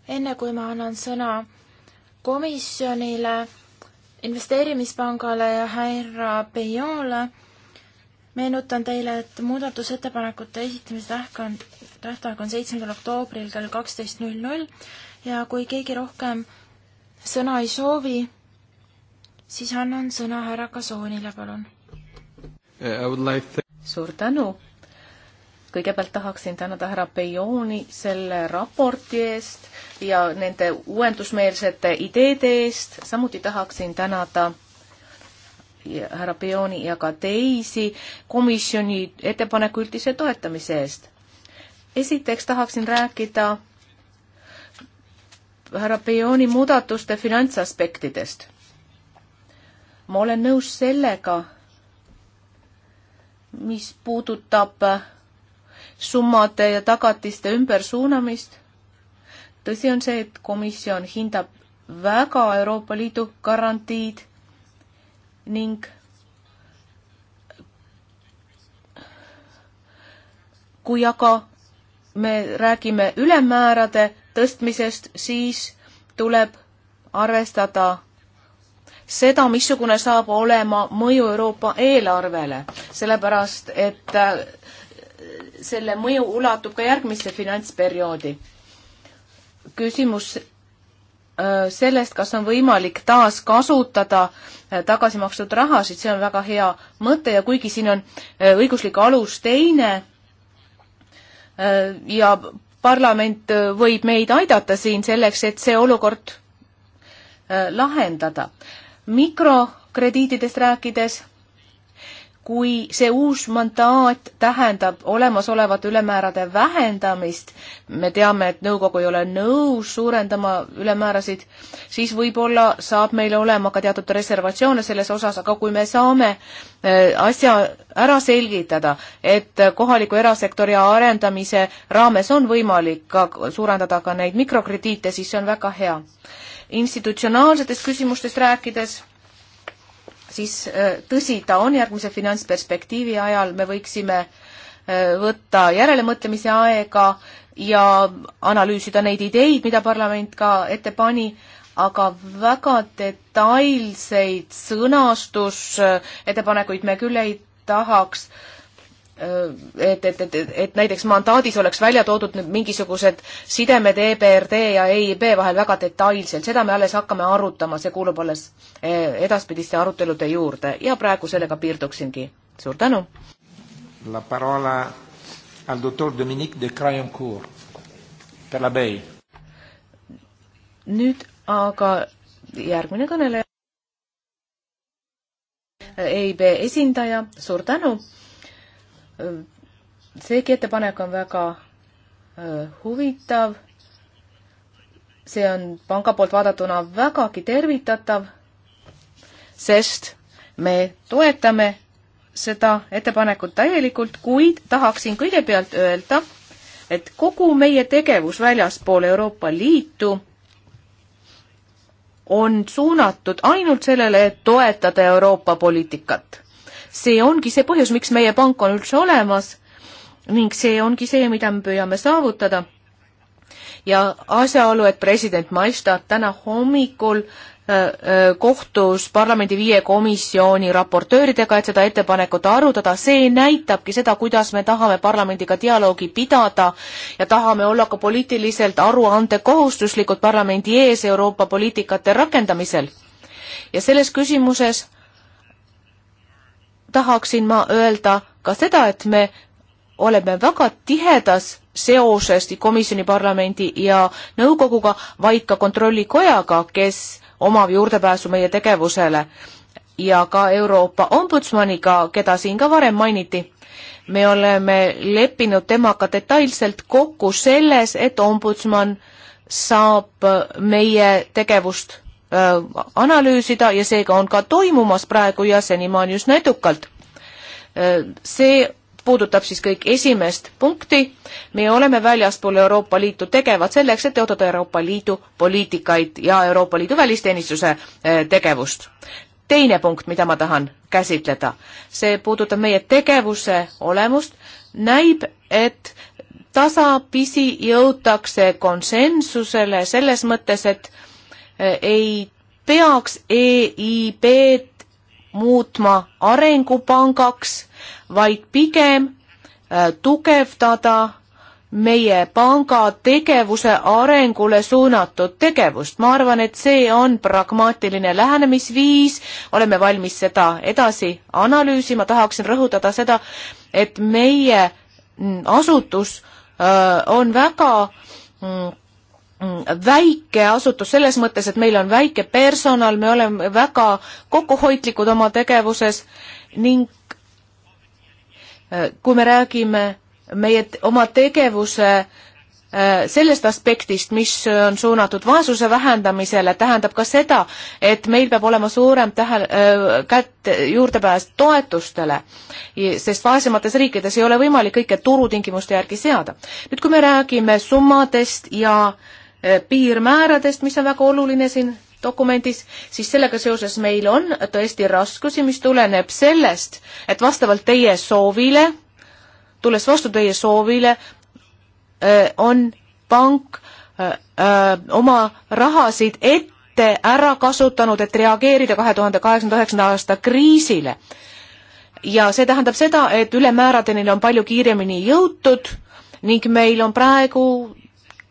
C: enne kui ma annan sõna komisjonile, investeerimispangale ja härra Peijole, meenutan teile, et muudatusettepanekute esitamise tähk on, tähtaeg on seitsmendal oktoobril kell kaksteist null null ja kui keegi rohkem sõna ei soovi, siis annan sõna härra Kasoonile, palun.
B: Uh, like to... suur
C: tänu kõigepealt tahaksin tänada härra
B: Bejooni selle raporti eest ja nende uuendusmeelsete ideede eest, samuti tahaksin tänada härra Bejooni ja ka teisi komisjoni ettepaneku üldise toetamise eest. esiteks tahaksin rääkida härra Bejooni muudatuste finantsaspektidest. ma olen nõus sellega, mis puudutab summade ja tagatiste ümbersuunamist. tõsi on see, et komisjon hindab väga Euroopa Liidu garantiid ning kui aga me räägime ülemmäärade tõstmisest, siis tuleb arvestada seda, missugune saab olema mõju Euroopa eelarvele, sellepärast et selle mõju ulatub ka järgmisse finantsperioodi. küsimus äh, sellest, kas on võimalik taas kasutada äh, tagasi makstud rahasid, see on väga hea mõte ja kuigi siin on äh, õiguslik alus teine ja parlament võib meid aidata siin selleks, et see olukord lahendada. mikrokrediitidest rääkides kui see uus mandaat tähendab olemasolevate ülemäärade vähendamist, me teame, et nõukogu ei ole nõus suurendama ülemäärasid, siis võib-olla saab meil olema ka teatud reservatsioone selles osas, aga kui me saame äh, asja ära selgitada, et kohaliku erasektori arendamise raames on võimalik ka suurendada ka neid mikrokrediite, siis see on väga hea. institutsionaalsetest küsimustest rääkides siis äh, tõsi ta on, järgmise finantsperspektiivi ajal me võiksime äh, võtta järelemõtlemise aega ja analüüsida neid ideid, mida parlament ka ette pani, aga väga detailseid sõnastusettepanekuid äh, me küll ei tahaks äh, Äh, et, et, et, et näiteks mandaadis oleks välja toodud nüüd mingisugused sidemed EBRD ja EIB vahel väga detailselt, seda me alles hakkame arutama, see kuulub alles äh, edaspidiste arutelude juurde ja praegu sellega piirduksingi. suur tänu!
A: La parola al doktor Dominique de Crayoncourt per la Bay.
B: nüüd aga järgmine kõneleja. EIB esindaja, suur tänu! Äh, seegi ettepanek on väga äh, huvitav. see on panga poolt vaadatuna vägagi tervitatav, sest me toetame seda ettepanekut täielikult, kuid tahaksin kõigepealt öelda, et kogu meie tegevus väljaspool Euroopa Liitu on suunatud ainult sellele, et toetada Euroopa poliitikat see ongi see põhjus, miks meie pank on üldse olemas ning see ongi see, mida me püüame saavutada. ja asjaolu, et president Maistat täna hommikul äh, äh, kohtus parlamendi viie komisjoni raportööridega, et seda ettepanekut arutada, see näitabki seda, kuidas me tahame parlamendiga dialoogi pidada ja tahame olla ka poliitiliselt aruandekohustuslikud parlamendi ees Euroopa poliitikate rakendamisel. ja selles küsimuses tahaksin ma öelda ka seda, et me oleme väga tihedas seoses komisjoni, parlamendi ja nõukoguga, vaid ka kontrollikojaga, kes omab juurdepääsu meie tegevusele ja ka Euroopa ombudsmaniga, keda siin ka varem mainiti. me oleme leppinud temaga detailselt kokku selles, et ombudsman saab meie tegevust Äh, analüüsida ja seega on ka toimumas praegu ja senimaani üsna edukalt. Äh, see puudutab siis kõik esimest punkti. me oleme väljaspool Euroopa Liitu tegevad selleks, et teotada Euroopa Liidu poliitikaid ja Euroopa Liidu välisteenistuse äh, tegevust. teine punkt, mida ma tahan käsitleda, see puudutab meie tegevuse olemust. näib, et tasapisi jõutakse konsensusele selles mõttes, et ei peaks EIB-d muutma arengupangaks, vaid pigem äh, tugevdada meie panga tegevuse arengule suunatud tegevust. ma arvan, et see on pragmaatiline lähenemisviis, oleme valmis seda edasi analüüsima, tahaksin rõhutada seda, et meie mm, asutus öö, äh, on väga öö, mm, Mm, väike asutus selles mõttes, et meil on väike personal, me oleme väga kokkuhoidlikud oma tegevuses ning äh, kui me räägime meie oma tegevuse äh, sellest aspektist, mis on suunatud vaesuse vähendamisele, tähendab ka seda, et meil peab olema suurem tähe-, äh, kätt, juurdepääs toetustele, sest vaesemates riikides ei ole võimalik kõike turutingimuste järgi seada. nüüd, kui me räägime summadest ja äh, Eh, piirmääradest, mis on väga oluline siin dokumendis, siis sellega seoses meil on tõesti raskusi, mis tuleneb sellest, et vastavalt teie soovile, tulles vastu teie soovile, eh, on pank eh, oma rahasid ette ära kasutanud, et reageerida kahe tuhande kaheksakümne üheksanda aasta kriisile. ja see tähendab seda, et ülemääradeni on palju kiiremini jõutud ning meil on praegu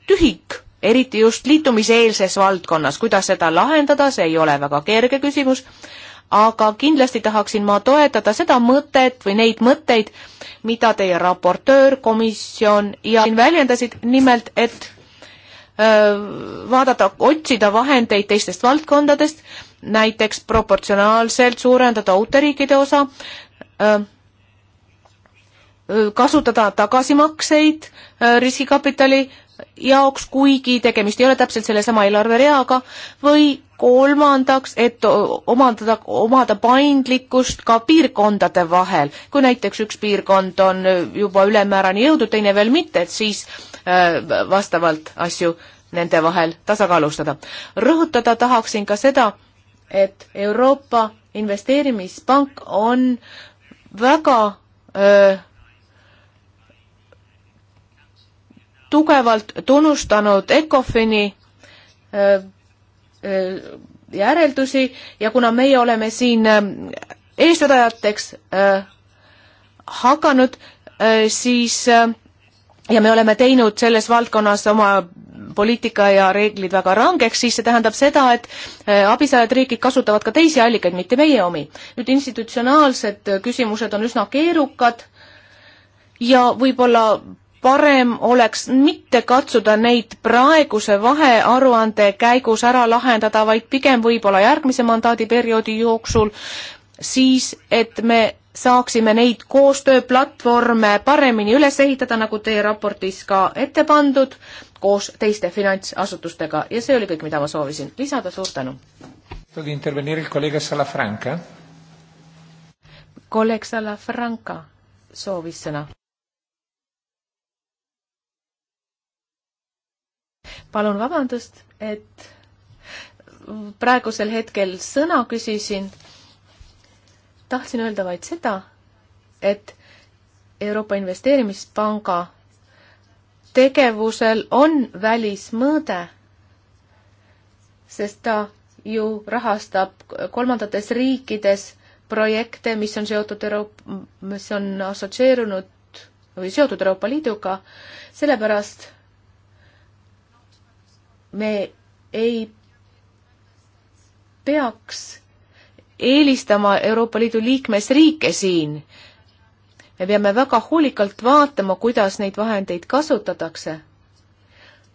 B: tühi eriti just liitumiseelses valdkonnas, kuidas seda lahendada, see ei ole väga kerge küsimus, aga kindlasti tahaksin ma toetada seda mõtet või neid mõtteid, mida teie raportöör, komisjon ja väljendasid, nimelt et öö, vaadata, otsida vahendeid teistest valdkondadest, näiteks proportsionaalselt suurendada uute riikide osa, kasutada tagasimakseid riskikapitali jaoks, kuigi tegemist ei ole täpselt sellesama eelarvereaga, või kolmandaks, et omandada, omada paindlikkust ka piirkondade vahel. kui näiteks üks piirkond on juba ülemäärani jõudnud, teine veel mitte, et siis äh, vastavalt asju nende vahel tasakaalustada. rõhutada tahaksin ka seda, et Euroopa Investeerimispank on väga öö, äh, tugevalt tunnustanud ECOFIN-i äh, äh, järeldusi ja kuna meie oleme siin äh, eestvedajateks hakanud, siis ja me oleme teinud selles valdkonnas oma poliitika ja reeglid väga rangeks, siis see tähendab seda, et abisaajad riigid kasutavad ka teisi allikaid, mitte meie omi. nüüd institutsionaalsed küsimused on üsna keerukad ja võib-olla parem oleks mitte katsuda neid praeguse vahearuande käigus ära lahendada, vaid pigem võib-olla järgmise mandaadiperioodi jooksul, siis et me saaksime neid koostööplatvorme paremini üles ehitada, nagu teie raportis ka ette pandud, koos teiste finantsasutustega ja see oli kõik, mida ma soovisin lisada, suur tänu. kolleeg Salafranca soovis sõna. palun vabandust, et praegusel hetkel sõna küsisin. tahtsin öelda vaid seda, et Euroopa Investeerimispanga tegevusel on välismõõde, sest ta ju rahastab kolmandates riikides projekte, mis on seotud Euroop-, mis on assotsieerunud või seotud Euroopa Liiduga, sellepärast me ei peaks eelistama Euroopa Liidu liikmesriike siin. me peame väga hoolikalt vaatama, kuidas neid vahendeid kasutatakse.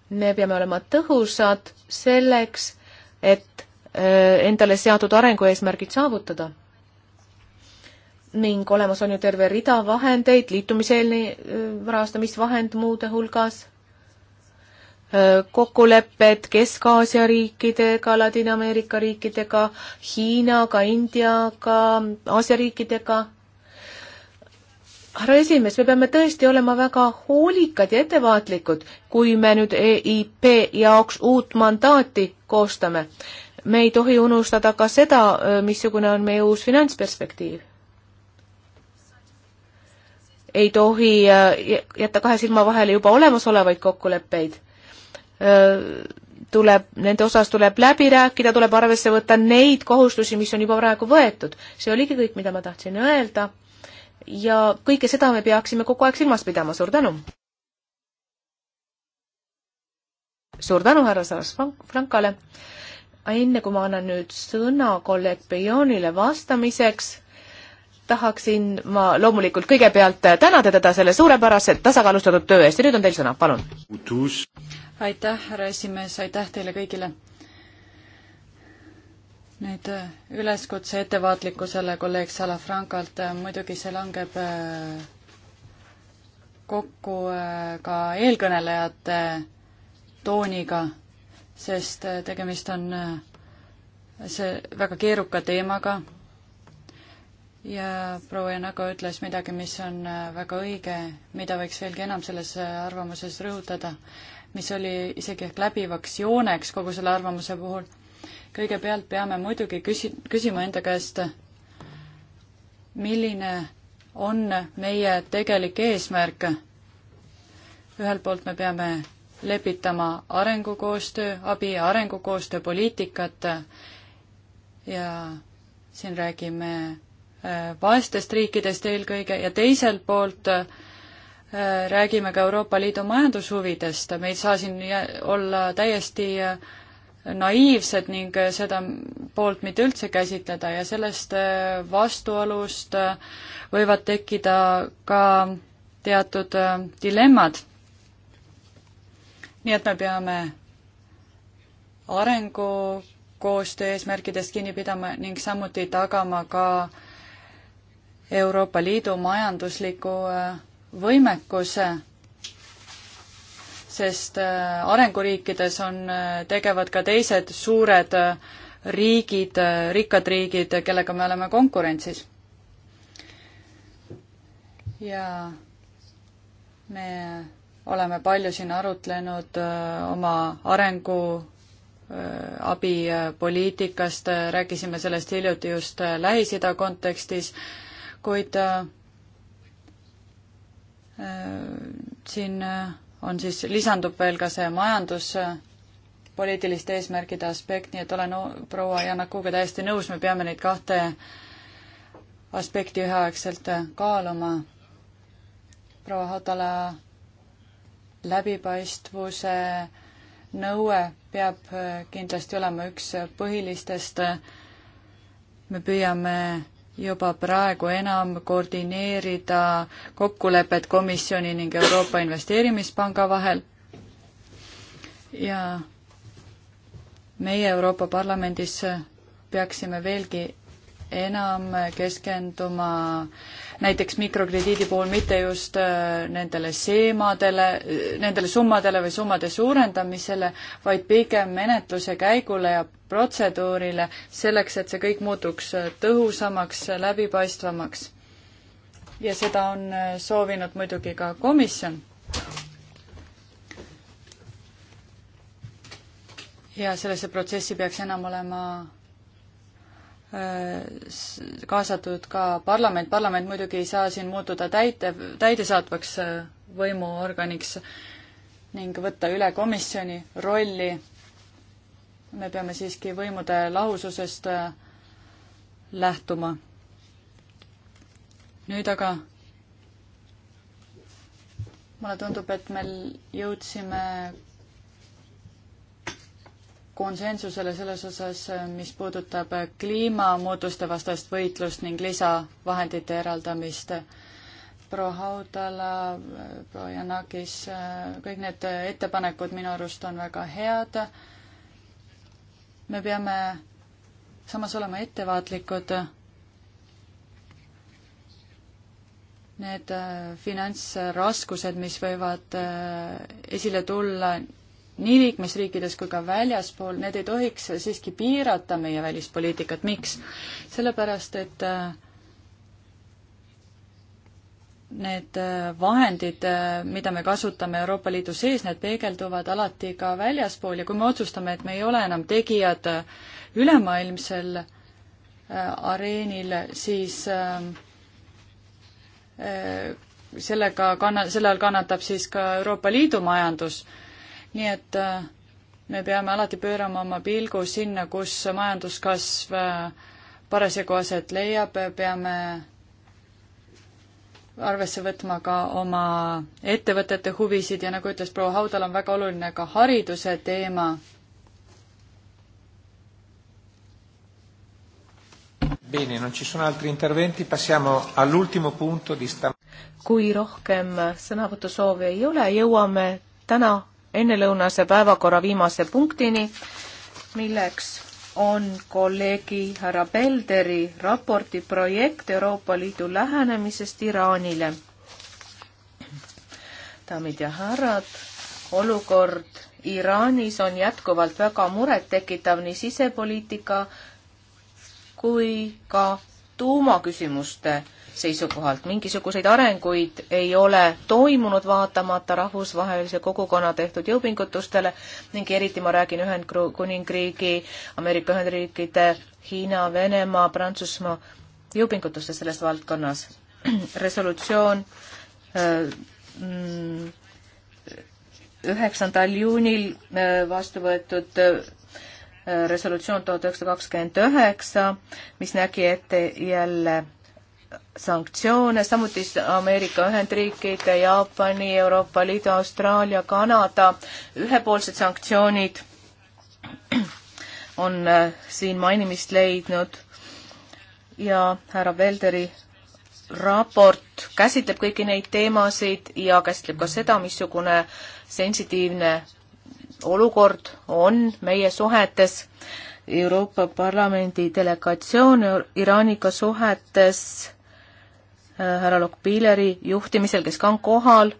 B: me peame olema tõhusad selleks, et äh, endale seatud arengueesmärgid saavutada. ning olemas on ju terve rida vahendeid, liitumiseelne äh, rahastamisvahend muude hulgas kokkulepped Kesk-Aasia riikidega, Ladina-Ameerika riikidega, Hiinaga, Indiaga, Aasia riikidega. härra esimees, me peame tõesti olema väga hoolikad ja ettevaatlikud, kui me nüüd EIP jaoks uut mandaati koostame. me ei tohi unustada ka seda, missugune on meie uus finantsperspektiiv ei tohi äh, jätta kahe silma vahele juba olemasolevaid kokkuleppeid tuleb, nende osas tuleb läbi rääkida, tuleb arvesse võtta neid kohustusi, mis on juba praegu võetud. see oligi kõik, mida ma tahtsin öelda. ja kõike seda me peaksime kogu aeg silmas pidama, suur tänu! suur tänu, härra Saras Frankale! enne kui ma annan nüüd sõna kolleeg Bejonile vastamiseks tahaksin ma loomulikult kõigepealt tänada teda selle suurepärase tasakaalustatud töö eest ja nüüd on teil sõna, palun.
D: aitäh, härra esimees, aitäh teile kõigile. nüüd äh, üleskutse ettevaatlikkusele kolleeg Salafrankalt, äh, muidugi see langeb äh, kokku ka eelkõnelejate tooniga, sest tegemist on see väga keeruka teemaga ja proua Janaga ütles midagi, mis on äh, väga õige, mida võiks veelgi enam selles äh, arvamuses rõhutada, mis oli isegi ehk läbivaks jooneks kogu selle arvamuse puhul. kõigepealt peame muidugi küsi-, küsima enda käest, milline on meie tegelik eesmärk. ühelt poolt me peame lepitama arengukoostöö, abi ja arengukoostööpoliitikat ja siin räägime vaestest riikidest eelkõige ja teiselt poolt äh, räägime ka Euroopa Liidu majandushuvidest, me ei saa siin olla täiesti äh, naiivsed ning äh, seda poolt mitte üldse käsitleda ja sellest vastuolust võivad tekkida ka teatud dilemmad. nii et me peame arengukoostöö eesmärkidest kinni pidama ning samuti tagama ka äh, Euroopa Liidu majandusliku äh, võimekuse, sest äh, arenguriikides on, äh, tegevad ka teised suured riigid, rikkad riigid, kellega me oleme konkurentsis. ja me oleme palju siin arutlenud oma arengu abipoliitikast, rääkisime sellest hiljuti just Lähis-Ida kontekstis kuid äh, äh, siin äh, on siis, lisandub veel ka see majanduspoliitiliste eesmärgide aspekt, nii et olen proua Janakuga täiesti nõus, me peame neid kahte aspekti üheaegselt kaaluma. proua Hautala läbipaistvuse nõue peab kindlasti olema üks põhilistest. me püüame juba praegu enam koordineerida kokkulepet komisjoni ning Euroopa Investeerimispanga vahel ja meie Euroopa Parlamendis peaksime veelgi enam keskenduma näiteks mikrokrediidi puhul mitte just äh, nendele seemadele, nendele summadele või summade suurendamisele, vaid pigem menetluse käigule ja protseduurile, selleks et see kõik muutuks äh, tõhusamaks, äh, läbipaistvamaks. ja seda on soovinud muidugi ka komisjon ja sellesse protsessi peaks enam olema Äh, kaasatud ka parlament, parlament muidugi ei saa siin muutuda täite, täidesaatvaks äh, võimuorganiks ning võtta üle komisjoni rolli. me peame siiski võimude lahususest äh, lähtuma. nüüd aga mulle tundub, et me jõudsime konsensusele selles osas, mis puudutab kliimamuutuste vastast võitlust ning lisavahendite eraldamist. proua Haudala, proua Janakis, kõik need ettepanekud minu arust on väga head. me peame samas olema ettevaatlikud. Need finantsraskused, mis võivad eh, esile tulla nii liikmesriikides kui ka väljaspool, need ei tohiks siiski piirata meie välispoliitikat, miks? sellepärast, et äh, need äh, vahendid, äh, mida me kasutame Euroopa Liidu sees, need peegelduvad alati ka väljaspool ja kui me otsustame, et me ei ole enam tegijad ülemaailmsel areenil, siis sellega kanna-, selle all kannatab siis ka Euroopa Liidu majandus nii et äh, me peame alati pöörama oma pilgu sinna, kus majanduskasv äh, parasjagu aset leiab, peame arvesse võtma ka oma ettevõtete huvisid ja nagu ütles proua Haudal, on väga oluline ka hariduse teema.
A: Bene, non ci sono altri interventi, passiamo all'ultimo punto di sta-
B: kui rohkem sõnavõtusoove ei ole, jõuame täna ennelõunase päevakorra viimase punktini, milleks on kolleegi härra Pelderi raporti projekt Euroopa Liidu lähenemisest Iraanile. daamid ja härrad, olukord Iraanis on jätkuvalt väga murettekitav nii sisepoliitika kui ka tuumaküsimuste seisukohalt. mingisuguseid arenguid ei ole toimunud, vaatamata rahvusvahelise kogukonna tehtud jõupingutustele ning eriti ma räägin Ühendkuningriigi, Ameerika Ühendriikide, Hiina, Venemaa, Prantsusmaa jõupingutuste selles valdkonnas. resolutsioon äh, mm, üheksandal juunil äh, vastu võetud äh, resolutsioon tuhat üheksasada kakskümmend üheksa, mis nägi ette jälle sanktsioone, samuti Ameerika Ühendriikide, Jaapani, Euroopa Liidu, Austraalia, Kanada ühepoolsed sanktsioonid on äh, siin mainimist leidnud ja härra Velderi raport käsitleb kõiki neid teemasid ja käsitleb ka seda, missugune sensitiivne olukord on meie suhetes. Euroopa Parlamendi delegatsioon Iraaniga suhetes härra Lokpilleri juhtimisel, kes ka on kohal,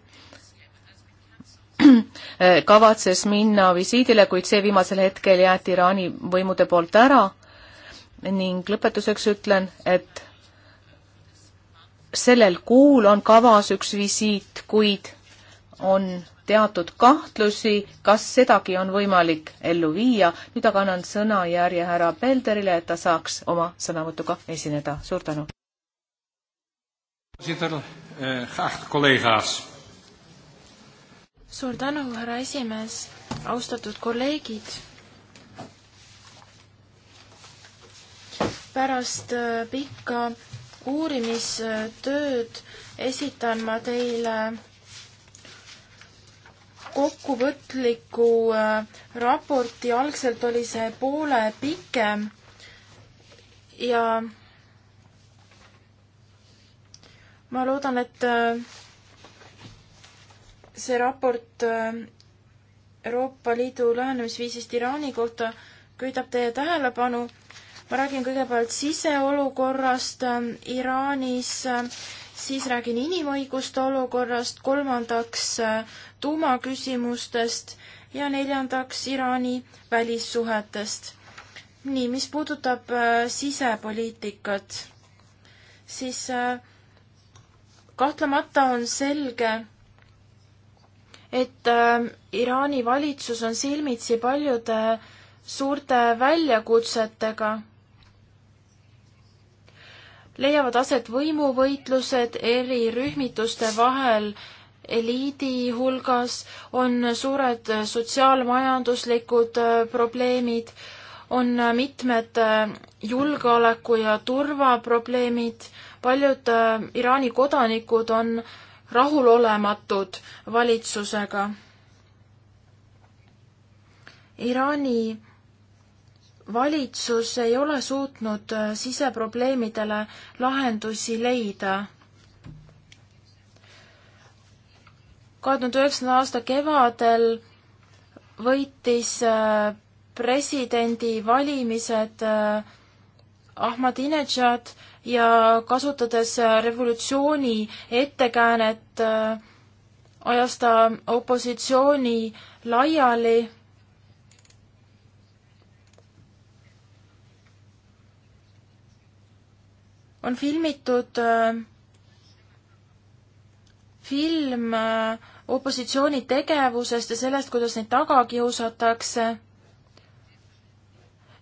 B: kavatses minna visiidile, kuid see viimasel hetkel jäeti Iraani võimude poolt ära ning lõpetuseks ütlen, et sellel kuul on kavas üks visiit, kuid on teatud kahtlusi, kas sedagi on võimalik ellu viia. nüüd aga annan sõna järje härra Pelderile, et ta saaks oma sõnavõtuga esineda. suur tänu!
A: Eh,
C: suur tänu, härra esimees, austatud kolleegid. pärast eh, pikka uurimistööd esitan ma teile kokkuvõtliku eh, raporti, algselt oli see poole pikem ja ma loodan, et äh, see raport äh, Euroopa Liidu lähenemisviisist Iraani kohta köidab teie tähelepanu. ma räägin kõigepealt siseolukorrast äh, Iraanis, siis räägin inimõiguste olukorrast, kolmandaks tuumaküsimustest ja neljandaks Iraani välissuhetest. nii, mis puudutab sisepoliitikat, siis äh, kahtlemata on selge, et ähm, Iraani valitsus on silmitsi paljude suurte väljakutsetega. leiavad aset võimuvõitlused eri rühmituste vahel, eliidi hulgas on suured sotsiaalmajanduslikud äh, probleemid, on äh, mitmed äh, julgeoleku ja turvaprobleemid paljud äh, Iraani kodanikud on rahulolematud valitsusega. Iraani valitsus ei ole suutnud äh, siseprobleemidele lahendusi leida. kahe tuhande üheksanda aasta kevadel võitis äh, presidendivalimised Ahmadinejad ja kasutades revolutsiooni ettekäänet äh, ajas ta opositsiooni laiali. on filmitud äh, film äh, opositsiooni tegevusest ja sellest, kuidas neid taga kiusatakse.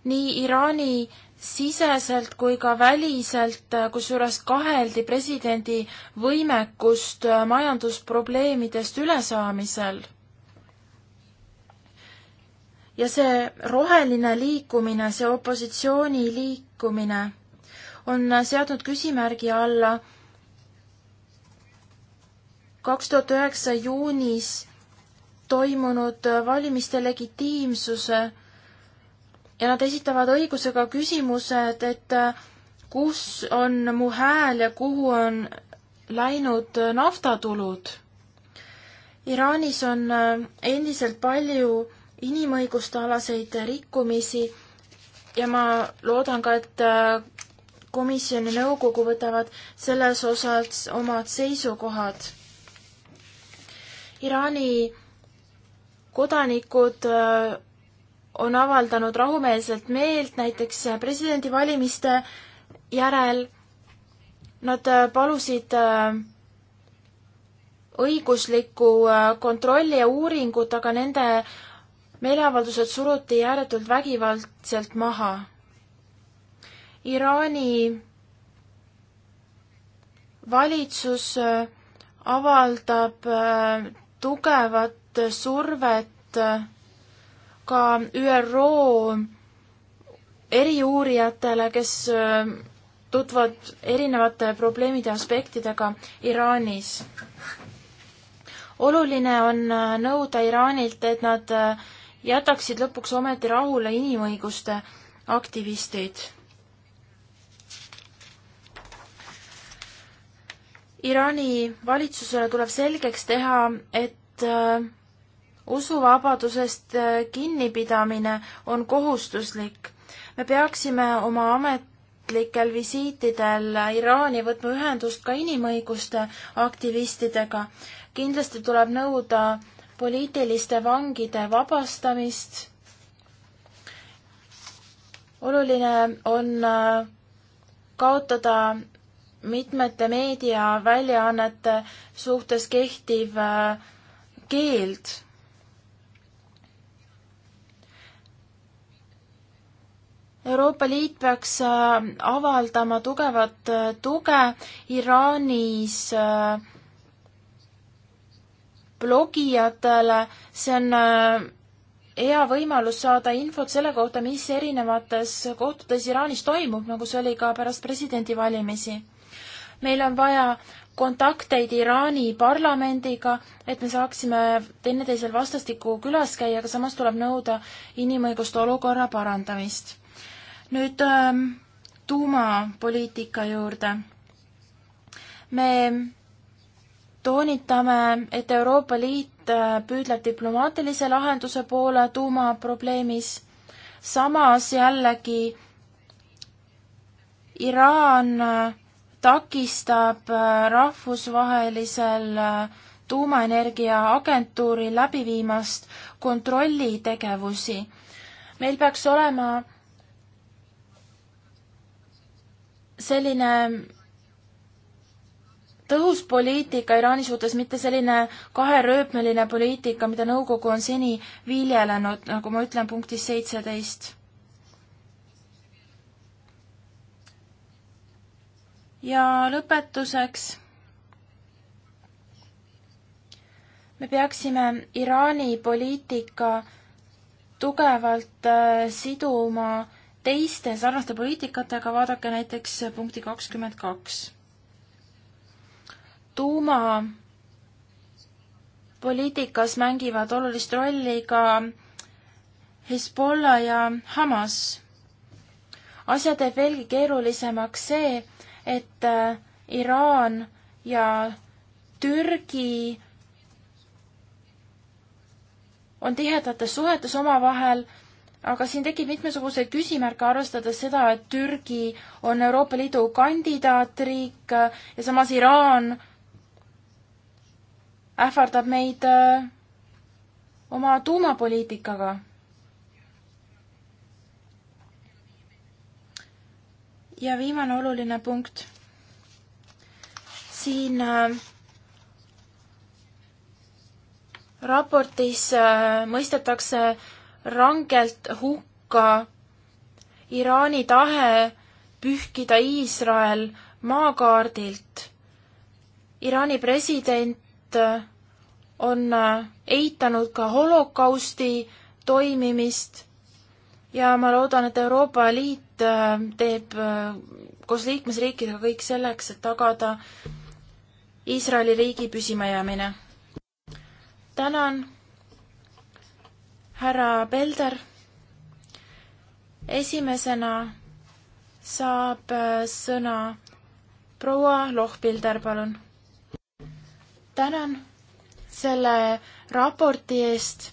C: nii Iraani siseselt kui ka väliselt, kusjuures kaheldi presidendi võimekust majandusprobleemidest ülesaamisel. ja see roheline liikumine, see opositsiooni liikumine on seadnud küsimärgi alla kaks tuhat üheksa juunis toimunud valimiste legitiimsuse ja nad esitavad õigusega küsimused, et äh, kus on mu hääl ja kuhu on läinud naftatulud. Iraanis on äh, endiselt palju inimõiguste alaseid rikkumisi ja ma loodan ka, et äh, komisjon ja nõukogu võtavad selles osas omad seisukohad. Iraani kodanikud on avaldanud rahumeelselt meelt näiteks presidendivalimiste järel. Nad äh, palusid äh, õiguslikku äh, kontrolli ja uuringut, aga nende meeleavaldused suruti ääretult vägivaldselt maha. Iraani valitsus avaldab tugevat survet ka ÜRO eriuurijatele, kes äh, tutvuvad erinevate probleemide aspektidega Iraanis. oluline on äh, nõuda Iraanilt, et nad äh, jätaksid lõpuks ometi rahule inimõiguste aktivistid. Iraani valitsusele tuleb selgeks teha, et usuvabadusest äh, kinnipidamine on kohustuslik. me peaksime oma ametlikel visiitidel Iraani võtma ühendust ka inimõiguste aktivistidega. kindlasti tuleb nõuda poliitiliste vangide vabastamist. oluline on äh, kaotada mitmete meediaväljaannete suhtes kehtiv äh, keeld Euroopa Liit peaks äh, avaldama tugevat äh, tuge Iraanis äh, blogijatele, see on hea võimalus saada infot selle kohta, mis erinevates kohtades Iraanis toimub, nagu see oli ka pärast presidendivalimisi. meil on vaja kontakteid Iraani parlamendiga, et me saaksime teineteisel vastastikku külas käia, aga samas tuleb nõuda inimõiguste olukorra parandamist nüüd äh, tuumapoliitika juurde. me toonitame, et Euroopa Liit äh, püüdleb diplomaatilise lahenduse poole tuumaprobleemis, samas jällegi Iraan äh, takistab äh, rahvusvahelisel tuumaenergia agentuuril läbi viimast kontrollitegevusi. meil peaks olema selline tõhus poliitika Iraani suhtes, mitte selline kaherööpmeline poliitika, mida nõukogu on seni viljelenud, nagu ma ütlen punktis seitseteist. ja lõpetuseks. me peaksime Iraani poliitika tugevalt äh, siduma äh, teiste sarnaste poliitikatega, vaadake näiteks punkti kakskümmend kaks. tuumapoliitikas mängivad olulist rolli ka Hezbollah ja Hamas. asja teeb veelgi keerulisemaks see, et äh, Iraan ja Türgi on tihedates suhetes omavahel aga siin tekib mitmesuguseid küsimärke, arvestades seda, et Türgi on Euroopa Liidu kandidaatriik ja samas Iraan ähvardab meid äh, oma tuumapoliitikaga. ja viimane oluline punkt. siin äh, raportis äh, mõistetakse rangelt hukka Iraani tahe pühkida Iisrael maakaardilt. Iraani president on eitanud ka holokausti toimimist ja ma loodan, et Euroopa Liit teeb koos liikmesriikidega kõik selleks, et tagada Iisraeli riigi püsimajäämine. tänan härra Pelder, esimesena saab äh, sõna proua Lohpilder, palun. tänan selle raporti eest.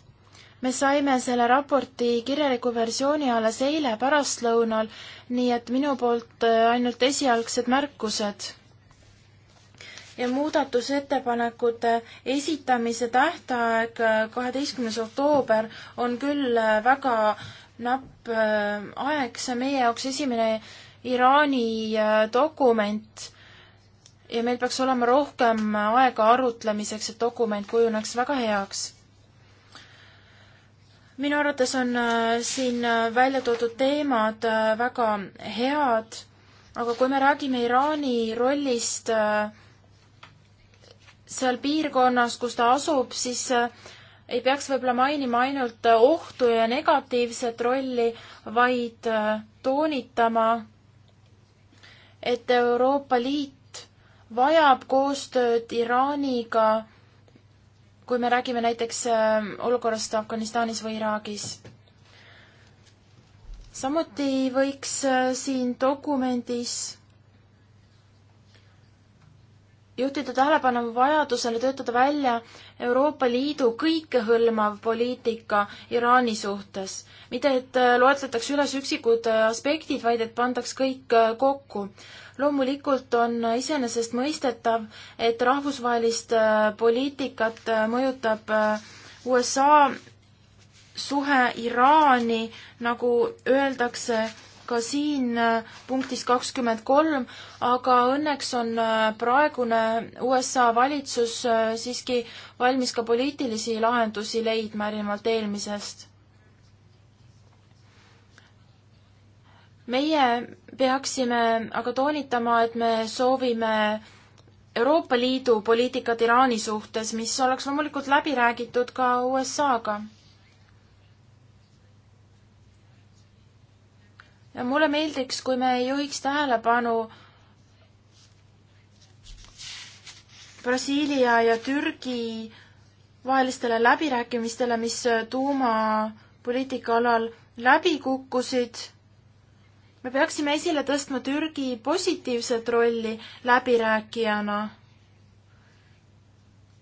C: me saime selle raporti kirjaliku versiooni alles eile pärastlõunal, nii et minu poolt äh, ainult esialgsed märkused ja muudatusettepanekute esitamise tähtaeg, äh, kaheteistkümnes oktoober, on küll äh, väga napp äh, aeg, see on meie jaoks esimene Iraani dokument ja meil peaks olema rohkem aega arutlemiseks, et dokument kujuneks väga heaks. minu arvates on siin välja toodud teemad väga head, aga kui me räägime Iraani rollist äh, seal piirkonnas, kus ta asub, siis äh, ei peaks võib-olla mainima ainult äh, ohtu ja negatiivset rolli, vaid äh, toonitama, et Euroopa Liit vajab koostööd Iraaniga, kui me räägime näiteks olukorrast Afganistanis või Iraagis. samuti võiks siin dokumendis juhtida tähelepanu vajadusele töötada välja Euroopa Liidu kõikehõlmav poliitika Iraani suhtes. mitte, et äh, loetletakse üles üksikud äh, aspektid, vaid et pandaks kõik äh, kokku. loomulikult on iseenesestmõistetav, et rahvusvahelist poliitikat mõjutab USA suhe Iraani, nagu öeldakse, ka siin äh, punktis kakskümmend kolm, aga õnneks on äh, praegune USA valitsus äh, siiski valmis ka poliitilisi lahendusi leidma erinevalt eelmisest. meie peaksime aga toonitama, et me soovime Euroopa Liidu poliitikat Iraani suhtes, mis oleks loomulikult läbi räägitud ka USA-ga mulle meeldiks, kui me juhiks tähelepanu Brasiilia ja Türgi vahelistele läbirääkimistele, mis tuumapoliitika alal läbi kukkusid. me peaksime esile tõstma Türgi positiivset rolli läbirääkijana.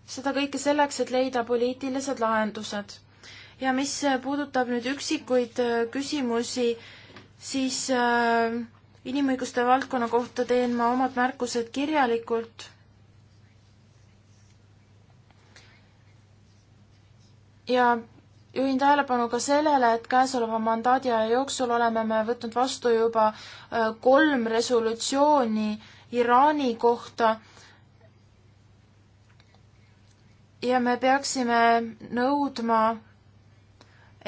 C: seda kõike selleks, et leida poliitilised lahendused. ja mis puudutab nüüd üksikuid küsimusi, siis äh, inimõiguste valdkonna kohta teen ma omad märkused kirjalikult. ja juhin tähelepanu ka sellele, et käesoleva mandaadi aja jooksul oleme me võtnud vastu juba äh, kolm resolutsiooni Iraani kohta. ja me peaksime nõudma,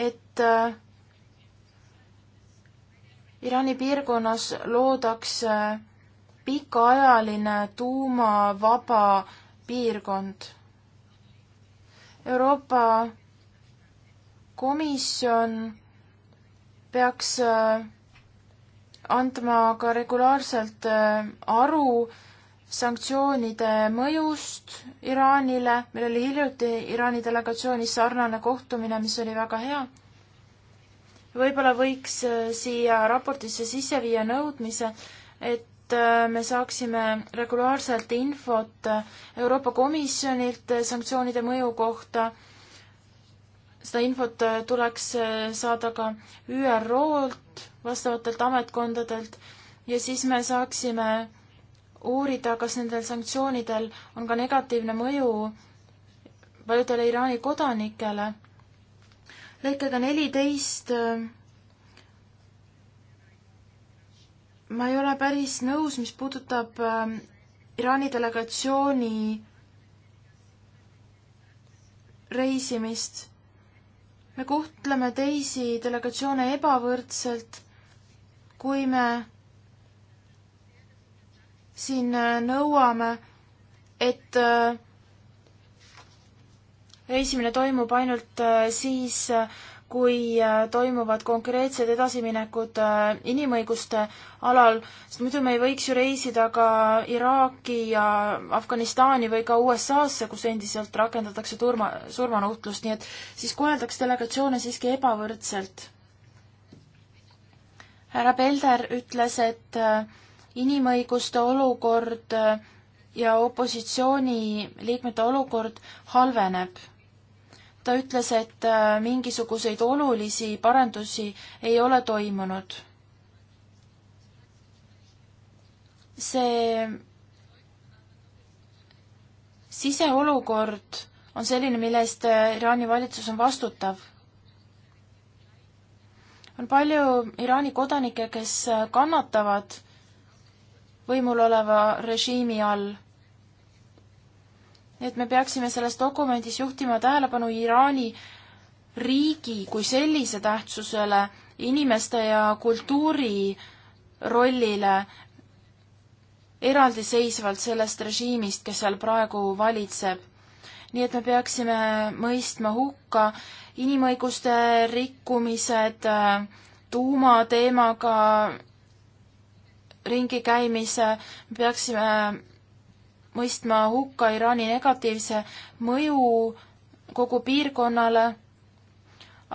C: et äh, Iraani piirkonnas loodakse pikaajaline tuumavaba piirkond. Euroopa Komisjon peaks äh, andma ka regulaarselt äh, aru sanktsioonide mõjust Iraanile, meil oli hiljuti Iraani delegatsioonis sarnane kohtumine, mis oli väga hea võib-olla võiks äh, siia raportisse sisse viia nõudmise, et äh, me saaksime regulaarselt infot äh, Euroopa Komisjonilt sanktsioonide mõju kohta. seda infot tuleks saada ka ÜRO-lt, vastavatelt ametkondadelt ja siis me saaksime uurida, kas nendel sanktsioonidel on ka negatiivne mõju paljudele Iraani kodanikele lõikega neliteist äh, ma ei ole päris nõus, mis puudutab äh, Iraani delegatsiooni reisimist. me kohtleme teisi delegatsioone ebavõrdselt, kui me siin äh, nõuame, et äh, esimene toimub ainult äh, siis, äh, kui äh, toimuvad konkreetsed edasiminekud inimõiguste alal, sest muidu me ei võiks ju reisida ka Iraaki ja Afganistani või ka USA-sse, kus endiselt rakendatakse turma, surmanuhtlust, nii et siis koheldakse delegatsioone siiski ebavõrdselt. härra Pelder ütles, et inimõiguste olukord ja opositsiooniliikmete olukord halveneb ta ütles, et äh, mingisuguseid olulisi parandusi ei ole toimunud. see siseolukord on selline, mille eest äh, Iraani valitsus on vastutav. on palju Iraani kodanikke, kes äh, kannatavad võimul oleva režiimi all et me peaksime selles dokumendis juhtima tähelepanu Iraani riigi kui sellise tähtsusele, inimeste ja kultuuri rollile eraldiseisvalt sellest režiimist, kes seal praegu valitseb. nii et me peaksime mõistma hukka inimõiguste rikkumised, tuumateemaga ringi käimise, me peaksime mõistma hukka Iraani negatiivse mõju kogu piirkonnale,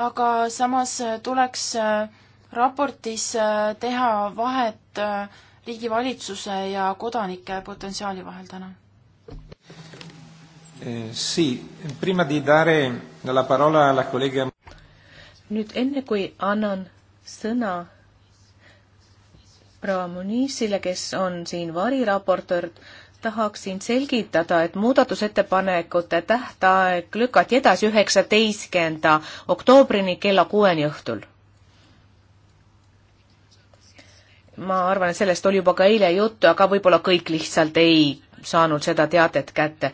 C: aga samas tuleks äh, raportis äh, teha vahet äh, riigivalitsuse ja kodanike potentsiaali vahel täna
A: eh,. Sì, prima di dare la parola alla collega
B: nüüd enne kui annan sõna proua Munizile, kes on siin variraportör tahaksin selgitada, et muudatusettepanekute tähtaeg lükati edasi üheksateistkümnenda oktoobrini kella kuueni õhtul. ma arvan, et sellest oli juba ka eile juttu, aga võib-olla kõik lihtsalt ei saanud seda teadet kätte.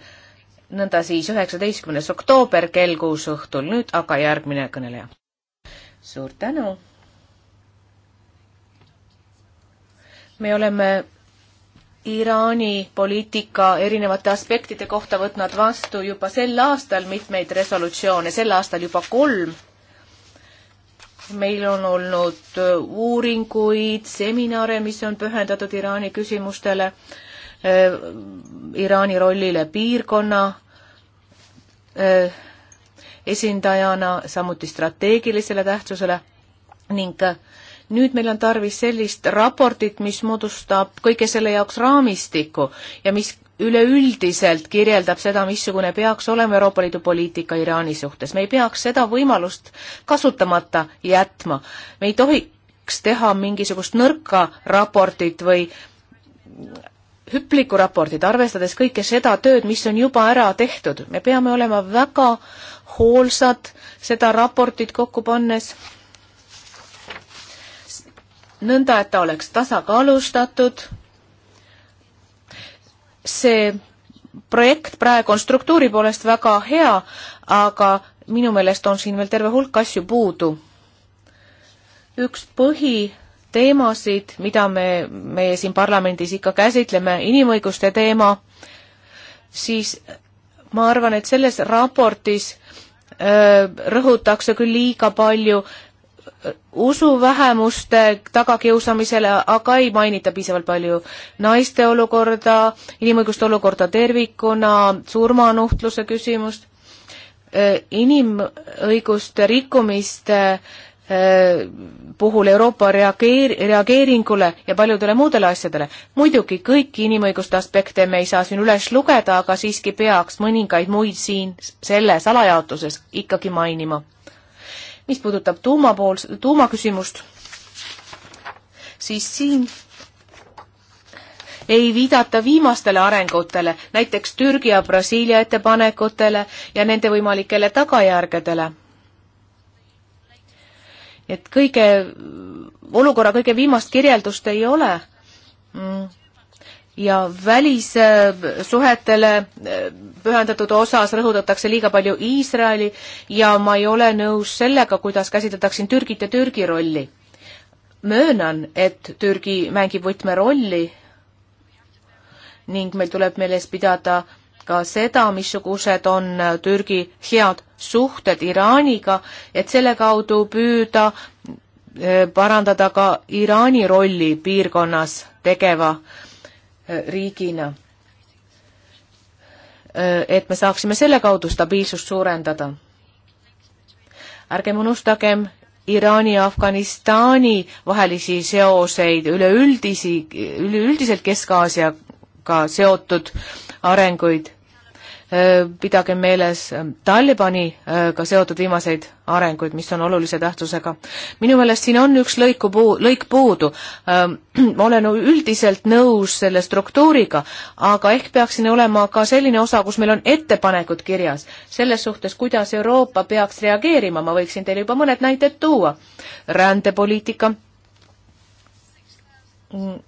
B: nõnda siis üheksateistkümnes oktoober kell kuus õhtul, nüüd aga järgmine kõneleja. suur tänu. me oleme Iraani poliitika erinevate aspektide kohta võtnud vastu juba sel aastal mitmeid resolutsioone, sel aastal juba kolm. meil on olnud äh, uuringuid, seminare, mis on pühendatud Iraani küsimustele, äh, Iraani rollile piirkonna äh, esindajana, samuti strateegilisele tähtsusele ning äh, nüüd meil on tarvis sellist raportit, mis moodustab kõige selle jaoks raamistiku ja mis üleüldiselt kirjeldab seda, missugune peaks olema Euroopa Liidu poliitika Iraani suhtes. me ei peaks seda võimalust kasutamata jätma. me ei tohiks teha mingisugust nõrka raportit või hüplikku raportit, arvestades kõike seda tööd, mis on juba ära tehtud. me peame olema väga hoolsad seda raportit kokku pannes nõnda, et ta oleks tasakaalustatud. see projekt praegu on struktuuri poolest väga hea, aga minu meelest on siin veel terve hulk asju puudu. üks põhiteemasid, mida me, meie siin parlamendis ikka käsitleme, inimõiguste teema, siis ma arvan, et selles raportis öö, äh, rõhutakse küll liiga palju usuvähemuste tagakiusamisele, aga ei mainita piisavalt palju naiste olukorda, inimõiguste olukorda tervikuna, surmanuhtluse küsimust, e, inimõiguste rikkumiste e, puhul Euroopa reageer-, reageeringule ja paljudele muudele asjadele. muidugi kõiki inimõiguste aspekte me ei saa siin üles lugeda, aga siiski peaks mõningaid muid siin selles alajaotuses ikkagi mainima mis puudutab tuumapool, tuumaküsimust, siis siin ei viidata viimastele arengutele, näiteks Türgi ja Brasiilia ettepanekutele ja nende võimalikele tagajärgedele. et kõige, olukorra kõige viimast kirjeldust ei ole mm ja välissuhetele äh, pühendatud osas rõhutatakse liiga palju Iisraeli ja ma ei ole nõus sellega, kuidas käsitletakse Türgit ja Türgi rolli. möönan, et Türgi mängib võtmerolli ning meil tuleb meeles pidada ka seda, missugused on Türgi head suhted Iraaniga, et selle kaudu püüda äh, parandada ka Iraani rolli piirkonnas tegeva äh, riigina. Äh, et me saaksime selle kaudu stabiilsust suurendada. ärgem unustagem Iraani ja Afganistani vahelisi seoseid, üleüldisi, üleüldiselt Kesk-Aasiaga seotud arenguid Äh, pidage meeles äh, Talibaniga seotud viimaseid arenguid, mis on olulise tähtsusega. minu meelest siin on üks lõiku puu, lõik puudu. Ähm, ma olen üldiselt nõus selle struktuuriga, aga ehk peaks siin olema ka selline osa, kus meil on ettepanekud kirjas selles suhtes, kuidas Euroopa peaks reageerima, ma võiksin teile juba mõned näited tuua. rändepoliitika mm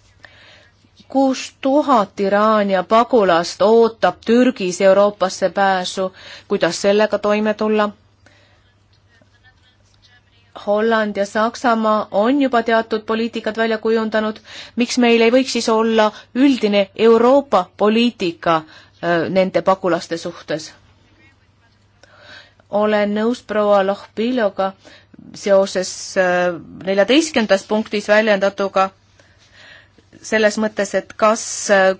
B: kuus tuhat Iraania pagulast ootab Türgis Euroopasse pääsu, kuidas sellega toime tulla? Holland ja Saksamaa on juba teatud poliitikad välja kujundanud, miks meil ei võiks siis olla üldine Euroopa poliitika äh, nende pagulaste suhtes? olen nõus proua Lohpiloga seoses äh, neljateistkümnendas punktis väljendatuga selles mõttes, et kas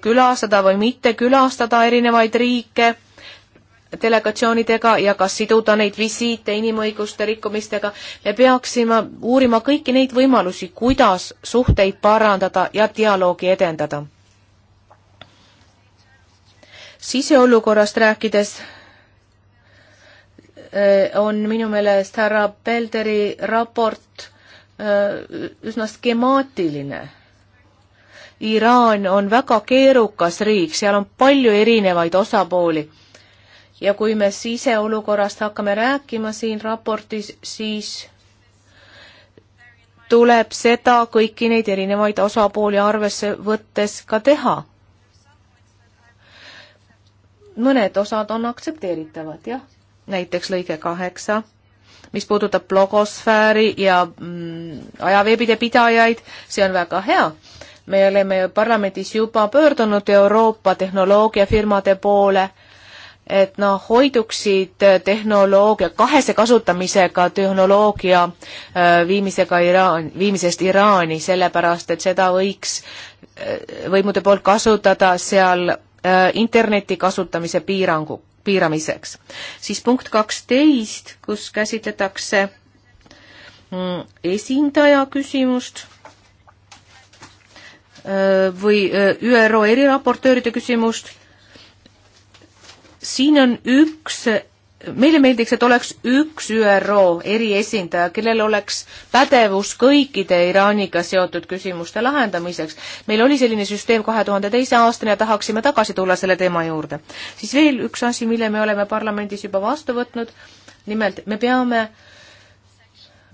B: külastada või mitte külastada erinevaid riike delegatsioonidega ja kas siduda neid visiite inimõiguste rikkumistega, me peaksime uurima kõiki neid võimalusi, kuidas suhteid parandada ja dialoogi edendada. siseolukorrast rääkides eh, on minu meelest härra Pelderi raport eh, üsna skemaatiline Iraan on väga keerukas riik, seal on palju erinevaid osapooli. ja kui me siseolukorrast hakkame rääkima siin raportis, siis tuleb seda kõiki neid erinevaid osapooli arvesse võttes ka teha. mõned osad on aktsepteeritavad, jah, näiteks lõige kaheksa mis puudutab blogosfääri ja mm, ajaveebide pidajaid, see on väga hea, me oleme parlamendis juba pöördunud Euroopa tehnoloogiafirmade poole, et nad no, hoiduksid tehnoloogia, kahese kasutamisega tehnoloogia äh, viimisega Iraan, viimisest Iraani, sellepärast et seda võiks äh, võimude poolt kasutada seal äh, interneti kasutamise piirangu, piiramiseks. siis punkt kaksteist, kus käsitletakse mm, esindaja küsimust Äh, või äh, ÜRO eriraportööride küsimust. siin on üks, meile meeldiks, et oleks üks ÜRO eriesindaja, kellel oleks pädevus kõikide Iraaniga seotud küsimuste lahendamiseks. meil oli selline süsteem kahe tuhande teise aastani ja tahaksime tagasi tulla selle teema juurde. siis veel üks asi, mille me oleme parlamendis juba vastu võtnud, nimelt me peame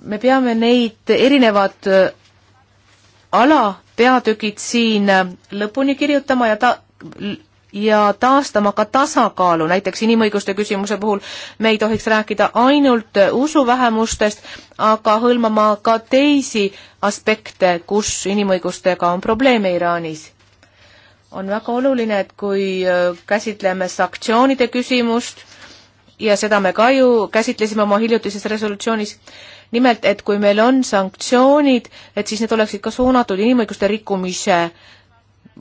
B: me peame neid erinevad alapeatükid siin lõpuni kirjutama ja ta ja taastama ka tasakaalu, näiteks inimõiguste küsimuse puhul me ei tohiks rääkida ainult usuvähemustest, aga hõlmama ka teisi aspekte, kus inimõigustega on probleeme Iraanis. on väga oluline, et kui äh, käsitleme sanktsioonide küsimust ja seda me ka ju käsitlesime oma hiljutises resolutsioonis, nimelt, et kui meil on sanktsioonid, et siis need oleksid ka suunatud inimõiguste rikkumise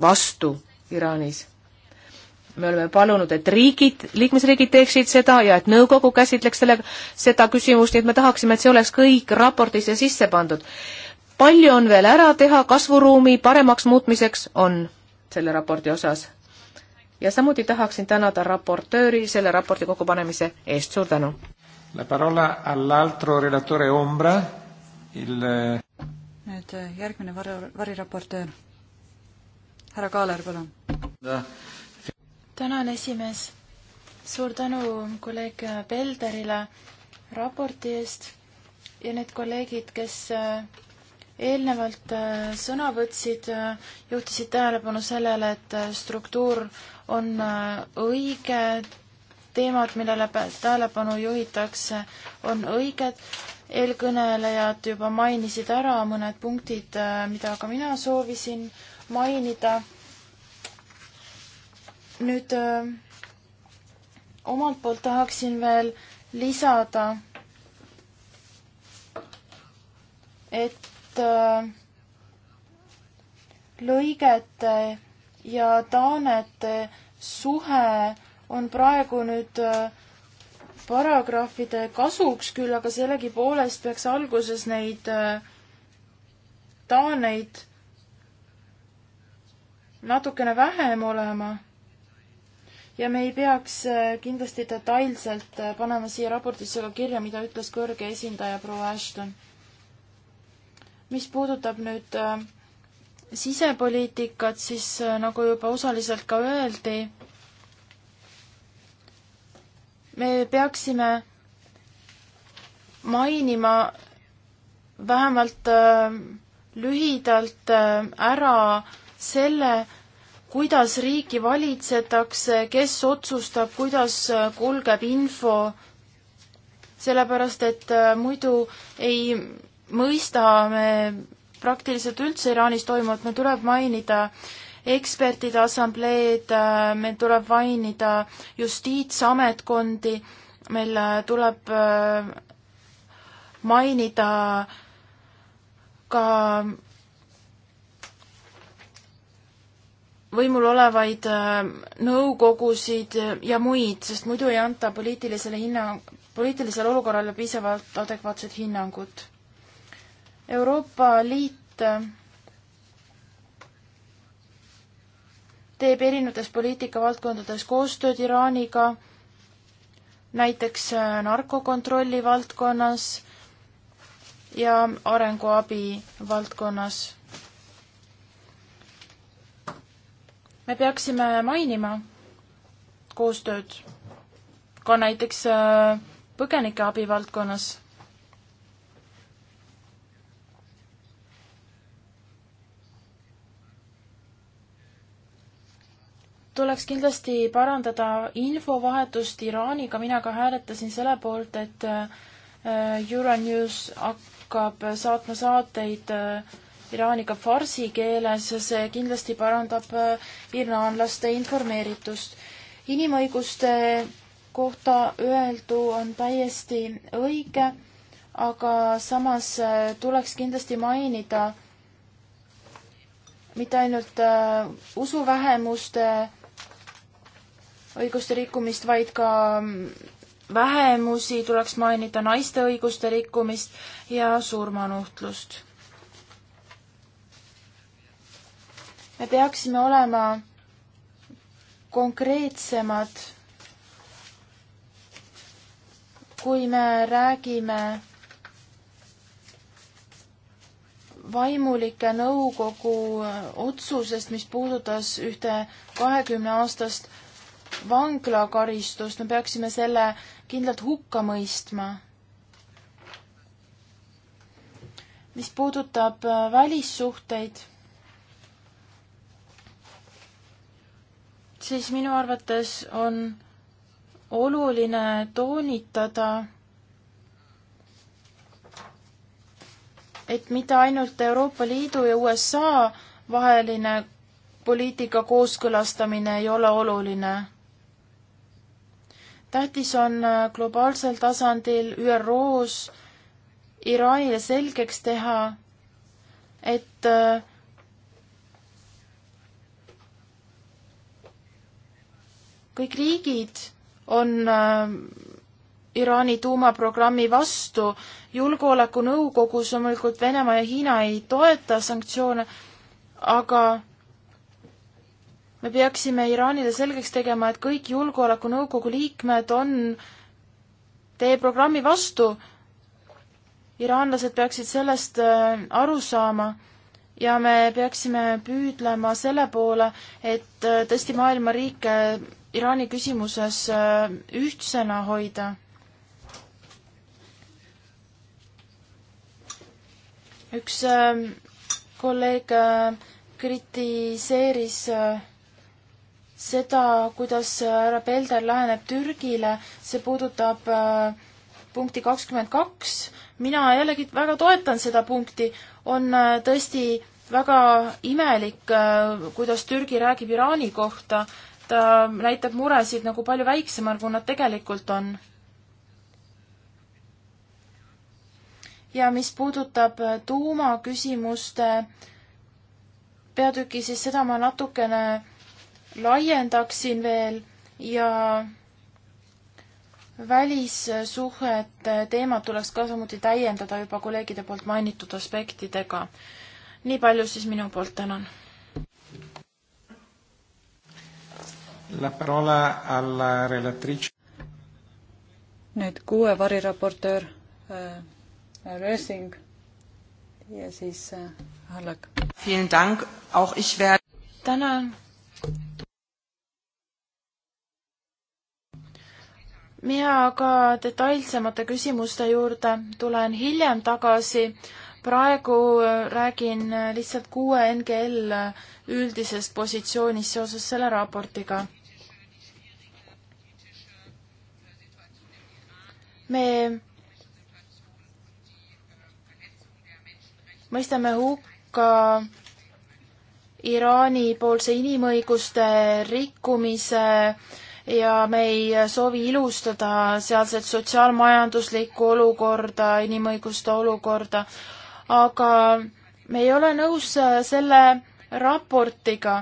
B: vastu Iraanis. me oleme palunud, et riigid, liikmesriigid teeksid seda ja et nõukogu käsitleks sellega, seda küsimust, nii et me tahaksime, et see oleks kõik raportisse sisse pandud. palju on veel ära teha kasvuruumi paremaks muutmiseks, on selle raporti osas ja samuti tahaksin tänada raportööri selle raporti kokkupanemise eest, suur tänu!
A: La parola all'altro relatore Ombra, il...
D: nüüd eh, järgmine var-, variraportöör. härra Kaaler, palun. tänan, esimees.
C: suur tänu kolleeg Pelderile raporti eest ja need kolleegid, kes eh, eelnevalt eh, sõna võtsid, juhtisid tähelepanu sellele, et struktuur on õige, teemad, millele tähelepanu juhitakse, on õiged. eelkõnelejad juba mainisid ära mõned punktid, äh, mida ka mina soovisin mainida. nüüd öö, äh, omalt poolt tahaksin veel lisada, et öö, äh, lõigete ja taanete suhe on praegu nüüd äh, paragrahvide kasuks küll, aga sellegipoolest peaks alguses neid äh, taaneid natukene vähem olema. ja me ei peaks äh, kindlasti detailselt panema siia raportisse ka kirja, mida ütles kõrge esindaja proua Ashton. mis puudutab nüüd sisepoliitikat, siis nagu juba osaliselt ka öeldi, me peaksime mainima vähemalt äh, lühidalt äh, ära selle, kuidas riiki valitsetakse, kes otsustab, kuidas äh, kulgeb info, sellepärast et äh, muidu ei mõista me praktiliselt üldse Iraanis toimuvat, meil tuleb mainida äh, ekspertide assambleed, äh, meil tuleb mainida justiitsametkondi, meil äh, tuleb äh, mainida ka võimul olevaid nõukogusid ja muid, sest muidu ei anta poliitilisele hinna, poliitilisele olukorrale piisavalt adekvaatset hinnangut. Euroopa Liit teeb erinevates poliitikavaldkondades koostööd Iraaniga, näiteks äh, narkokontrolli valdkonnas ja arenguabi valdkonnas. me peaksime mainima koostööd ka näiteks äh, põgenike abi valdkonnas tuleks kindlasti parandada infovahetust Iraaniga, mina ka hääletasin selle poolt, et äh, Euronews hakkab saatma saateid äh, Iraaniga farsi keeles, see kindlasti parandab äh, iraanlaste informeeritust. inimõiguste kohta öeldu on täiesti õige, aga samas tuleks kindlasti mainida mitte ainult usuvähemuste õiguste rikkumist, vaid ka mm, vähemusi, tuleks mainida naiste õiguste rikkumist ja surmanuhtlust. me peaksime olema konkreetsemad, kui me räägime vaimulike nõukogu otsusest, mis puudutas ühte kahekümneaastast vanglakaristust, me peaksime selle kindlalt hukka mõistma. mis puudutab äh, välissuhteid, siis minu arvates on oluline toonitada, et mitte ainult Euroopa Liidu ja USA vaheline poliitika kooskõlastamine ei ole oluline tähtis on äh, globaalsel tasandil ÜRO-s Iraanile selgeks teha, et äh, kõik riigid on äh, Iraani tuumaprogrammi vastu. julgeolekunõukogus loomulikult Venemaa ja Hiina ei toeta sanktsioone, aga me peaksime Iraanile selgeks tegema, et kõik Julgeolekunõukogu liikmed on teie programmi vastu. iraanlased peaksid sellest äh, aru saama ja me peaksime püüdlema selle poole, et äh, tõesti maailma riike Iraani küsimuses äh, ühtsena hoida. üks kolleeg kritiseeris äh, seda, kuidas härra Pelder läheneb Türgile, see puudutab äh, punkti kakskümmend kaks, mina jällegi väga toetan seda punkti, on äh, tõesti väga imelik, äh, kuidas Türgi räägib Iraani kohta, ta näitab muresid nagu palju väiksemal, kui nad tegelikult on. ja mis puudutab tuumaküsimuste peatüki, siis seda ma natukene laiendaksin veel ja välissuhete teemat tuleks ka samuti täiendada juba kolleegide poolt mainitud aspektidega. nii palju siis minu poolt, tänan.
D: nüüd kuue variraportöör äh, Rösing ja siis äh, Hallak. tänan
C: mina aga detailsemate küsimuste juurde tulen hiljem tagasi. praegu räägin lihtsalt kuue NGL üldisest positsioonist seoses selle raportiga. me mõistame hukka Iraani poolse inimõiguste rikkumise äh, ja me ei soovi ilustada sealset sotsiaalmajanduslikku olukorda, inimõiguste olukorda, aga me ei ole nõus äh, selle raportiga.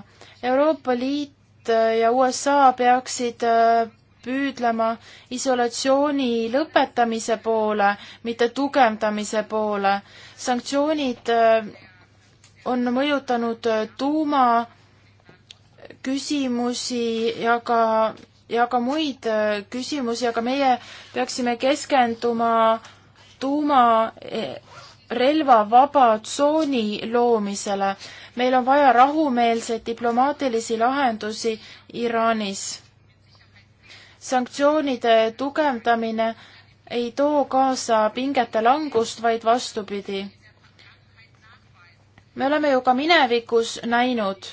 C: Euroopa Liit äh, ja USA peaksid äh, püüdlema isolatsiooni lõpetamise poole, mitte tugevdamise poole. sanktsioonid on mõjutanud tuuma küsimusi ja ka ja ka muid äh, küsimusi, aga meie peaksime keskenduma tuumarelvavaba e, tsooni loomisele. meil on vaja rahumeelseid diplomaatilisi lahendusi Iraanis. sanktsioonide tugevdamine ei too kaasa pingete langust, vaid vastupidi. me oleme ju ka minevikus näinud,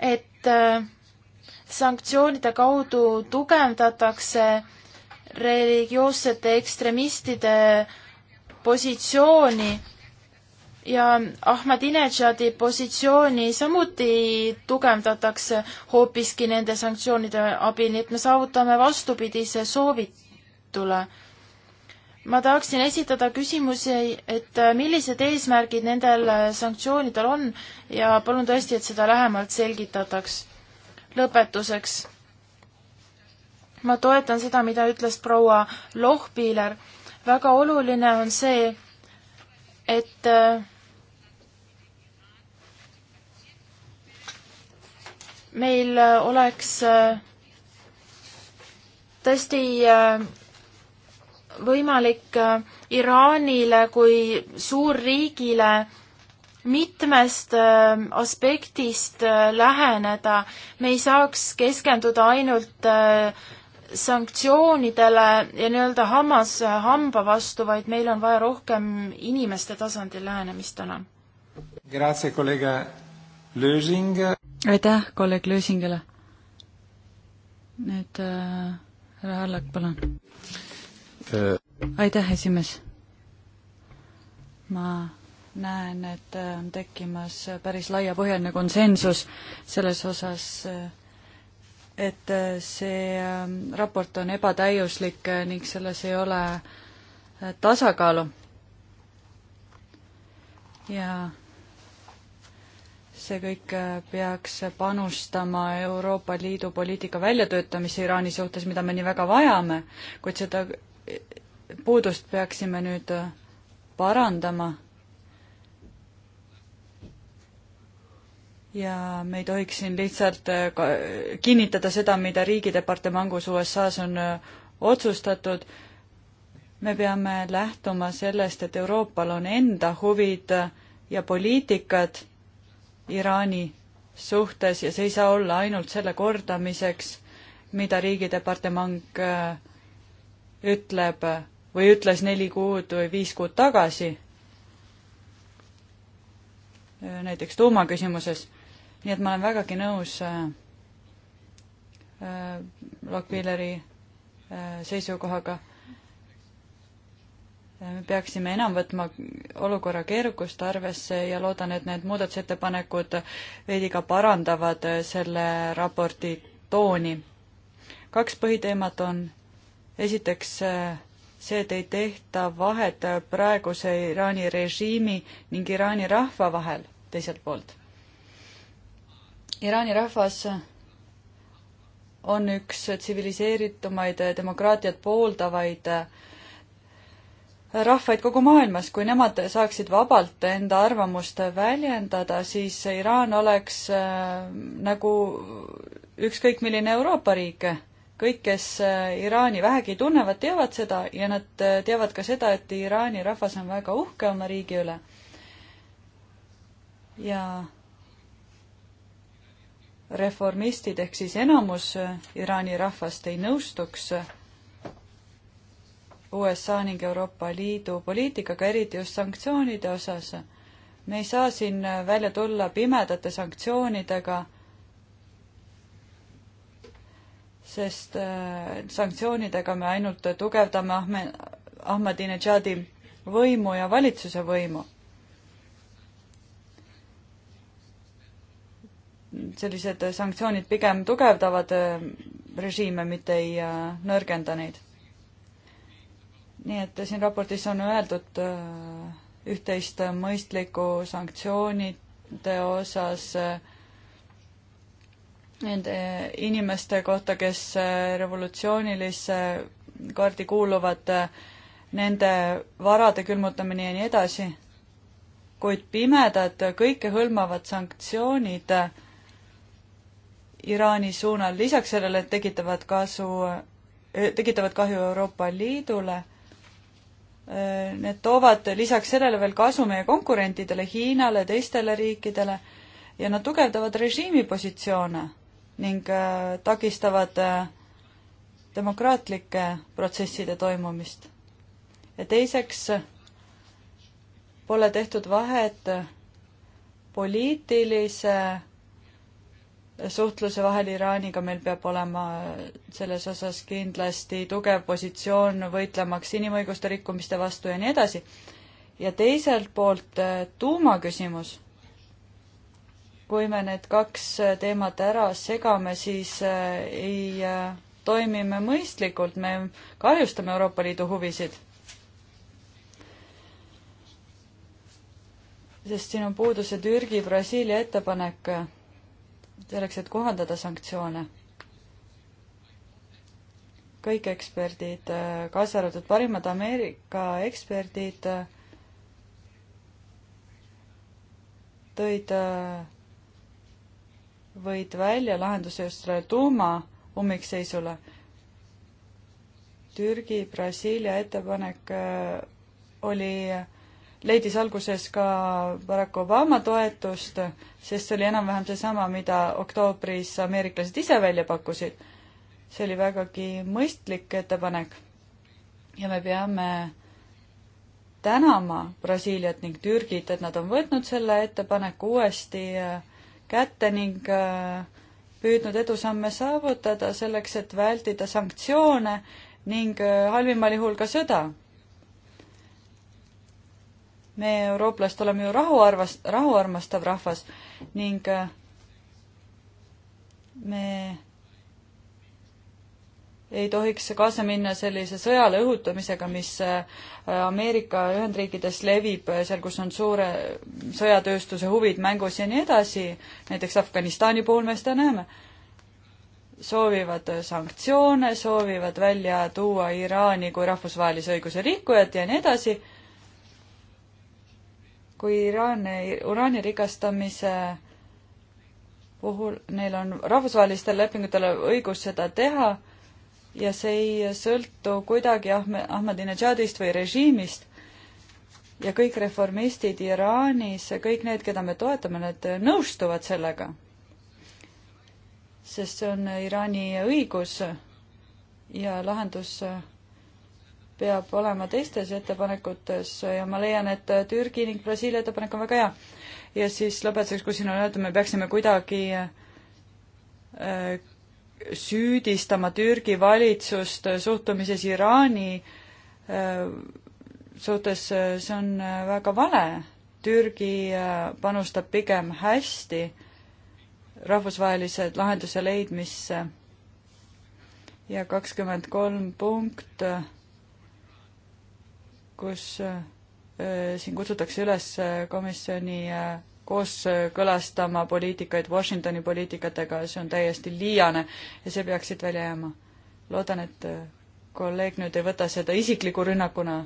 C: et äh, sanktsioonide kaudu tugevdatakse religioossete ekstremistide positsiooni ja Ahmadinejadi positsiooni samuti tugevdatakse hoopiski nende sanktsioonide abil, nii et me saavutame vastupidise soovitule. ma tahaksin esitada küsimusi, et millised eesmärgid nendel sanktsioonidel on ja palun tõesti, et seda lähemalt selgitataks lõpetuseks. ma toetan seda, mida ütles proua Lohpiiler. väga oluline on see, et äh, meil äh, oleks äh, tõesti võimalik Iraanile kui suurriigile mitmest ähm, aspektist äh, läheneda, me ei saaks keskenduda ainult äh, sanktsioonidele ja nii-öelda hammas äh, hamba vastu, vaid meil on vaja rohkem inimeste tasandil lähenemist täna.
A: aitäh kolleeg Lösingile.
D: nüüd härra äh, Allak, palun. aitäh, esimees. ma näen, et äh, on tekkimas päris laiapõhjaline konsensus selles osas, äh, et äh, see ähm, raport on ebatäiuslik ning selles ei ole tasakaalu. ja see kõik peaks panustama Euroopa Liidu poliitika väljatöötamisse Iraani suhtes, mida me nii väga vajame, kuid seda puudust peaksime nüüd parandama ja me ei tohiks siin lihtsalt äh, kinnitada seda, mida riigidepartemangus USA-s on äh, otsustatud, me peame lähtuma sellest, et Euroopal on enda huvid äh, ja poliitikad Iraani suhtes ja see ei saa olla ainult selle kordamiseks, mida riigidepartement ütleb või ütles neli kuud või viis kuud tagasi, näiteks tuumaküsimuses nii et ma olen vägagi nõus Rockwilleri äh, äh, äh, seisukohaga. me peaksime enam võtma olukorra keerukust arvesse ja loodan, et need muudatusettepanekud veidi ka parandavad selle raporti tooni. kaks põhiteemat on esiteks see, et ei tehta vahet praeguse Iraani režiimi ning Iraani rahva vahel teiselt poolt Iraani rahvas on üks tsiviliseeritumaid demokraatiat pooldavaid rahvaid kogu maailmas, kui nemad saaksid vabalt enda arvamust väljendada, siis Iraan oleks äh, nagu ükskõik milline Euroopa riik. kõik, kes äh, Iraani vähegi tunnevad, teavad seda ja nad äh, teavad ka seda, et Iraani rahvas on väga uhke oma riigi üle. ja reformistid ehk siis enamus eh, Iraani rahvast ei nõustuks eh, USA ning Euroopa Liidu poliitikaga, eriti just sanktsioonide osas. me ei saa siin eh, välja tulla pimedate sanktsioonidega, sest sanktsioonidega me ainult tugevdame Ahme-, Ahmadinejadi võimu ja valitsuse võimu sellised sanktsioonid pigem tugevdavad äh, režiime, mitte ei äh, nõrgenda neid. nii et siin raportis on öeldud äh, üht-teist mõistlikku sanktsioonide osas nende inimeste kohta, kes revolutsioonilisse kaardi kuuluvad, nende varade külmutamine ja nii edasi kuid pimedad kõikehõlmavad sanktsioonid äh, Iraani suunal, lisaks sellele, et tekitavad kasu, eh, tekitavad kahju Euroopa Liidule, eh, need toovad lisaks sellele veel kasu meie konkurentidele, Hiinale, teistele riikidele ja nad tugevdavad režiimi positsioone ning eh, takistavad demokraatlike protsesside toimumist. ja teiseks pole tehtud vahet poliitilise suhtluse vahel Iraaniga meil peab olema selles osas kindlasti tugev positsioon võitlemaks inimõiguste rikkumiste vastu ja nii edasi. ja teiselt poolt eh, tuumaküsimus. kui me need kaks teemat ära segame, siis eh, ei eh, toimi me mõistlikult, me kahjustame Euroopa Liidu huvisid. sest siin on puudu see Türgi-Brasiilia ettepanek selleks, et kohandada sanktsioone. kõik eksperdid, kaasa arvatud parimad Ameerika eksperdid, tõid, võid välja lahenduse just selle tuuma ummikseisule. Türgi, Brasiilia ettepanek äh, oli äh, leidis alguses ka Barack Obama toetust, sest see oli enam-vähem seesama, mida oktoobris ameeriklased ise välja pakkusid. see oli vägagi mõistlik ettepanek. ja me peame tänama Brasiiliat ning Türgit, et nad on võtnud selle ettepaneku uuesti äh, kätte ning äh, püüdnud edusamme saavutada selleks, et vältida sanktsioone ning äh, halvimal juhul ka sõda me, eurooplased, oleme ju rahuarvas, rahuarmastav rahvas ning äh, me ei tohiks kaasa minna sellise sõjale õhutamisega, mis äh, Ameerika Ühendriikides levib, äh, seal, kus on suure sõjatööstuse huvid mängus ja nii edasi, näiteks Afganistani puhul me seda näeme. soovivad sanktsioone, soovivad välja tuua Iraani kui rahvusvahelise õiguse rikkujat ja nii edasi kui Iraani, uraani rikastamise puhul neil on rahvusvahelistel lepingutel õigus seda teha ja see ei sõltu kuidagi Ahme-, Ahmadinejadist või režiimist. ja kõik reformistid Iraanis, kõik need, keda me toetame, need nõustuvad sellega. sest see on Iraani õigus ja lahendus peab olema teistes ettepanekutes ja ma leian, et Türgi ning Brasiilia ettepanek on väga hea. ja siis lõpetuseks, kui siin on öeldud, me peaksime kuidagi äh, süüdistama Türgi valitsust suhtumises Iraani äh, suhtes, see on äh, väga vale. Türgi panustab pigem hästi rahvusvahelise lahenduse leidmisse ja kakskümmend kolm punkt kus äh, siin kutsutakse üles äh, komisjoni äh, kooskõlastama poliitikaid Washingtoni poliitikatega, see on täiesti liiane ja see peaks siit välja jääma. loodan, et kolleeg nüüd ei võta seda isikliku rünnakuna.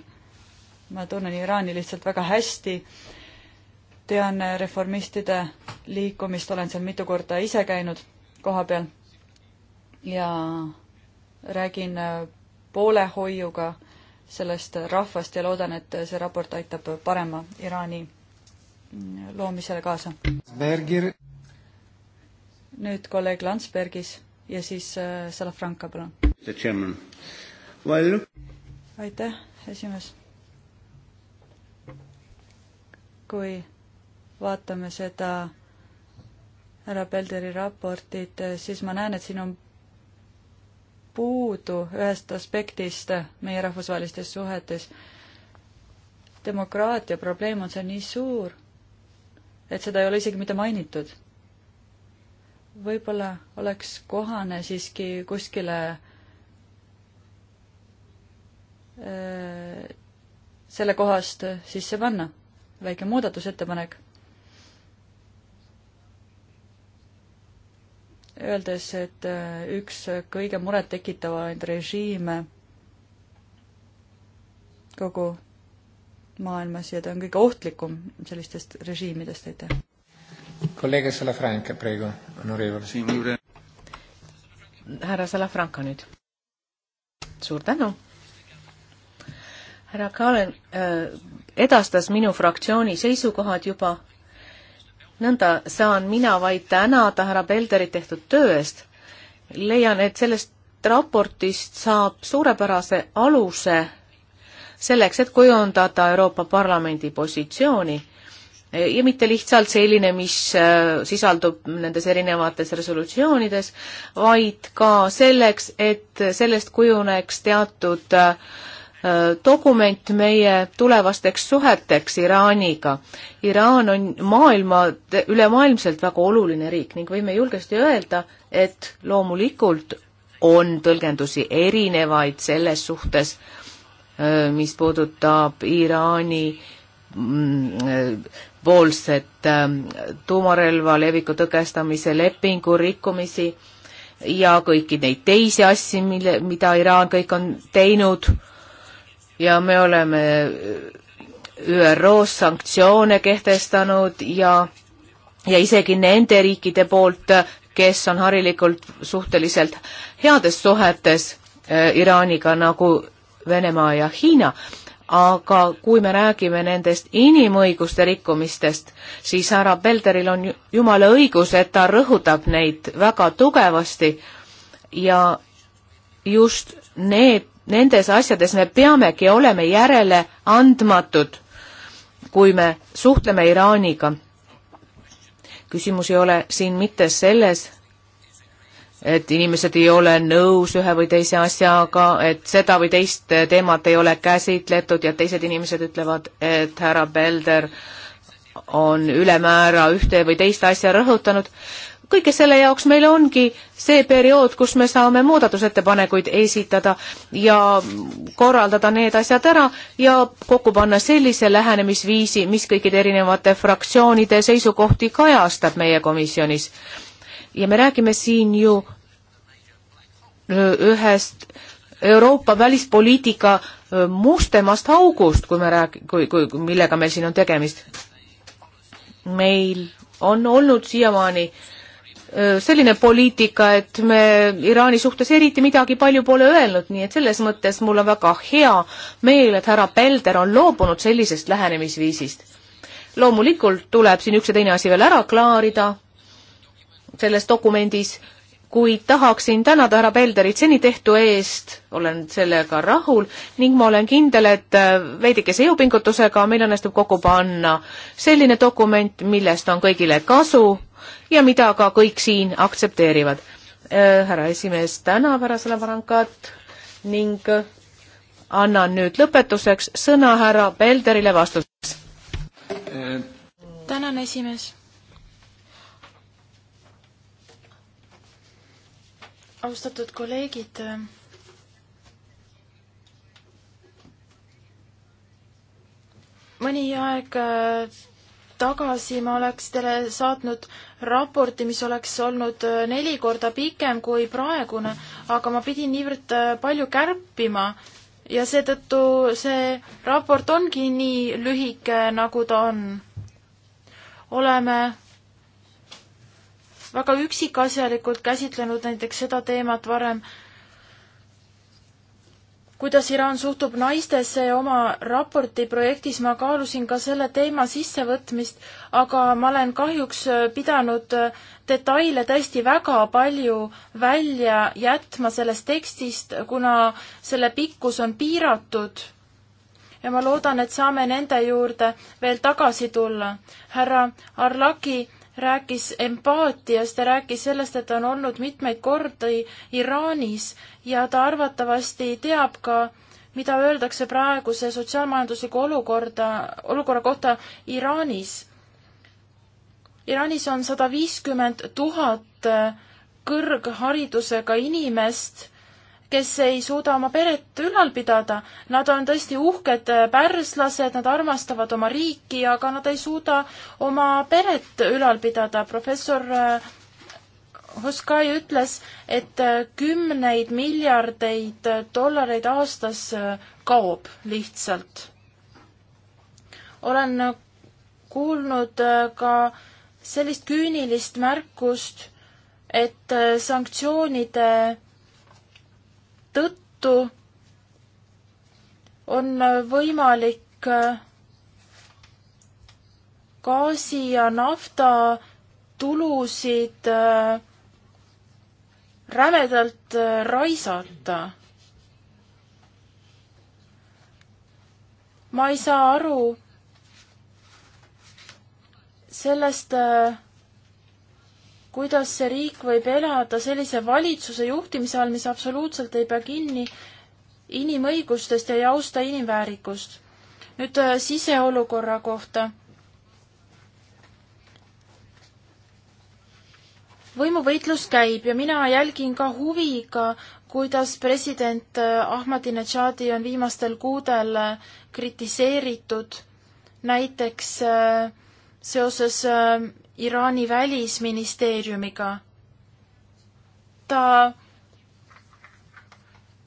D: ma tunnen Iraani lihtsalt väga hästi, tean reformistide liikumist, olen seal mitu korda ise käinud koha peal ja räägin poolehoiuga sellest rahvast ja loodan, et see raport aitab parema Iraani loomisele kaasa. nüüd kolleeg Landsbergis ja siis äh, Salafranca, palun. Well. aitäh, esimees. kui vaatame seda härra Pelderi raportit, siis ma näen, et siin on puudu ühest aspektist meie rahvusvahelistes suhetes. demokraatia probleem on seal nii suur, et seda ei ole isegi mitte mainitud. võib-olla oleks kohane siiski kuskile äh, selle kohast sisse panna, väike muudatusettepanek öeldes, et äh, üks kõige murettekitavaid režiime kogu maailmas ja ta on kõige ohtlikum sellistest režiimidest, aitäh.
A: kolleeg Salafranca, praegu on orjavõrd.
D: härra Salafranca nüüd.
B: suur tänu. härra Kaalen äh, edastas minu fraktsiooni seisukohad juba nõnda saan mina vaid tänada härra Pelderit tehtud töö eest. leian, et sellest raportist saab suurepärase aluse selleks, et kujundada Euroopa Parlamendi positsiooni ja mitte lihtsalt selline, mis äh, sisaldub nendes erinevates resolutsioonides, vaid ka selleks, et sellest kujuneks teatud äh, Äh, dokument meie tulevasteks suheteks Iraaniga. Iraan on maailma, ülemaailmselt väga oluline riik ning võime julgesti öelda, et loomulikult on tõlgendusi erinevaid selles suhtes, äh, mis puudutab Iraani mm, äh, poolset tuumarelva leviku tõkestamise lepingu rikkumisi ja kõiki neid teisi asju, mille, mida Iraan kõik on teinud ja me oleme äh, ÜRO-s sanktsioone kehtestanud ja, ja isegi nende riikide poolt, kes on harilikult suhteliselt heades suhetes äh, Iraaniga, nagu Venemaa ja Hiina, aga kui me räägime nendest inimõiguste rikkumistest, siis härra Pelderil on jumala õigus, et ta rõhutab neid väga tugevasti ja just need nendes asjades me peamegi olema järele andmatud, kui me suhtleme Iraaniga. küsimus ei ole siin mitte selles, et inimesed ei ole nõus ühe või teise asjaga, et seda või teist teemat ei ole käsitletud ja teised inimesed ütlevad, et härra Belder on ülemäära ühte või teist asja rõhutanud kõige selle jaoks meil ongi see periood, kus me saame muudatusettepanekuid esitada ja korraldada need asjad ära ja kokku panna sellise lähenemisviisi, mis kõikide erinevate fraktsioonide seisukohti kajastab meie komisjonis. ja me räägime siin ju ühest Euroopa välispoliitika mustemast august, kui me räägi-, kui, kui, millega meil siin on tegemist. meil on olnud siiamaani äh, selline poliitika, et me Iraani suhtes eriti midagi palju pole öelnud, nii et selles mõttes mul on väga hea meel, et härra Pelder on loobunud sellisest lähenemisviisist. loomulikult tuleb siin üks ja teine asi veel ära klaarida selles dokumendis, kuid tahaksin tänada härra Pelderit seni tehtu eest, olen sellega rahul ning ma olen kindel, et äh, veidikese jõupingutusega meil õnnestub kokku panna selline dokument, millest on kõigile kasu ja mida ka kõik siin aktsepteerivad. Äh, härra esimees tänab härra Salavarankat ning annan nüüd lõpetuseks sõna härra Pelderile vastuseks.
C: tänan, esimees. austatud kolleegid mõni aeg äh, tagasi ma oleks teile saatnud raporti, mis oleks olnud äh, neli korda pikem kui praegune, aga ma pidin niivõrd äh, palju kärpima ja seetõttu see raport ongi nii lühike, nagu ta on. oleme väga üksikasjalikult käsitlenud näiteks seda teemat varem kuidas Iraan suhtub naistesse ja oma raporti projektis ma kaalusin ka selle teema sissevõtmist, aga ma olen kahjuks äh, pidanud äh, detaile tõesti väga palju välja jätma sellest tekstist, kuna selle pikkus on piiratud. ja ma loodan, et saame nende juurde veel tagasi tulla. härra Arlaki rääkis empaatiast ja rääkis sellest, et ta on olnud mitmeid kordi Iraanis ja ta arvatavasti teab ka, mida öeldakse praeguse sotsiaalmajandusliku olukorda, olukorra kohta Iraanis. Iraanis on sada viiskümmend tuhat kõrgharidusega inimest kes ei suuda oma peret ülal pidada. Nad on tõesti uhked pärslased, nad armastavad oma riiki, aga nad ei suuda oma peret ülal pidada. professor äh, Hoskai ütles, et äh, kümneid miljardeid dollareid aastas äh, kaob lihtsalt. olen kuulnud ka sellist küünilist märkust, et sanktsioonide tõttu on võimalik äh, gaasi ja nafta tulusid äh, rämedalt äh, raisata. ma ei saa aru sellest äh, kuidas see riik võib elada sellise valitsuse juhtimise all, mis absoluutselt ei pea kinni inimõigustest ja ei austa inimväärikust. nüüd äh, siseolukorra kohta. võimuvõitlus käib ja mina jälgin ka huviga, kuidas president äh, Ahmadinejadi on viimastel kuudel äh, kritiseeritud näiteks seoses Iraani välisministeeriumiga. ta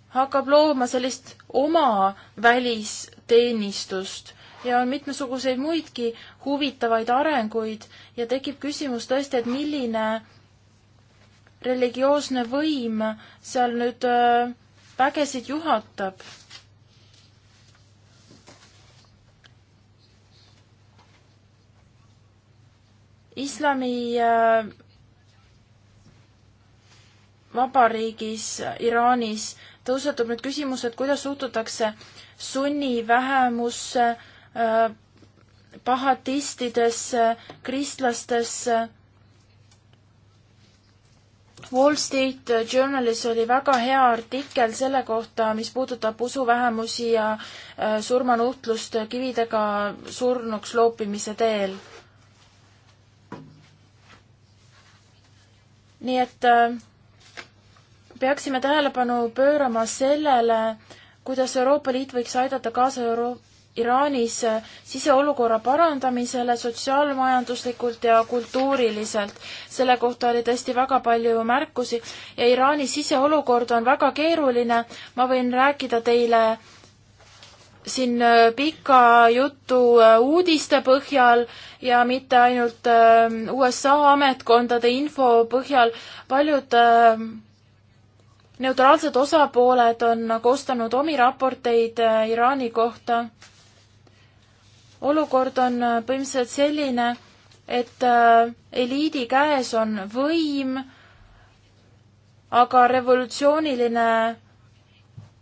C: hakkab looma sellist oma välisteenistust ja on mitmesuguseid muidki huvitavaid arenguid ja tekib küsimus tõesti, et milline religioosne võim seal nüüd äh, vägesid juhatab islami äh, vabariigis Iraanis tõusetub nüüd küsimus, et kuidas suhtutakse sunnivähemusse, pahatistidesse, äh, kristlastesse. Wall Street Journalis oli väga hea artikkel selle kohta, mis puudutab usuvähemusi ja äh, surmanuhtlust kividega surnuks loopimise teel nii et äh, peaksime tähelepanu pöörama sellele, kuidas Euroopa Liit võiks aidata kaasa Euro-, Iraanis äh, siseolukorra parandamisele sotsiaalmajanduslikult ja kultuuriliselt. selle kohta oli tõesti väga palju märkusi ja Iraani siseolukord on väga keeruline. ma võin rääkida teile siin äh, pikka juttu äh, uudiste põhjal ja mitte ainult äh, USA ametkondade info põhjal. paljud neutraalsed osapooled on koostanud nagu omi raporteid Iraani kohta. olukord on põhimõtteliselt selline, et eliidi käes on võim, aga revolutsiooniline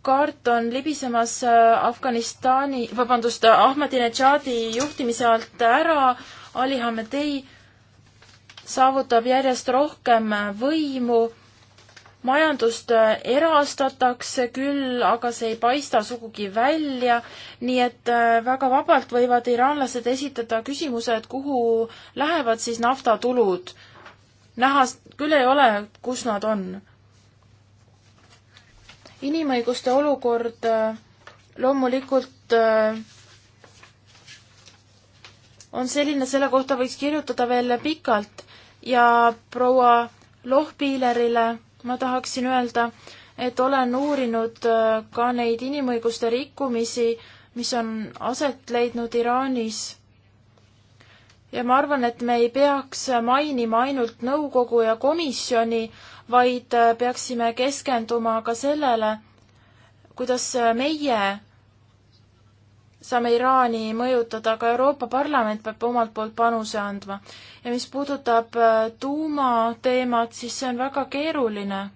C: kaart on libisemas äh, Afganistani, vabandust, Ahmadinejadi juhtimise alt ära, Ali Hamedei saavutab järjest rohkem võimu, majandust äh, erastatakse küll, aga see ei paista sugugi välja, nii et äh, väga vabalt võivad iraanlased esitada küsimuse, et kuhu lähevad siis naftatulud. näha küll ei ole, kus nad on inimõiguste olukord äh, loomulikult äh, on selline, selle kohta võiks kirjutada veel pikalt ja proua Lohpiilerile ma tahaksin öelda, et olen uurinud äh, ka neid inimõiguste rikkumisi, mis on aset leidnud Iraanis. ja ma arvan, et me ei peaks mainima ainult nõukogu ja komisjoni, vaid äh, peaksime keskenduma ka sellele, kuidas äh, meie saame Iraani mõjutada, aga Euroopa Parlament peab omalt poolt panuse andma. ja mis puudutab äh, tuumateemat, siis see on väga keeruline.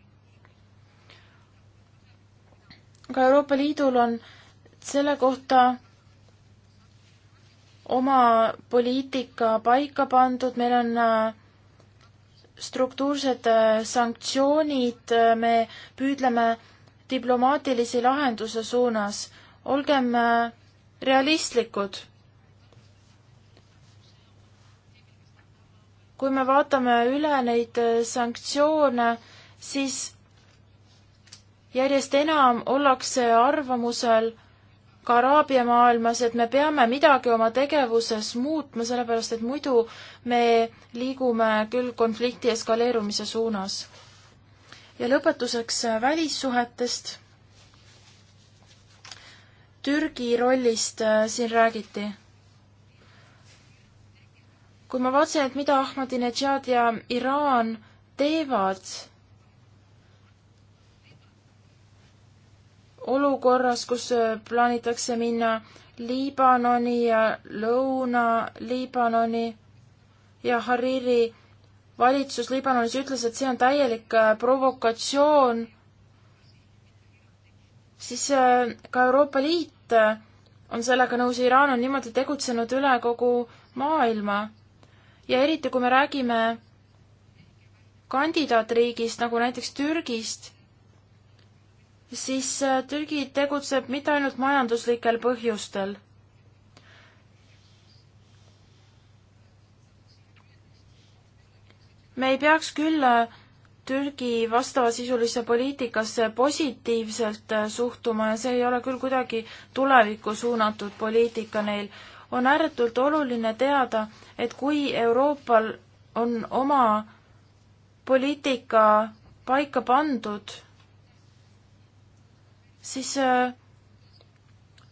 C: aga Euroopa Liidul on selle kohta oma poliitika paika pandud, meil on struktuursed äh, sanktsioonid, äh, me püüdleme diplomaatilisi lahenduse suunas, olgem äh, realistlikud. kui me vaatame üle neid sanktsioone, siis järjest enam ollakse arvamusel, ka Araabia maailmas, et me peame midagi oma tegevuses muutma, sellepärast et muidu me liigume küll konflikti eskaleerumise suunas. ja lõpetuseks välissuhetest. Türgi rollist äh, siin räägiti. kui ma vaatasin, et mida Ahmadinejad ja Iraan teevad olukorras, kus äh, plaanitakse minna Liibanoni ja Lõuna-Liibanoni ja Hariri valitsus Liibanonis ütles, et see on täielik äh, provokatsioon, siis äh, ka Euroopa Liit on sellega nõus, Iraan on niimoodi tegutsenud üle kogu maailma. ja eriti, kui me räägime kandidaatriigist, nagu näiteks Türgist siis äh, Türgi tegutseb mitte ainult majanduslikel põhjustel. me ei peaks küll äh, Türgi vastavasisulisse poliitikasse positiivselt äh, suhtuma ja see ei ole küll kuidagi tulevikku suunatud poliitika neil. on ääretult oluline teada, et kui Euroopal on oma poliitika paika pandud, siis äh,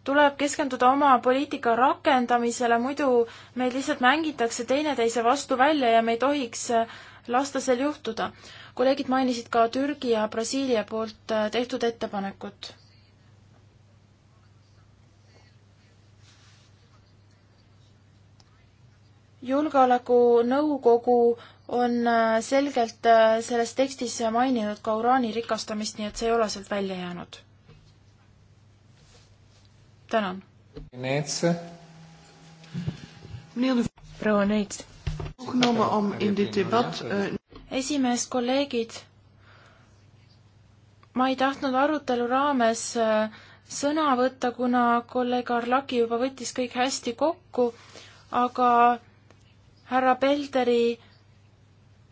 C: tuleb keskenduda oma poliitika rakendamisele, muidu meid lihtsalt mängitakse teineteise vastu välja ja me ei tohiks äh, lasta sel juhtuda. kolleegid mainisid ka Türgi ja Brasiilia poolt äh, tehtud ettepanekut. julgeolekunõukogu on selgelt selles tekstis maininud ka uraani rikastamist, nii et see ei ole sealt välja jäänud tänan. proua Neits. Eh, esimees, kolleegid, ma ei tahtnud arutelu raames eh, sõna võtta, kuna kolleeg Arlaki juba võttis kõik hästi kokku, aga härra Pelderi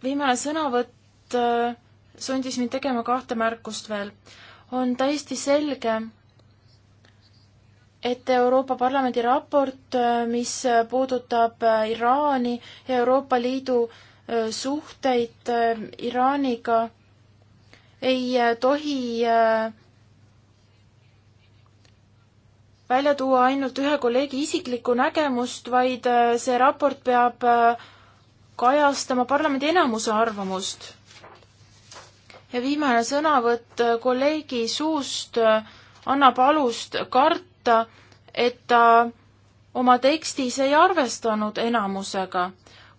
C: viimane sõnavõtt eh, sundis mind tegema kahte märkust veel. on täiesti selge, et Euroopa Parlamendi raport, mis puudutab äh, Iraani ja Euroopa Liidu äh, suhteid äh, Iraaniga, ei tohi välja tuua ainult ühe kolleegi isiklikku nägemust, vaid see raport peab kajastama parlamendi enamuse arvamust. ja viimane sõnavõtt kolleegi suust annab alust karta, loota, et ta oma tekstis ei arvestanud enamusega.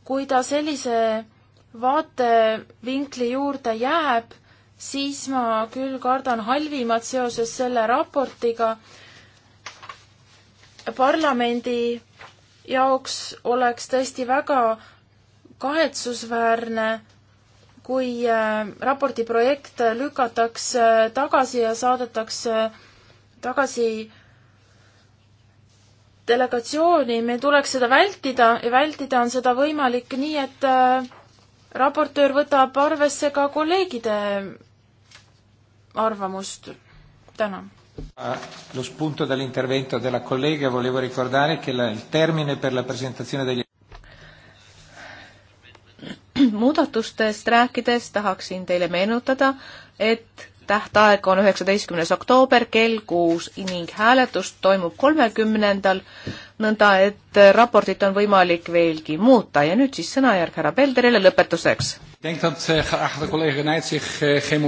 C: kui ta sellise vaatevinkli juurde jääb, siis ma küll kardan halvimat seoses selle raportiga. parlamendi jaoks oleks tõesti väga kahetsusväärne, kui äh, raporti projekt lükatakse tagasi ja saadetakse tagasi delegatsiooni, meil tuleks seda vältida ja vältida on seda võimalik nii, et äh, raportöör võtab arvesse ka kolleegide arvamust. tänan.
A: Äh, lo spunto dell'intervento della collega volevo ricordare che la, il termine per la presentazione degli
B: muudatustest rääkides tahaksin teile meenutada, et tähtaeg on üheksateistkümnes oktoober kell kuus ning hääletus toimub kolmekümnendal, nõnda et raportit on võimalik veelgi muuta ja nüüd siis sõnajärg härra Pelderile lõpetuseks. Eh,
A: eh, eh,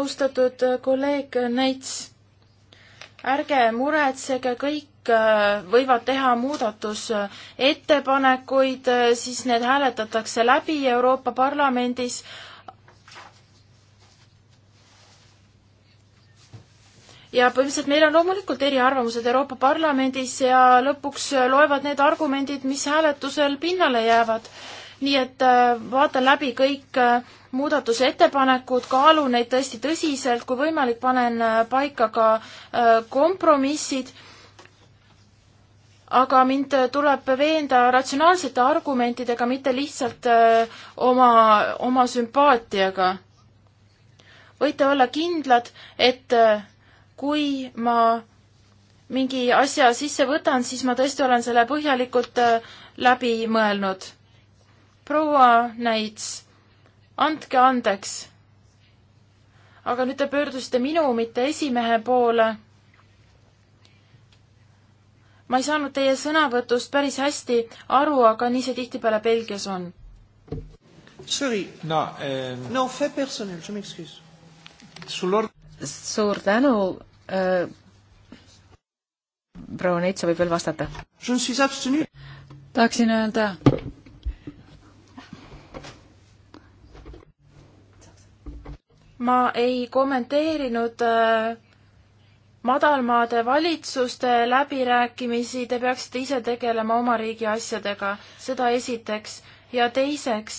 C: austatud kolleeg Neits, ärge muretsege, kõik võivad teha muudatusettepanekuid, siis need hääletatakse läbi Euroopa Parlamendis ja põhimõtteliselt meil on loomulikult eriarvamused Euroopa Parlamendis ja lõpuks loevad need argumendid, mis hääletusel pinnale jäävad. nii et äh, vaatan läbi kõik äh, muudatusettepanekud, kaalun neid tõesti tõsiselt, kui võimalik, panen äh, paika ka kompromissid aga mind tuleb veenda ratsionaalsete argumentidega, mitte lihtsalt oma, oma sümpaatiaga. võite olla kindlad, et kui ma mingi asja sisse võtan, siis ma tõesti olen selle põhjalikult äh, läbi mõelnud. proua Näits, andke andeks. aga nüüd te pöördusite minu, mitte esimehe poole. ma ei saanud teie sõnavõtust päris hästi aru, aga nii see tihtipeale Belgias on.
A: Sorry. No, eh... no, fait personnel, je m'excuse. Suur tänu
B: Äh, proua Neitsa võib veel vastata.
D: tahaksin öelda.
C: ma ei kommenteerinud äh, madalmaade valitsuste läbirääkimisi, te peaksite ise tegelema oma riigi asjadega, seda esiteks. ja teiseks,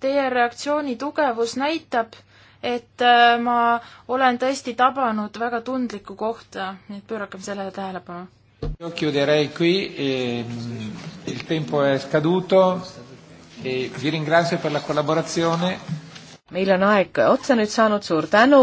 C: teie reaktsiooni tugevus näitab, et äh, ma olen tõesti tabanud väga tundlikku kohta, nii et pöörakem sellele tähelepanu.
A: Io chiuderei qui, eh, il tempo è scaduto e vi ringrazio per la collaborazione.
B: meil on aeg otsa nüüd saanud, suur tänu